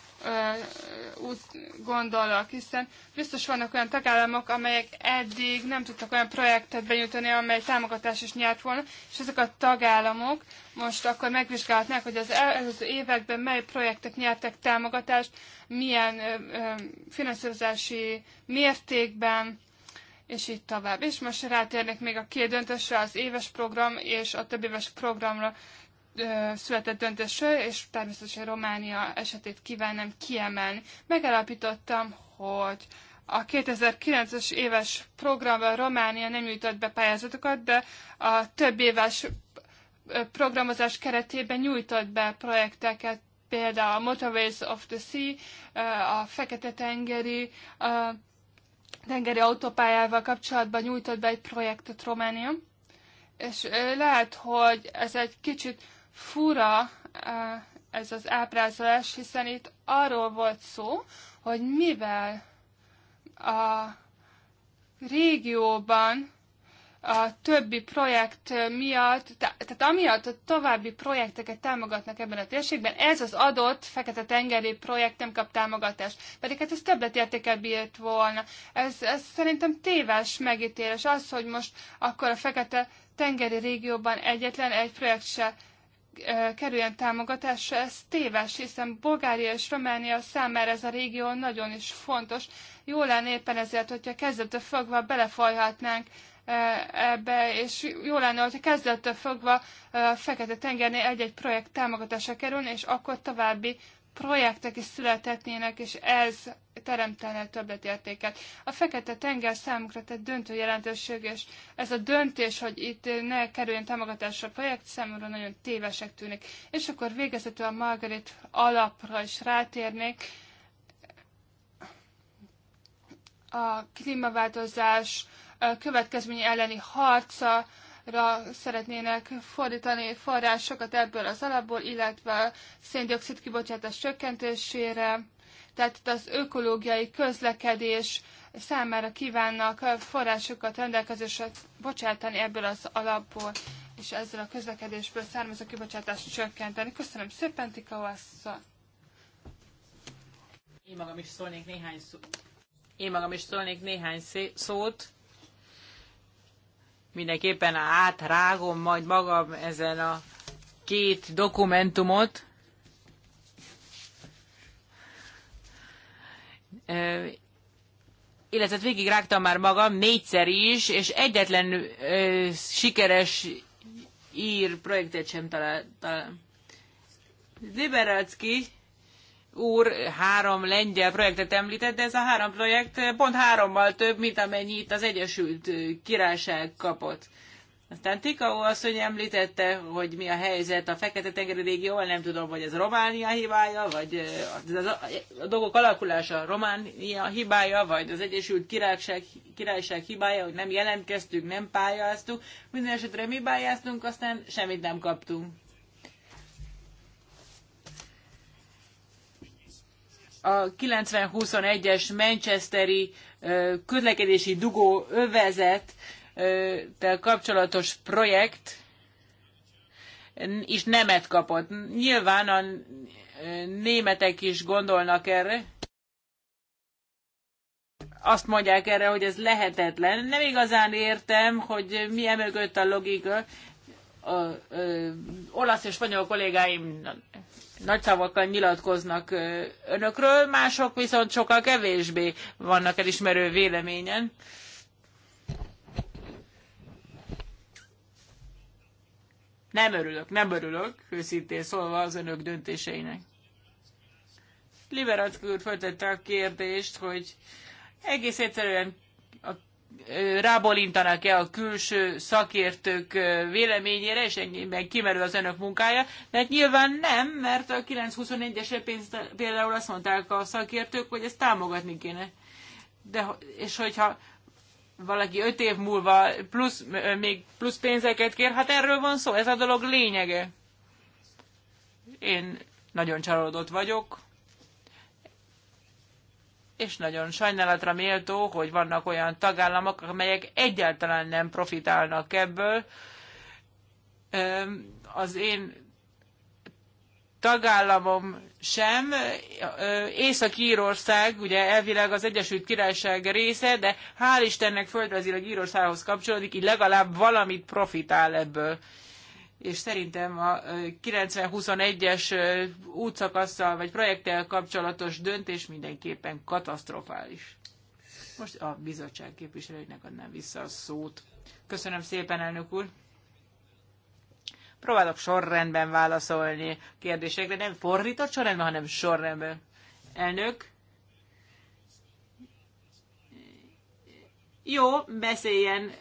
úgy gondolok, hiszen biztos vannak olyan tagállamok, amelyek eddig nem tudtak olyan projektet benyújtani, amely támogatás is nyert volna, és ezek a tagállamok most akkor megvizsgálhatnák, hogy az előző években mely projektek nyertek támogatást, milyen ö, ö, finanszírozási mértékben, és így tovább. És most rátérnek még a két döntésre, az éves program és a több éves programra született döntése, és természetesen Románia esetét kívánom kiemelni. Megállapítottam, hogy a 2009-es éves programban Románia nem nyújtott be pályázatokat, de a több éves programozás keretében nyújtott be projekteket, például a Motorways of the Sea, a Fekete-tengeri a tengeri autópályával kapcsolatban nyújtott be egy projektet Románia. És lehet, hogy ez egy kicsit fura eh, ez az ábrázolás, hiszen itt arról volt szó, hogy mivel a régióban a többi projekt miatt, tehát amiatt a további projekteket támogatnak ebben a térségben, ez az adott Fekete-tengeri projekt nem kap támogatást. Pedig hát ez többletértékkel bírt volna. Ez, ez szerintem téves megítélés. Az, hogy most akkor a Fekete-tengeri régióban egyetlen egy projekt se kerüljen támogatásra, ez téves, hiszen Bulgária és Románia számára ez a régió nagyon is fontos. Jó lenne éppen ezért, hogyha kezdettől fogva belefolyhatnánk e, ebbe, és jó lenne, hogyha kezdettől fogva a e, Fekete-tengernél egy-egy projekt támogatásra kerülne, és akkor további projektek is születhetnének, és ez teremtene többletértéket. A Fekete-tenger számukra tett döntő jelentőség, és ez a döntés, hogy itt ne kerüljön támogatásra a projekt, számomra nagyon tévesek tűnik. És akkor végezetül a Margaret alapra is rátérnék. A klímaváltozás következménye elleni harca, ra szeretnének fordítani forrásokat ebből az alapból, illetve széndiokszid kibocsátás csökkentésére, tehát itt az ökológiai közlekedés számára kívánnak forrásokat rendelkezésre bocsátani ebből az alapból, és ezzel a közlekedésből származó kibocsátást csökkenteni. Köszönöm szépen, Tika Vassza! Én magam is szólnék néhány szót. Én magam is szólnék néhány szót mindenképpen átrágom majd magam ezen a két dokumentumot. Illetve hát végig rágtam már magam négyszer is, és egyetlen ö, sikeres ír projektet sem találtam. Liberalski úr három lengyel projektet említett, de ez a három projekt pont hárommal több, mint amennyi itt az Egyesült Királyság kapott. Aztán Tikau asszony említette, hogy mi a helyzet a Fekete-tengeri régióval, nem tudom, hogy ez Románia hibája, vagy eh, az a dolgok alakulása Románia hibája, vagy az Egyesült Királyság, Királyság hibája, hogy nem jelentkeztünk, nem pályáztuk. Minden esetre mi pályáztunk, aztán semmit nem kaptunk. a 90 es Manchesteri közlekedési dugó övezettel kapcsolatos projekt is nemet kapott. Nyilván a németek is gondolnak erre. Azt mondják erre, hogy ez lehetetlen. Nem igazán értem, hogy mi emögött a logika, a, ö, olasz és spanyol kollégáim nagy szavakkal nyilatkoznak önökről, mások viszont sokkal kevésbé vannak elismerő véleményen. Nem örülök, nem örülök, őszintén szólva az önök döntéseinek. Liberack úr föltette a kérdést, hogy egész egyszerűen rábolintanak-e a külső szakértők véleményére, és ennyiben kimerül az önök munkája. De nyilván nem, mert a 921-es pénzt például azt mondták a szakértők, hogy ezt támogatni kéne. De, és hogyha valaki öt év múlva plusz, még plusz pénzeket kér, hát erről van szó, ez a dolog lényege. Én nagyon csalódott vagyok és nagyon sajnálatra méltó, hogy vannak olyan tagállamok, amelyek egyáltalán nem profitálnak ebből. Az én tagállamom sem. Észak-Írország ugye elvileg az Egyesült Királyság része, de hál' Istennek földrajzilag Írországhoz kapcsolódik, így legalább valamit profitál ebből és szerintem a 9021 es útszakasszal vagy projekttel kapcsolatos döntés mindenképpen katasztrofális. Most a bizottság képviselőjének adnám vissza a szót. Köszönöm szépen, elnök úr! Próbálok sorrendben válaszolni kérdésekre, nem fordított sorrendben, hanem sorrendben. Elnök, jó, beszéljen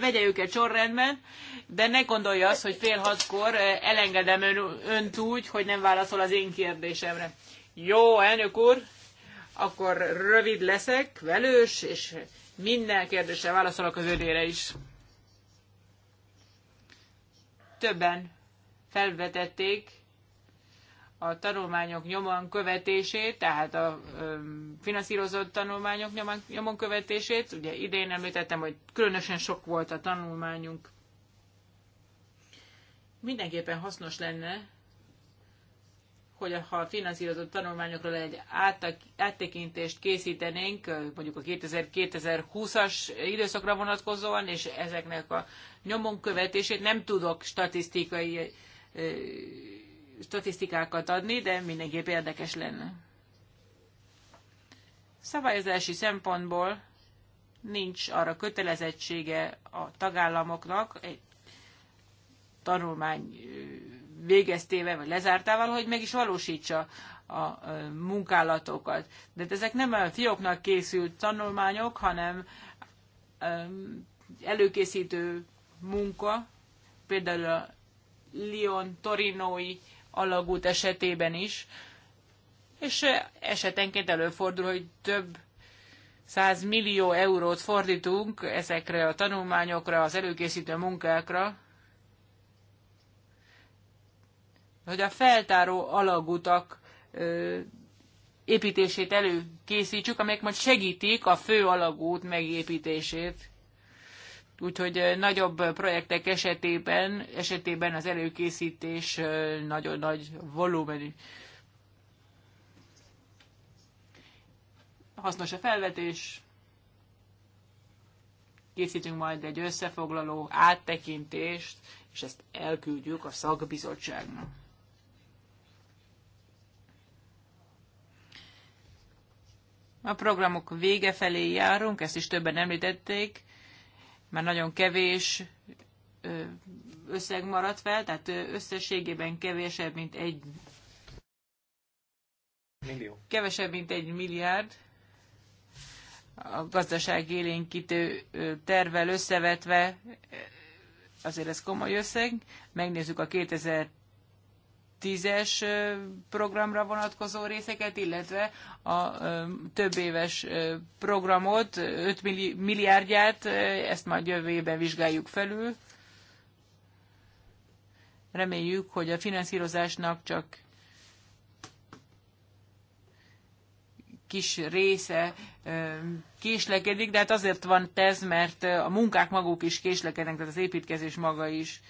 vegye őket sorrendben, de ne gondolja azt, hogy fél hatkor elengedem ön, önt úgy, hogy nem válaszol az én kérdésemre. Jó, elnök úr, akkor rövid leszek, velős, és minden kérdésre válaszolok az önére is. Többen felvetették a tanulmányok nyomon követését, tehát a finanszírozott tanulmányok nyomon, nyomon követését. Ugye idén említettem, hogy különösen sok volt a tanulmányunk. Mindenképpen hasznos lenne, hogy ha a finanszírozott tanulmányokról egy áttekintést készítenénk, mondjuk a 2020-as időszakra vonatkozóan, és ezeknek a nyomon követését nem tudok statisztikai statisztikákat adni, de mindenképp érdekes lenne. Szabályozási szempontból nincs arra kötelezettsége a tagállamoknak egy tanulmány végeztével vagy lezártával, hogy meg is valósítsa a munkálatokat. De ezek nem a fióknak készült tanulmányok, hanem előkészítő munka, például a Lyon-Torinói alagút esetében is, és eh, esetenként előfordul, hogy több 100 millió eurót fordítunk ezekre a tanulmányokra, az előkészítő munkákra, hogy a feltáró alagutak ö, építését előkészítsük, amelyek majd segítik a fő alagút megépítését. Úgyhogy nagyobb projektek esetében, esetében az előkészítés nagyon nagy volumenű. Hasznos a felvetés. Készítünk majd egy összefoglaló áttekintést, és ezt elküldjük a szakbizottságnak. A programok vége felé járunk, ezt is többen említették már nagyon kevés összeg maradt fel, tehát összességében kevesebb, mint egy millió. Kevesebb, mint egy milliárd a gazdaság élénkítő tervel összevetve, azért ez komoly összeg. Megnézzük a 2000 tízes programra vonatkozó részeket, illetve a több éves programot, 5 milliárdját, ezt majd jövőben vizsgáljuk felül. Reméljük, hogy a finanszírozásnak csak kis része késlekedik, de hát azért van ez, mert a munkák maguk is késlekednek, tehát az építkezés maga is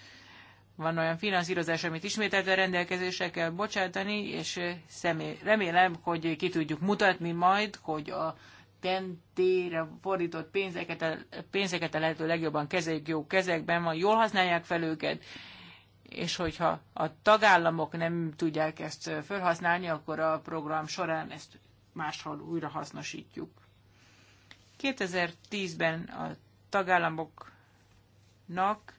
van olyan finanszírozás, amit ismételten rendelkezésre kell bocsátani, és eh, személy, remélem, hogy ki tudjuk mutatni majd, hogy a tentére fordított pénzeket, a, pénzeket a lehető legjobban kezeljük jó kezekben van, jól használják fel őket, és hogyha a tagállamok nem tudják ezt eh, felhasználni, akkor a program során ezt máshol újra hasznosítjuk. 2010-ben a tagállamoknak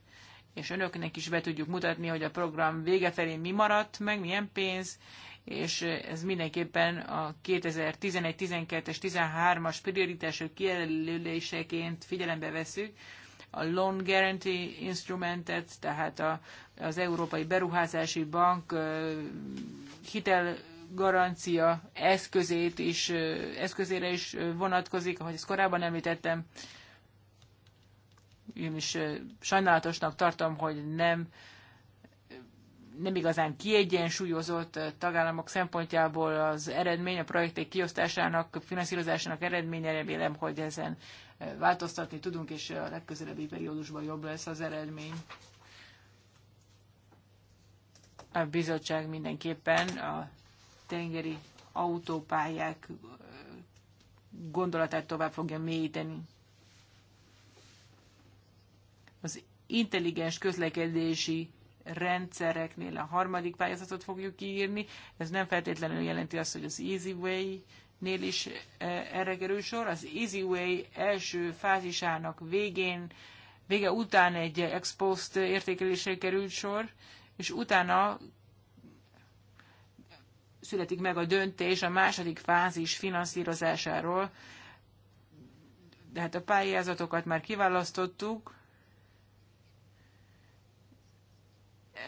és önöknek is be tudjuk mutatni, hogy a program vége felé mi maradt, meg milyen pénz, és ez mindenképpen a 2011, 12 és 13-as prioritások kijelöléseként figyelembe veszük, a Loan Guarantee Instrumentet, tehát a, az Európai Beruházási Bank hitel garancia eszközét is, eszközére is vonatkozik, ahogy ezt korábban említettem, én is sajnálatosnak tartom, hogy nem nem igazán kiegyensúlyozott tagállamok szempontjából az eredmény, a projektek kiosztásának, finanszírozásának eredménye, remélem, hogy ezen változtatni tudunk, és a legközelebbi periódusban jobb lesz az eredmény. A bizottság mindenképpen a tengeri autópályák gondolatát tovább fogja mélyíteni. Az intelligens közlekedési rendszereknél a harmadik pályázatot fogjuk kiírni. Ez nem feltétlenül jelenti azt, hogy az Easy Way nél is e, erre kerül sor. Az Easy Way első fázisának végén, vége után egy ex post értékelésre került sor, és utána születik meg a döntés a második fázis finanszírozásáról. De hát a pályázatokat már kiválasztottuk,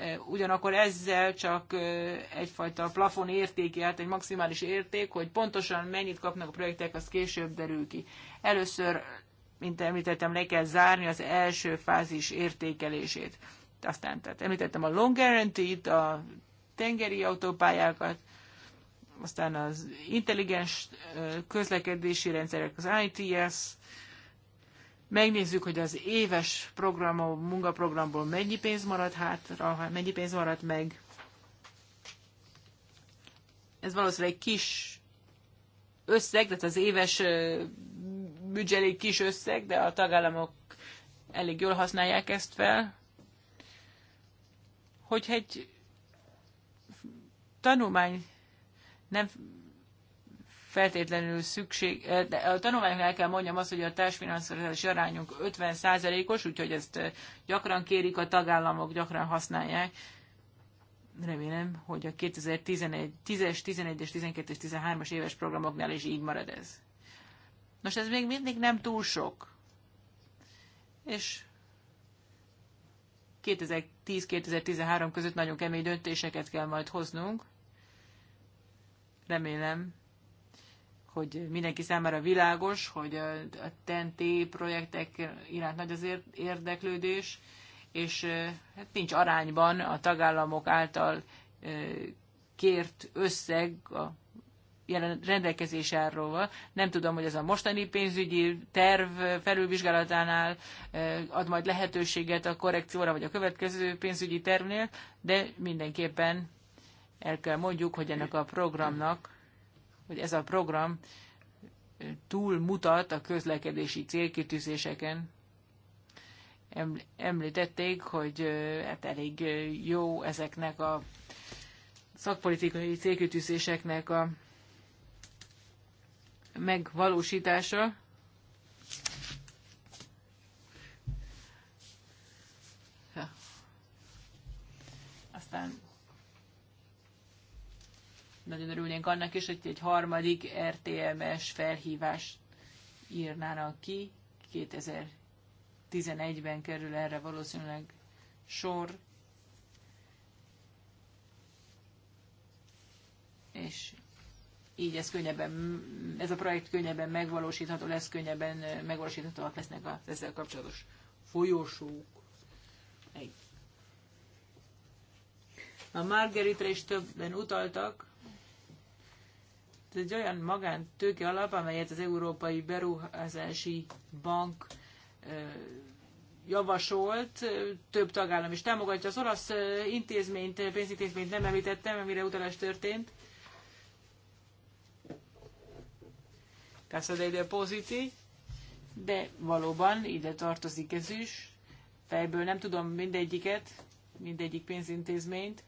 Eh, ugyanakkor ezzel csak eh, egyfajta plafon értéki, hát egy maximális érték, hogy pontosan mennyit kapnak a projektek, az később derül ki. Először, mint említettem, le kell zárni az első fázis értékelését. Aztán tehát említettem a long guarantee-t, a tengeri autópályákat, aztán az intelligens eh, közlekedési rendszerek, az ITS, megnézzük, hogy az éves program, a munkaprogramból mennyi pénz maradt hátra, mennyi pénz marad meg. Ez valószínűleg egy kis összeg, tehát az éves büdzsé egy kis összeg, de a tagállamok elég jól használják ezt fel. Hogyha egy tanulmány nem feltétlenül szükség. Eh, de a tanulmányoknál el kell mondjam azt, hogy a társfinanszírozási arányunk 50%-os, úgyhogy ezt eh, gyakran kérik a tagállamok, gyakran használják. Remélem, hogy a 2010 es 11-es, 12-es, 13-as éves programoknál is így marad ez. Nos, ez még mindig nem túl sok. És 2010-2013 között nagyon kemény döntéseket kell majd hoznunk. Remélem, hogy mindenki számára világos, hogy a TNT projektek iránt nagy az érdeklődés, és hát nincs arányban a tagállamok által kért összeg a jelen rendelkezésáról. Nem tudom, hogy ez a mostani pénzügyi terv felülvizsgálatánál ad majd lehetőséget a korrekcióra, vagy a következő pénzügyi tervnél, de mindenképpen el kell mondjuk, hogy ennek a programnak hogy ez a program túl mutat a közlekedési célkitűzéseken. Említették, hogy hát elég jó ezeknek a szakpolitikai célkitűzéseknek a megvalósítása. Aztán nagyon örülnénk annak is, hogy egy harmadik RTMS er felhívást írnának ki. 2011-ben kerül erre valószínűleg sor. És így ez könnyebben, ez a projekt könnyebben megvalósítható lesz, könnyebben megvalósíthatóak lesznek az ezzel kapcsolatos folyosók. A Margaritra is többen utaltak, ez egy olyan magántőke alap, amelyet az Európai Beruházási Bank javasolt, több tagállam is támogatja. Az olasz intézményt, pénzintézményt nem említettem, amire utalás történt. Casa dei Depositi, de valóban ide tartozik ez is. Fejből nem tudom mindegyiket, mindegyik pénzintézményt.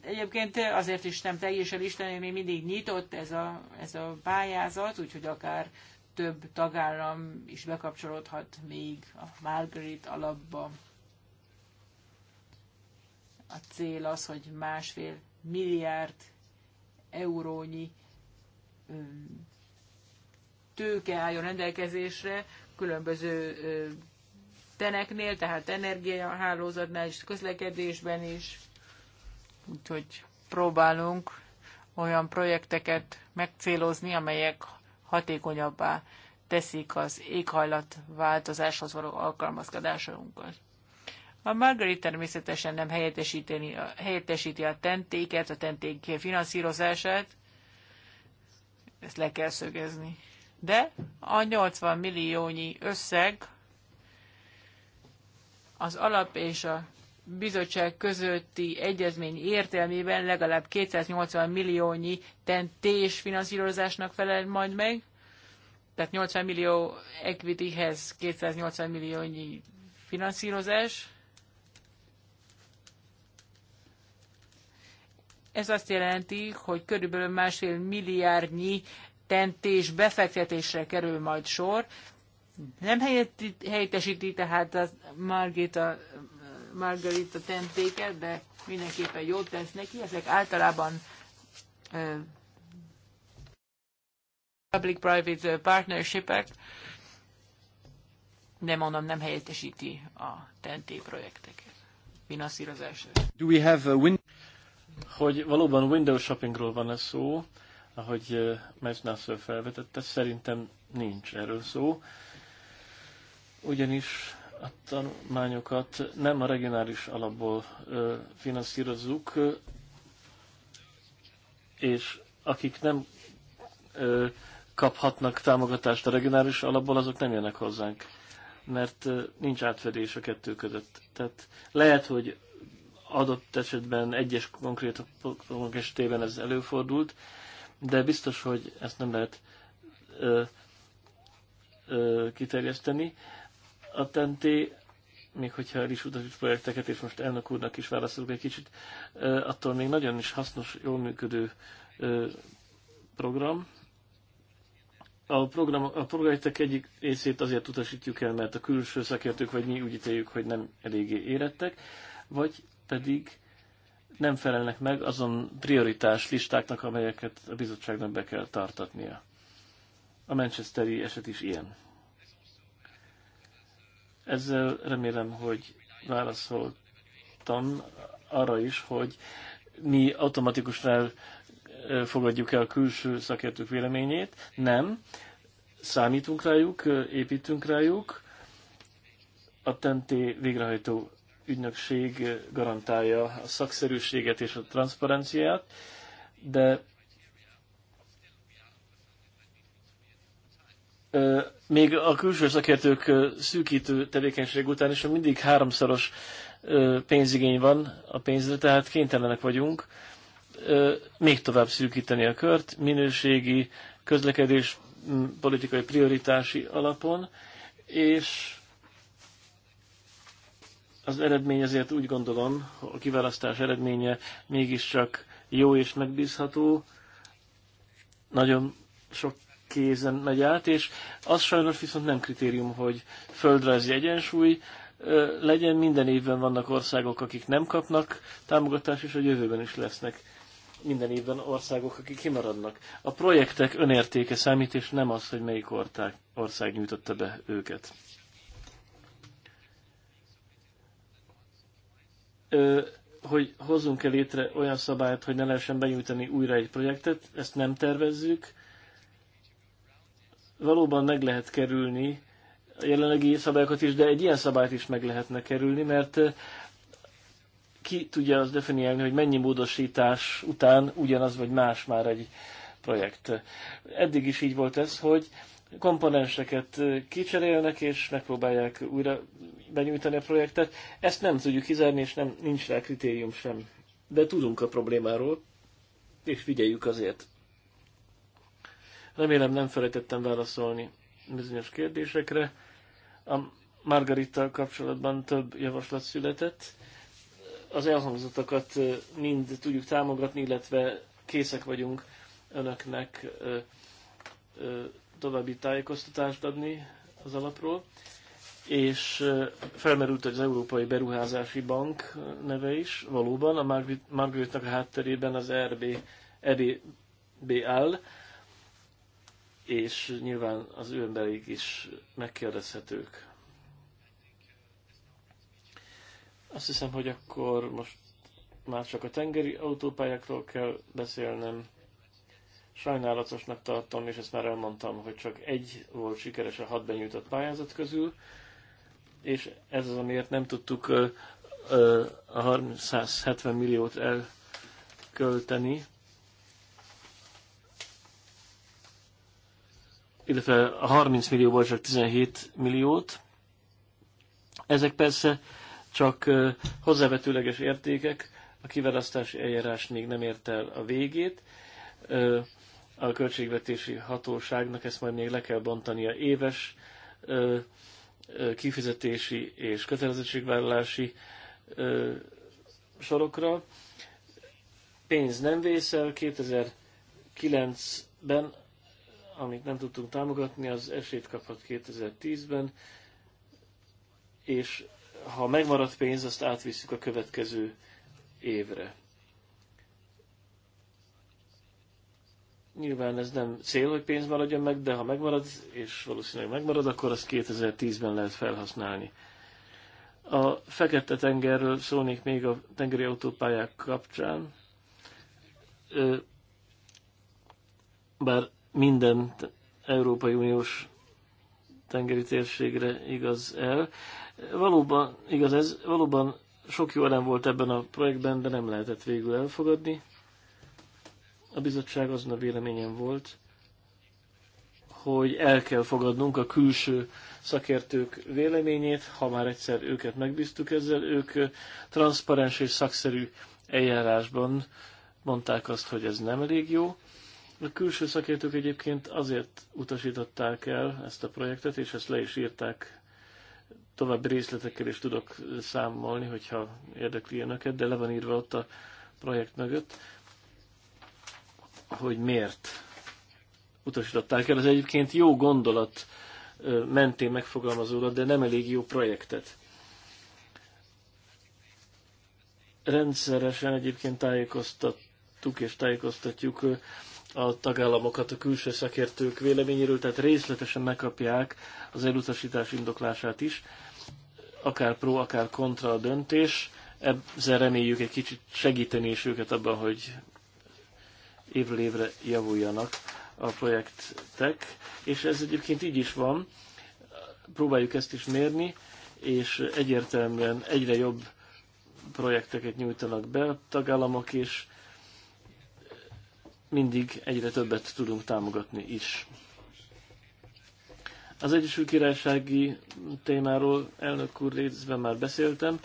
Egyébként azért is nem teljesen isteni, még mindig nyitott ez a, ez a pályázat, úgyhogy akár több tagállam is bekapcsolódhat még a Margaret alapba. A cél az, hogy másfél milliárd eurónyi tőke álljon rendelkezésre különböző teneknél, tehát energiahálózatnál és közlekedésben is. Úgyhogy próbálunk olyan projekteket megcélozni, amelyek hatékonyabbá teszik az éghajlatváltozáshoz való alkalmazkodásunkat. A Margarit természetesen nem helyettesíteni, helyettesíti a tentéket, a tenték finanszírozását, ezt le kell szögezni. De a 80 milliónyi összeg az alap és a bizottság közötti egyezmény értelmében legalább 280 milliónyi tentés finanszírozásnak felel majd meg, tehát 80 millió equityhez 280 milliónyi finanszírozás. Ez azt jelenti, hogy körülbelül másfél milliárdnyi tentés befektetésre kerül majd sor. Nem helyettesíti tehát a Margita a margarita tentéket, de mindenképpen jót tesz neki. Ezek általában public-private partnership-ek, mondom, nem helyettesíti a TNT projekteket finanszírozását. Do we have a win- hogy valóban window shoppingról van ez szó, ahogy Mesnászor felvetette, szerintem nincs erről szó, ugyanis a tanulmányokat nem a regionális alapból finanszírozzuk, és akik nem kaphatnak támogatást a regionális alapból, azok nem jönnek hozzánk, mert nincs átfedés a kettő között. Tehát lehet, hogy adott esetben egyes konkrét programok esetében ez előfordult, de biztos, hogy ezt nem lehet ö, ö, kiterjeszteni. Ö, a TNT, még hogyha el is utasít projekteket, és most elnök úrnak is válaszolok egy kicsit, attól még nagyon is hasznos, jól működő program. A, program, a projektek egyik részét azért utasítjuk el, mert a külső szakértők vagy mi úgy ítéljük, hogy nem eléggé érettek, vagy pedig nem felelnek meg azon prioritás listáknak, amelyeket a bizottságnak be kell tartatnia. A Manchesteri eset is ilyen ezzel remélem, hogy válaszoltam arra is, hogy mi automatikusan fogadjuk el a külső szakértők véleményét. Nem. Számítunk rájuk, építünk rájuk. A TENTÉ végrehajtó ügynökség garantálja a szakszerűséget és a transzparenciát, de még a külső szakértők szűkítő tevékenység után is mindig háromszoros pénzigény van a pénzre, tehát kénytelenek vagyunk még tovább szűkíteni a kört, minőségi, közlekedés, politikai prioritási alapon, és az eredmény azért úgy gondolom, a kiválasztás eredménye mégiscsak jó és megbízható. Nagyon sok kézen megy át, és az sajnos viszont nem kritérium, hogy földrajzi egyensúly legyen. Minden évben vannak országok, akik nem kapnak támogatást, és a jövőben is lesznek minden évben országok, akik kimaradnak. A projektek önértéke számít, és nem az, hogy melyik ország nyújtotta be őket. Ö, hogy hozzunk-e létre olyan szabályt, hogy ne lehessen benyújtani újra egy projektet, ezt nem tervezzük valóban meg lehet kerülni a jelenlegi szabályokat is, de egy ilyen szabályt is meg lehetne kerülni, mert eh, ki tudja az definiálni, hogy mennyi módosítás után ugyanaz vagy más már egy projekt. Eddig is így volt ez, hogy komponenseket eh, kicserélnek, és megpróbálják újra benyújtani a projektet. Ezt nem tudjuk kizárni, és nem, nincs rá kritérium sem. De tudunk a problémáról, és figyeljük azért. Remélem nem felejtettem válaszolni bizonyos kérdésekre. A Margarita kapcsolatban több javaslat született. Az elhangzottakat mind tudjuk támogatni, illetve készek vagyunk önöknek további tájékoztatást adni az alapról, és felmerült az Európai Beruházási Bank neve is, valóban a Margaretnak a hátterében az RB, EBB áll, és nyilván az ő embereik is megkérdezhetők. Azt hiszem, hogy akkor most már csak a tengeri autópályákról kell beszélnem. Sajnálatosnak tartom, és ezt már elmondtam, hogy csak egy volt sikeres a hat benyújtott pályázat közül, és ez az, amiért nem tudtuk a 370 milliót elkölteni, illetve a 30 millióból csak 17 milliót. Ezek persze csak hozzávetőleges értékek, a kiválasztási eljárás még nem ért el a végét. A költségvetési hatóságnak ezt majd még le kell bontania éves kifizetési és kötelezettségvállalási sorokra. Pénz nem vészel, 2009-ben amit nem tudtunk támogatni, az esélyt kaphat 2010-ben, és ha megmaradt pénz, azt átvisszük a következő évre. Nyilván ez nem cél, hogy pénz maradjon meg, de ha megmarad, és valószínűleg megmarad, akkor azt 2010-ben lehet felhasználni. A Fekete-tengerről szólnék még a tengeri autópályák kapcsán. Bár minden Európai Uniós tengeri térségre igaz el. Valóban, igaz ez, valóban sok jó elem volt ebben a projektben, de nem lehetett végül elfogadni. A bizottság azon a véleményen volt, hogy el kell fogadnunk a külső szakértők véleményét, ha már egyszer őket megbíztuk ezzel, ők transzparens és szakszerű eljárásban mondták azt, hogy ez nem elég jó. A külső szakértők egyébként azért utasították el ezt a projektet, és ezt le is írták további részletekkel is tudok számolni, hogyha érdekli önöket, de le van írva ott a projekt mögött, hogy miért utasították el. Ez egyébként jó gondolat mentén megfogalmazódott, de nem elég jó projektet. Rendszeresen egyébként tájékoztattuk és tájékoztatjuk a tagállamokat a külső szakértők véleményéről, tehát részletesen megkapják az elutasítás indoklását is, akár pro, akár kontra a döntés. Ezzel reméljük egy kicsit segíteni is őket abban, hogy évről évre javuljanak a projektek, és ez egyébként így is van, próbáljuk ezt is mérni, és egyértelműen egyre jobb projekteket nyújtanak be a tagállamok, és mindig egyre többet tudunk támogatni is. Az Egyesült Királysági témáról elnök úr részben már beszéltem,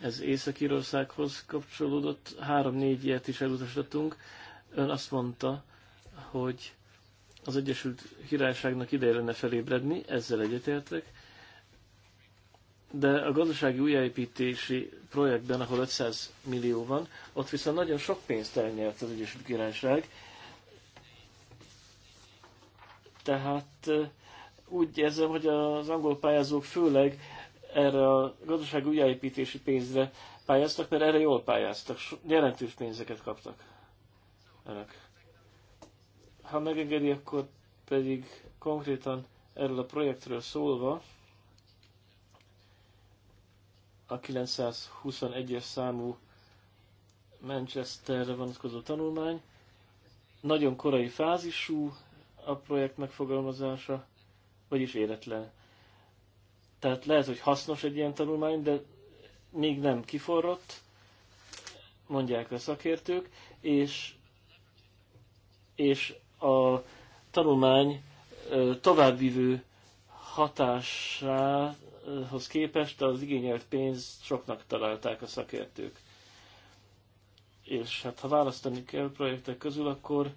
ez Észak-Írországhoz kapcsolódott, három-négy ilyet is elutasítottunk. Ön azt mondta, hogy az Egyesült Királyságnak ideje lenne felébredni, ezzel egyetértek, de a gazdasági újjáépítési projektben, ahol 500 millió van, ott viszont nagyon sok pénzt elnyert az Egyesült Királyság. Tehát úgy érzem, hogy az angol pályázók főleg erre a gazdasági újjáépítési pénzre pályáztak, mert erre jól pályáztak, jelentős pénzeket kaptak önök. Ha megengedi, akkor pedig konkrétan erről a projektről szólva, a 921-es számú Manchesterre vonatkozó tanulmány. Nagyon korai fázisú a projekt megfogalmazása, vagyis éretlen. Tehát lehet, hogy hasznos egy ilyen tanulmány, de még nem kiforrott, mondják a szakértők, és, és a tanulmány továbbvívő hatását hoz képest az igényelt pénz soknak találták a szakértők. És hát ha választani kell projektek közül, akkor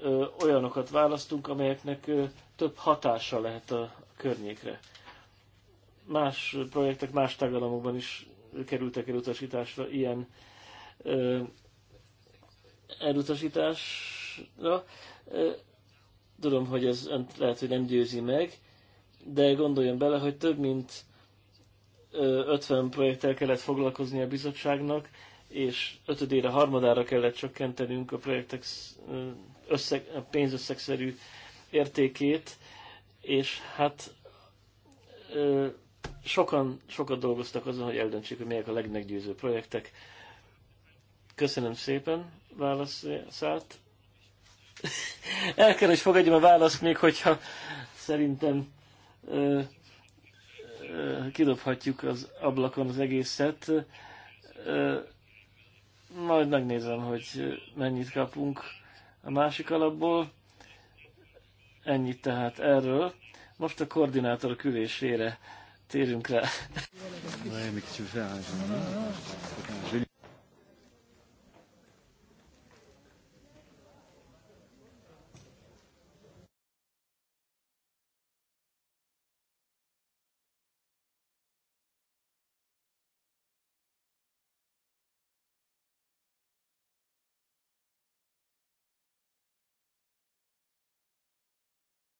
ö, olyanokat választunk, amelyeknek ö, több hatása lehet a, a környékre. Más projektek más tagállamokban is kerültek elutasításra ilyen ö, elutasításra. Ö, tudom, hogy ez lehet, hogy nem győzi meg, de gondoljon bele, hogy több mint 50 projekttel kellett foglalkozni a bizottságnak, és ötödére, harmadára kellett csökkentenünk a projektek összeg, a pénzösszegszerű értékét, és hát sokan, sokat dolgoztak azon, hogy eldöntsék, hogy melyek a legmeggyőzőbb projektek. Köszönöm szépen, válaszát. <laughs> El kell, hogy fogadjam a választ, még hogyha szerintem ö, ö, kidobhatjuk az ablakon az egészet. Ö, majd megnézem, hogy mennyit kapunk a másik alapból. Ennyit tehát erről. Most a koordinátor külésére térünk rá. <laughs>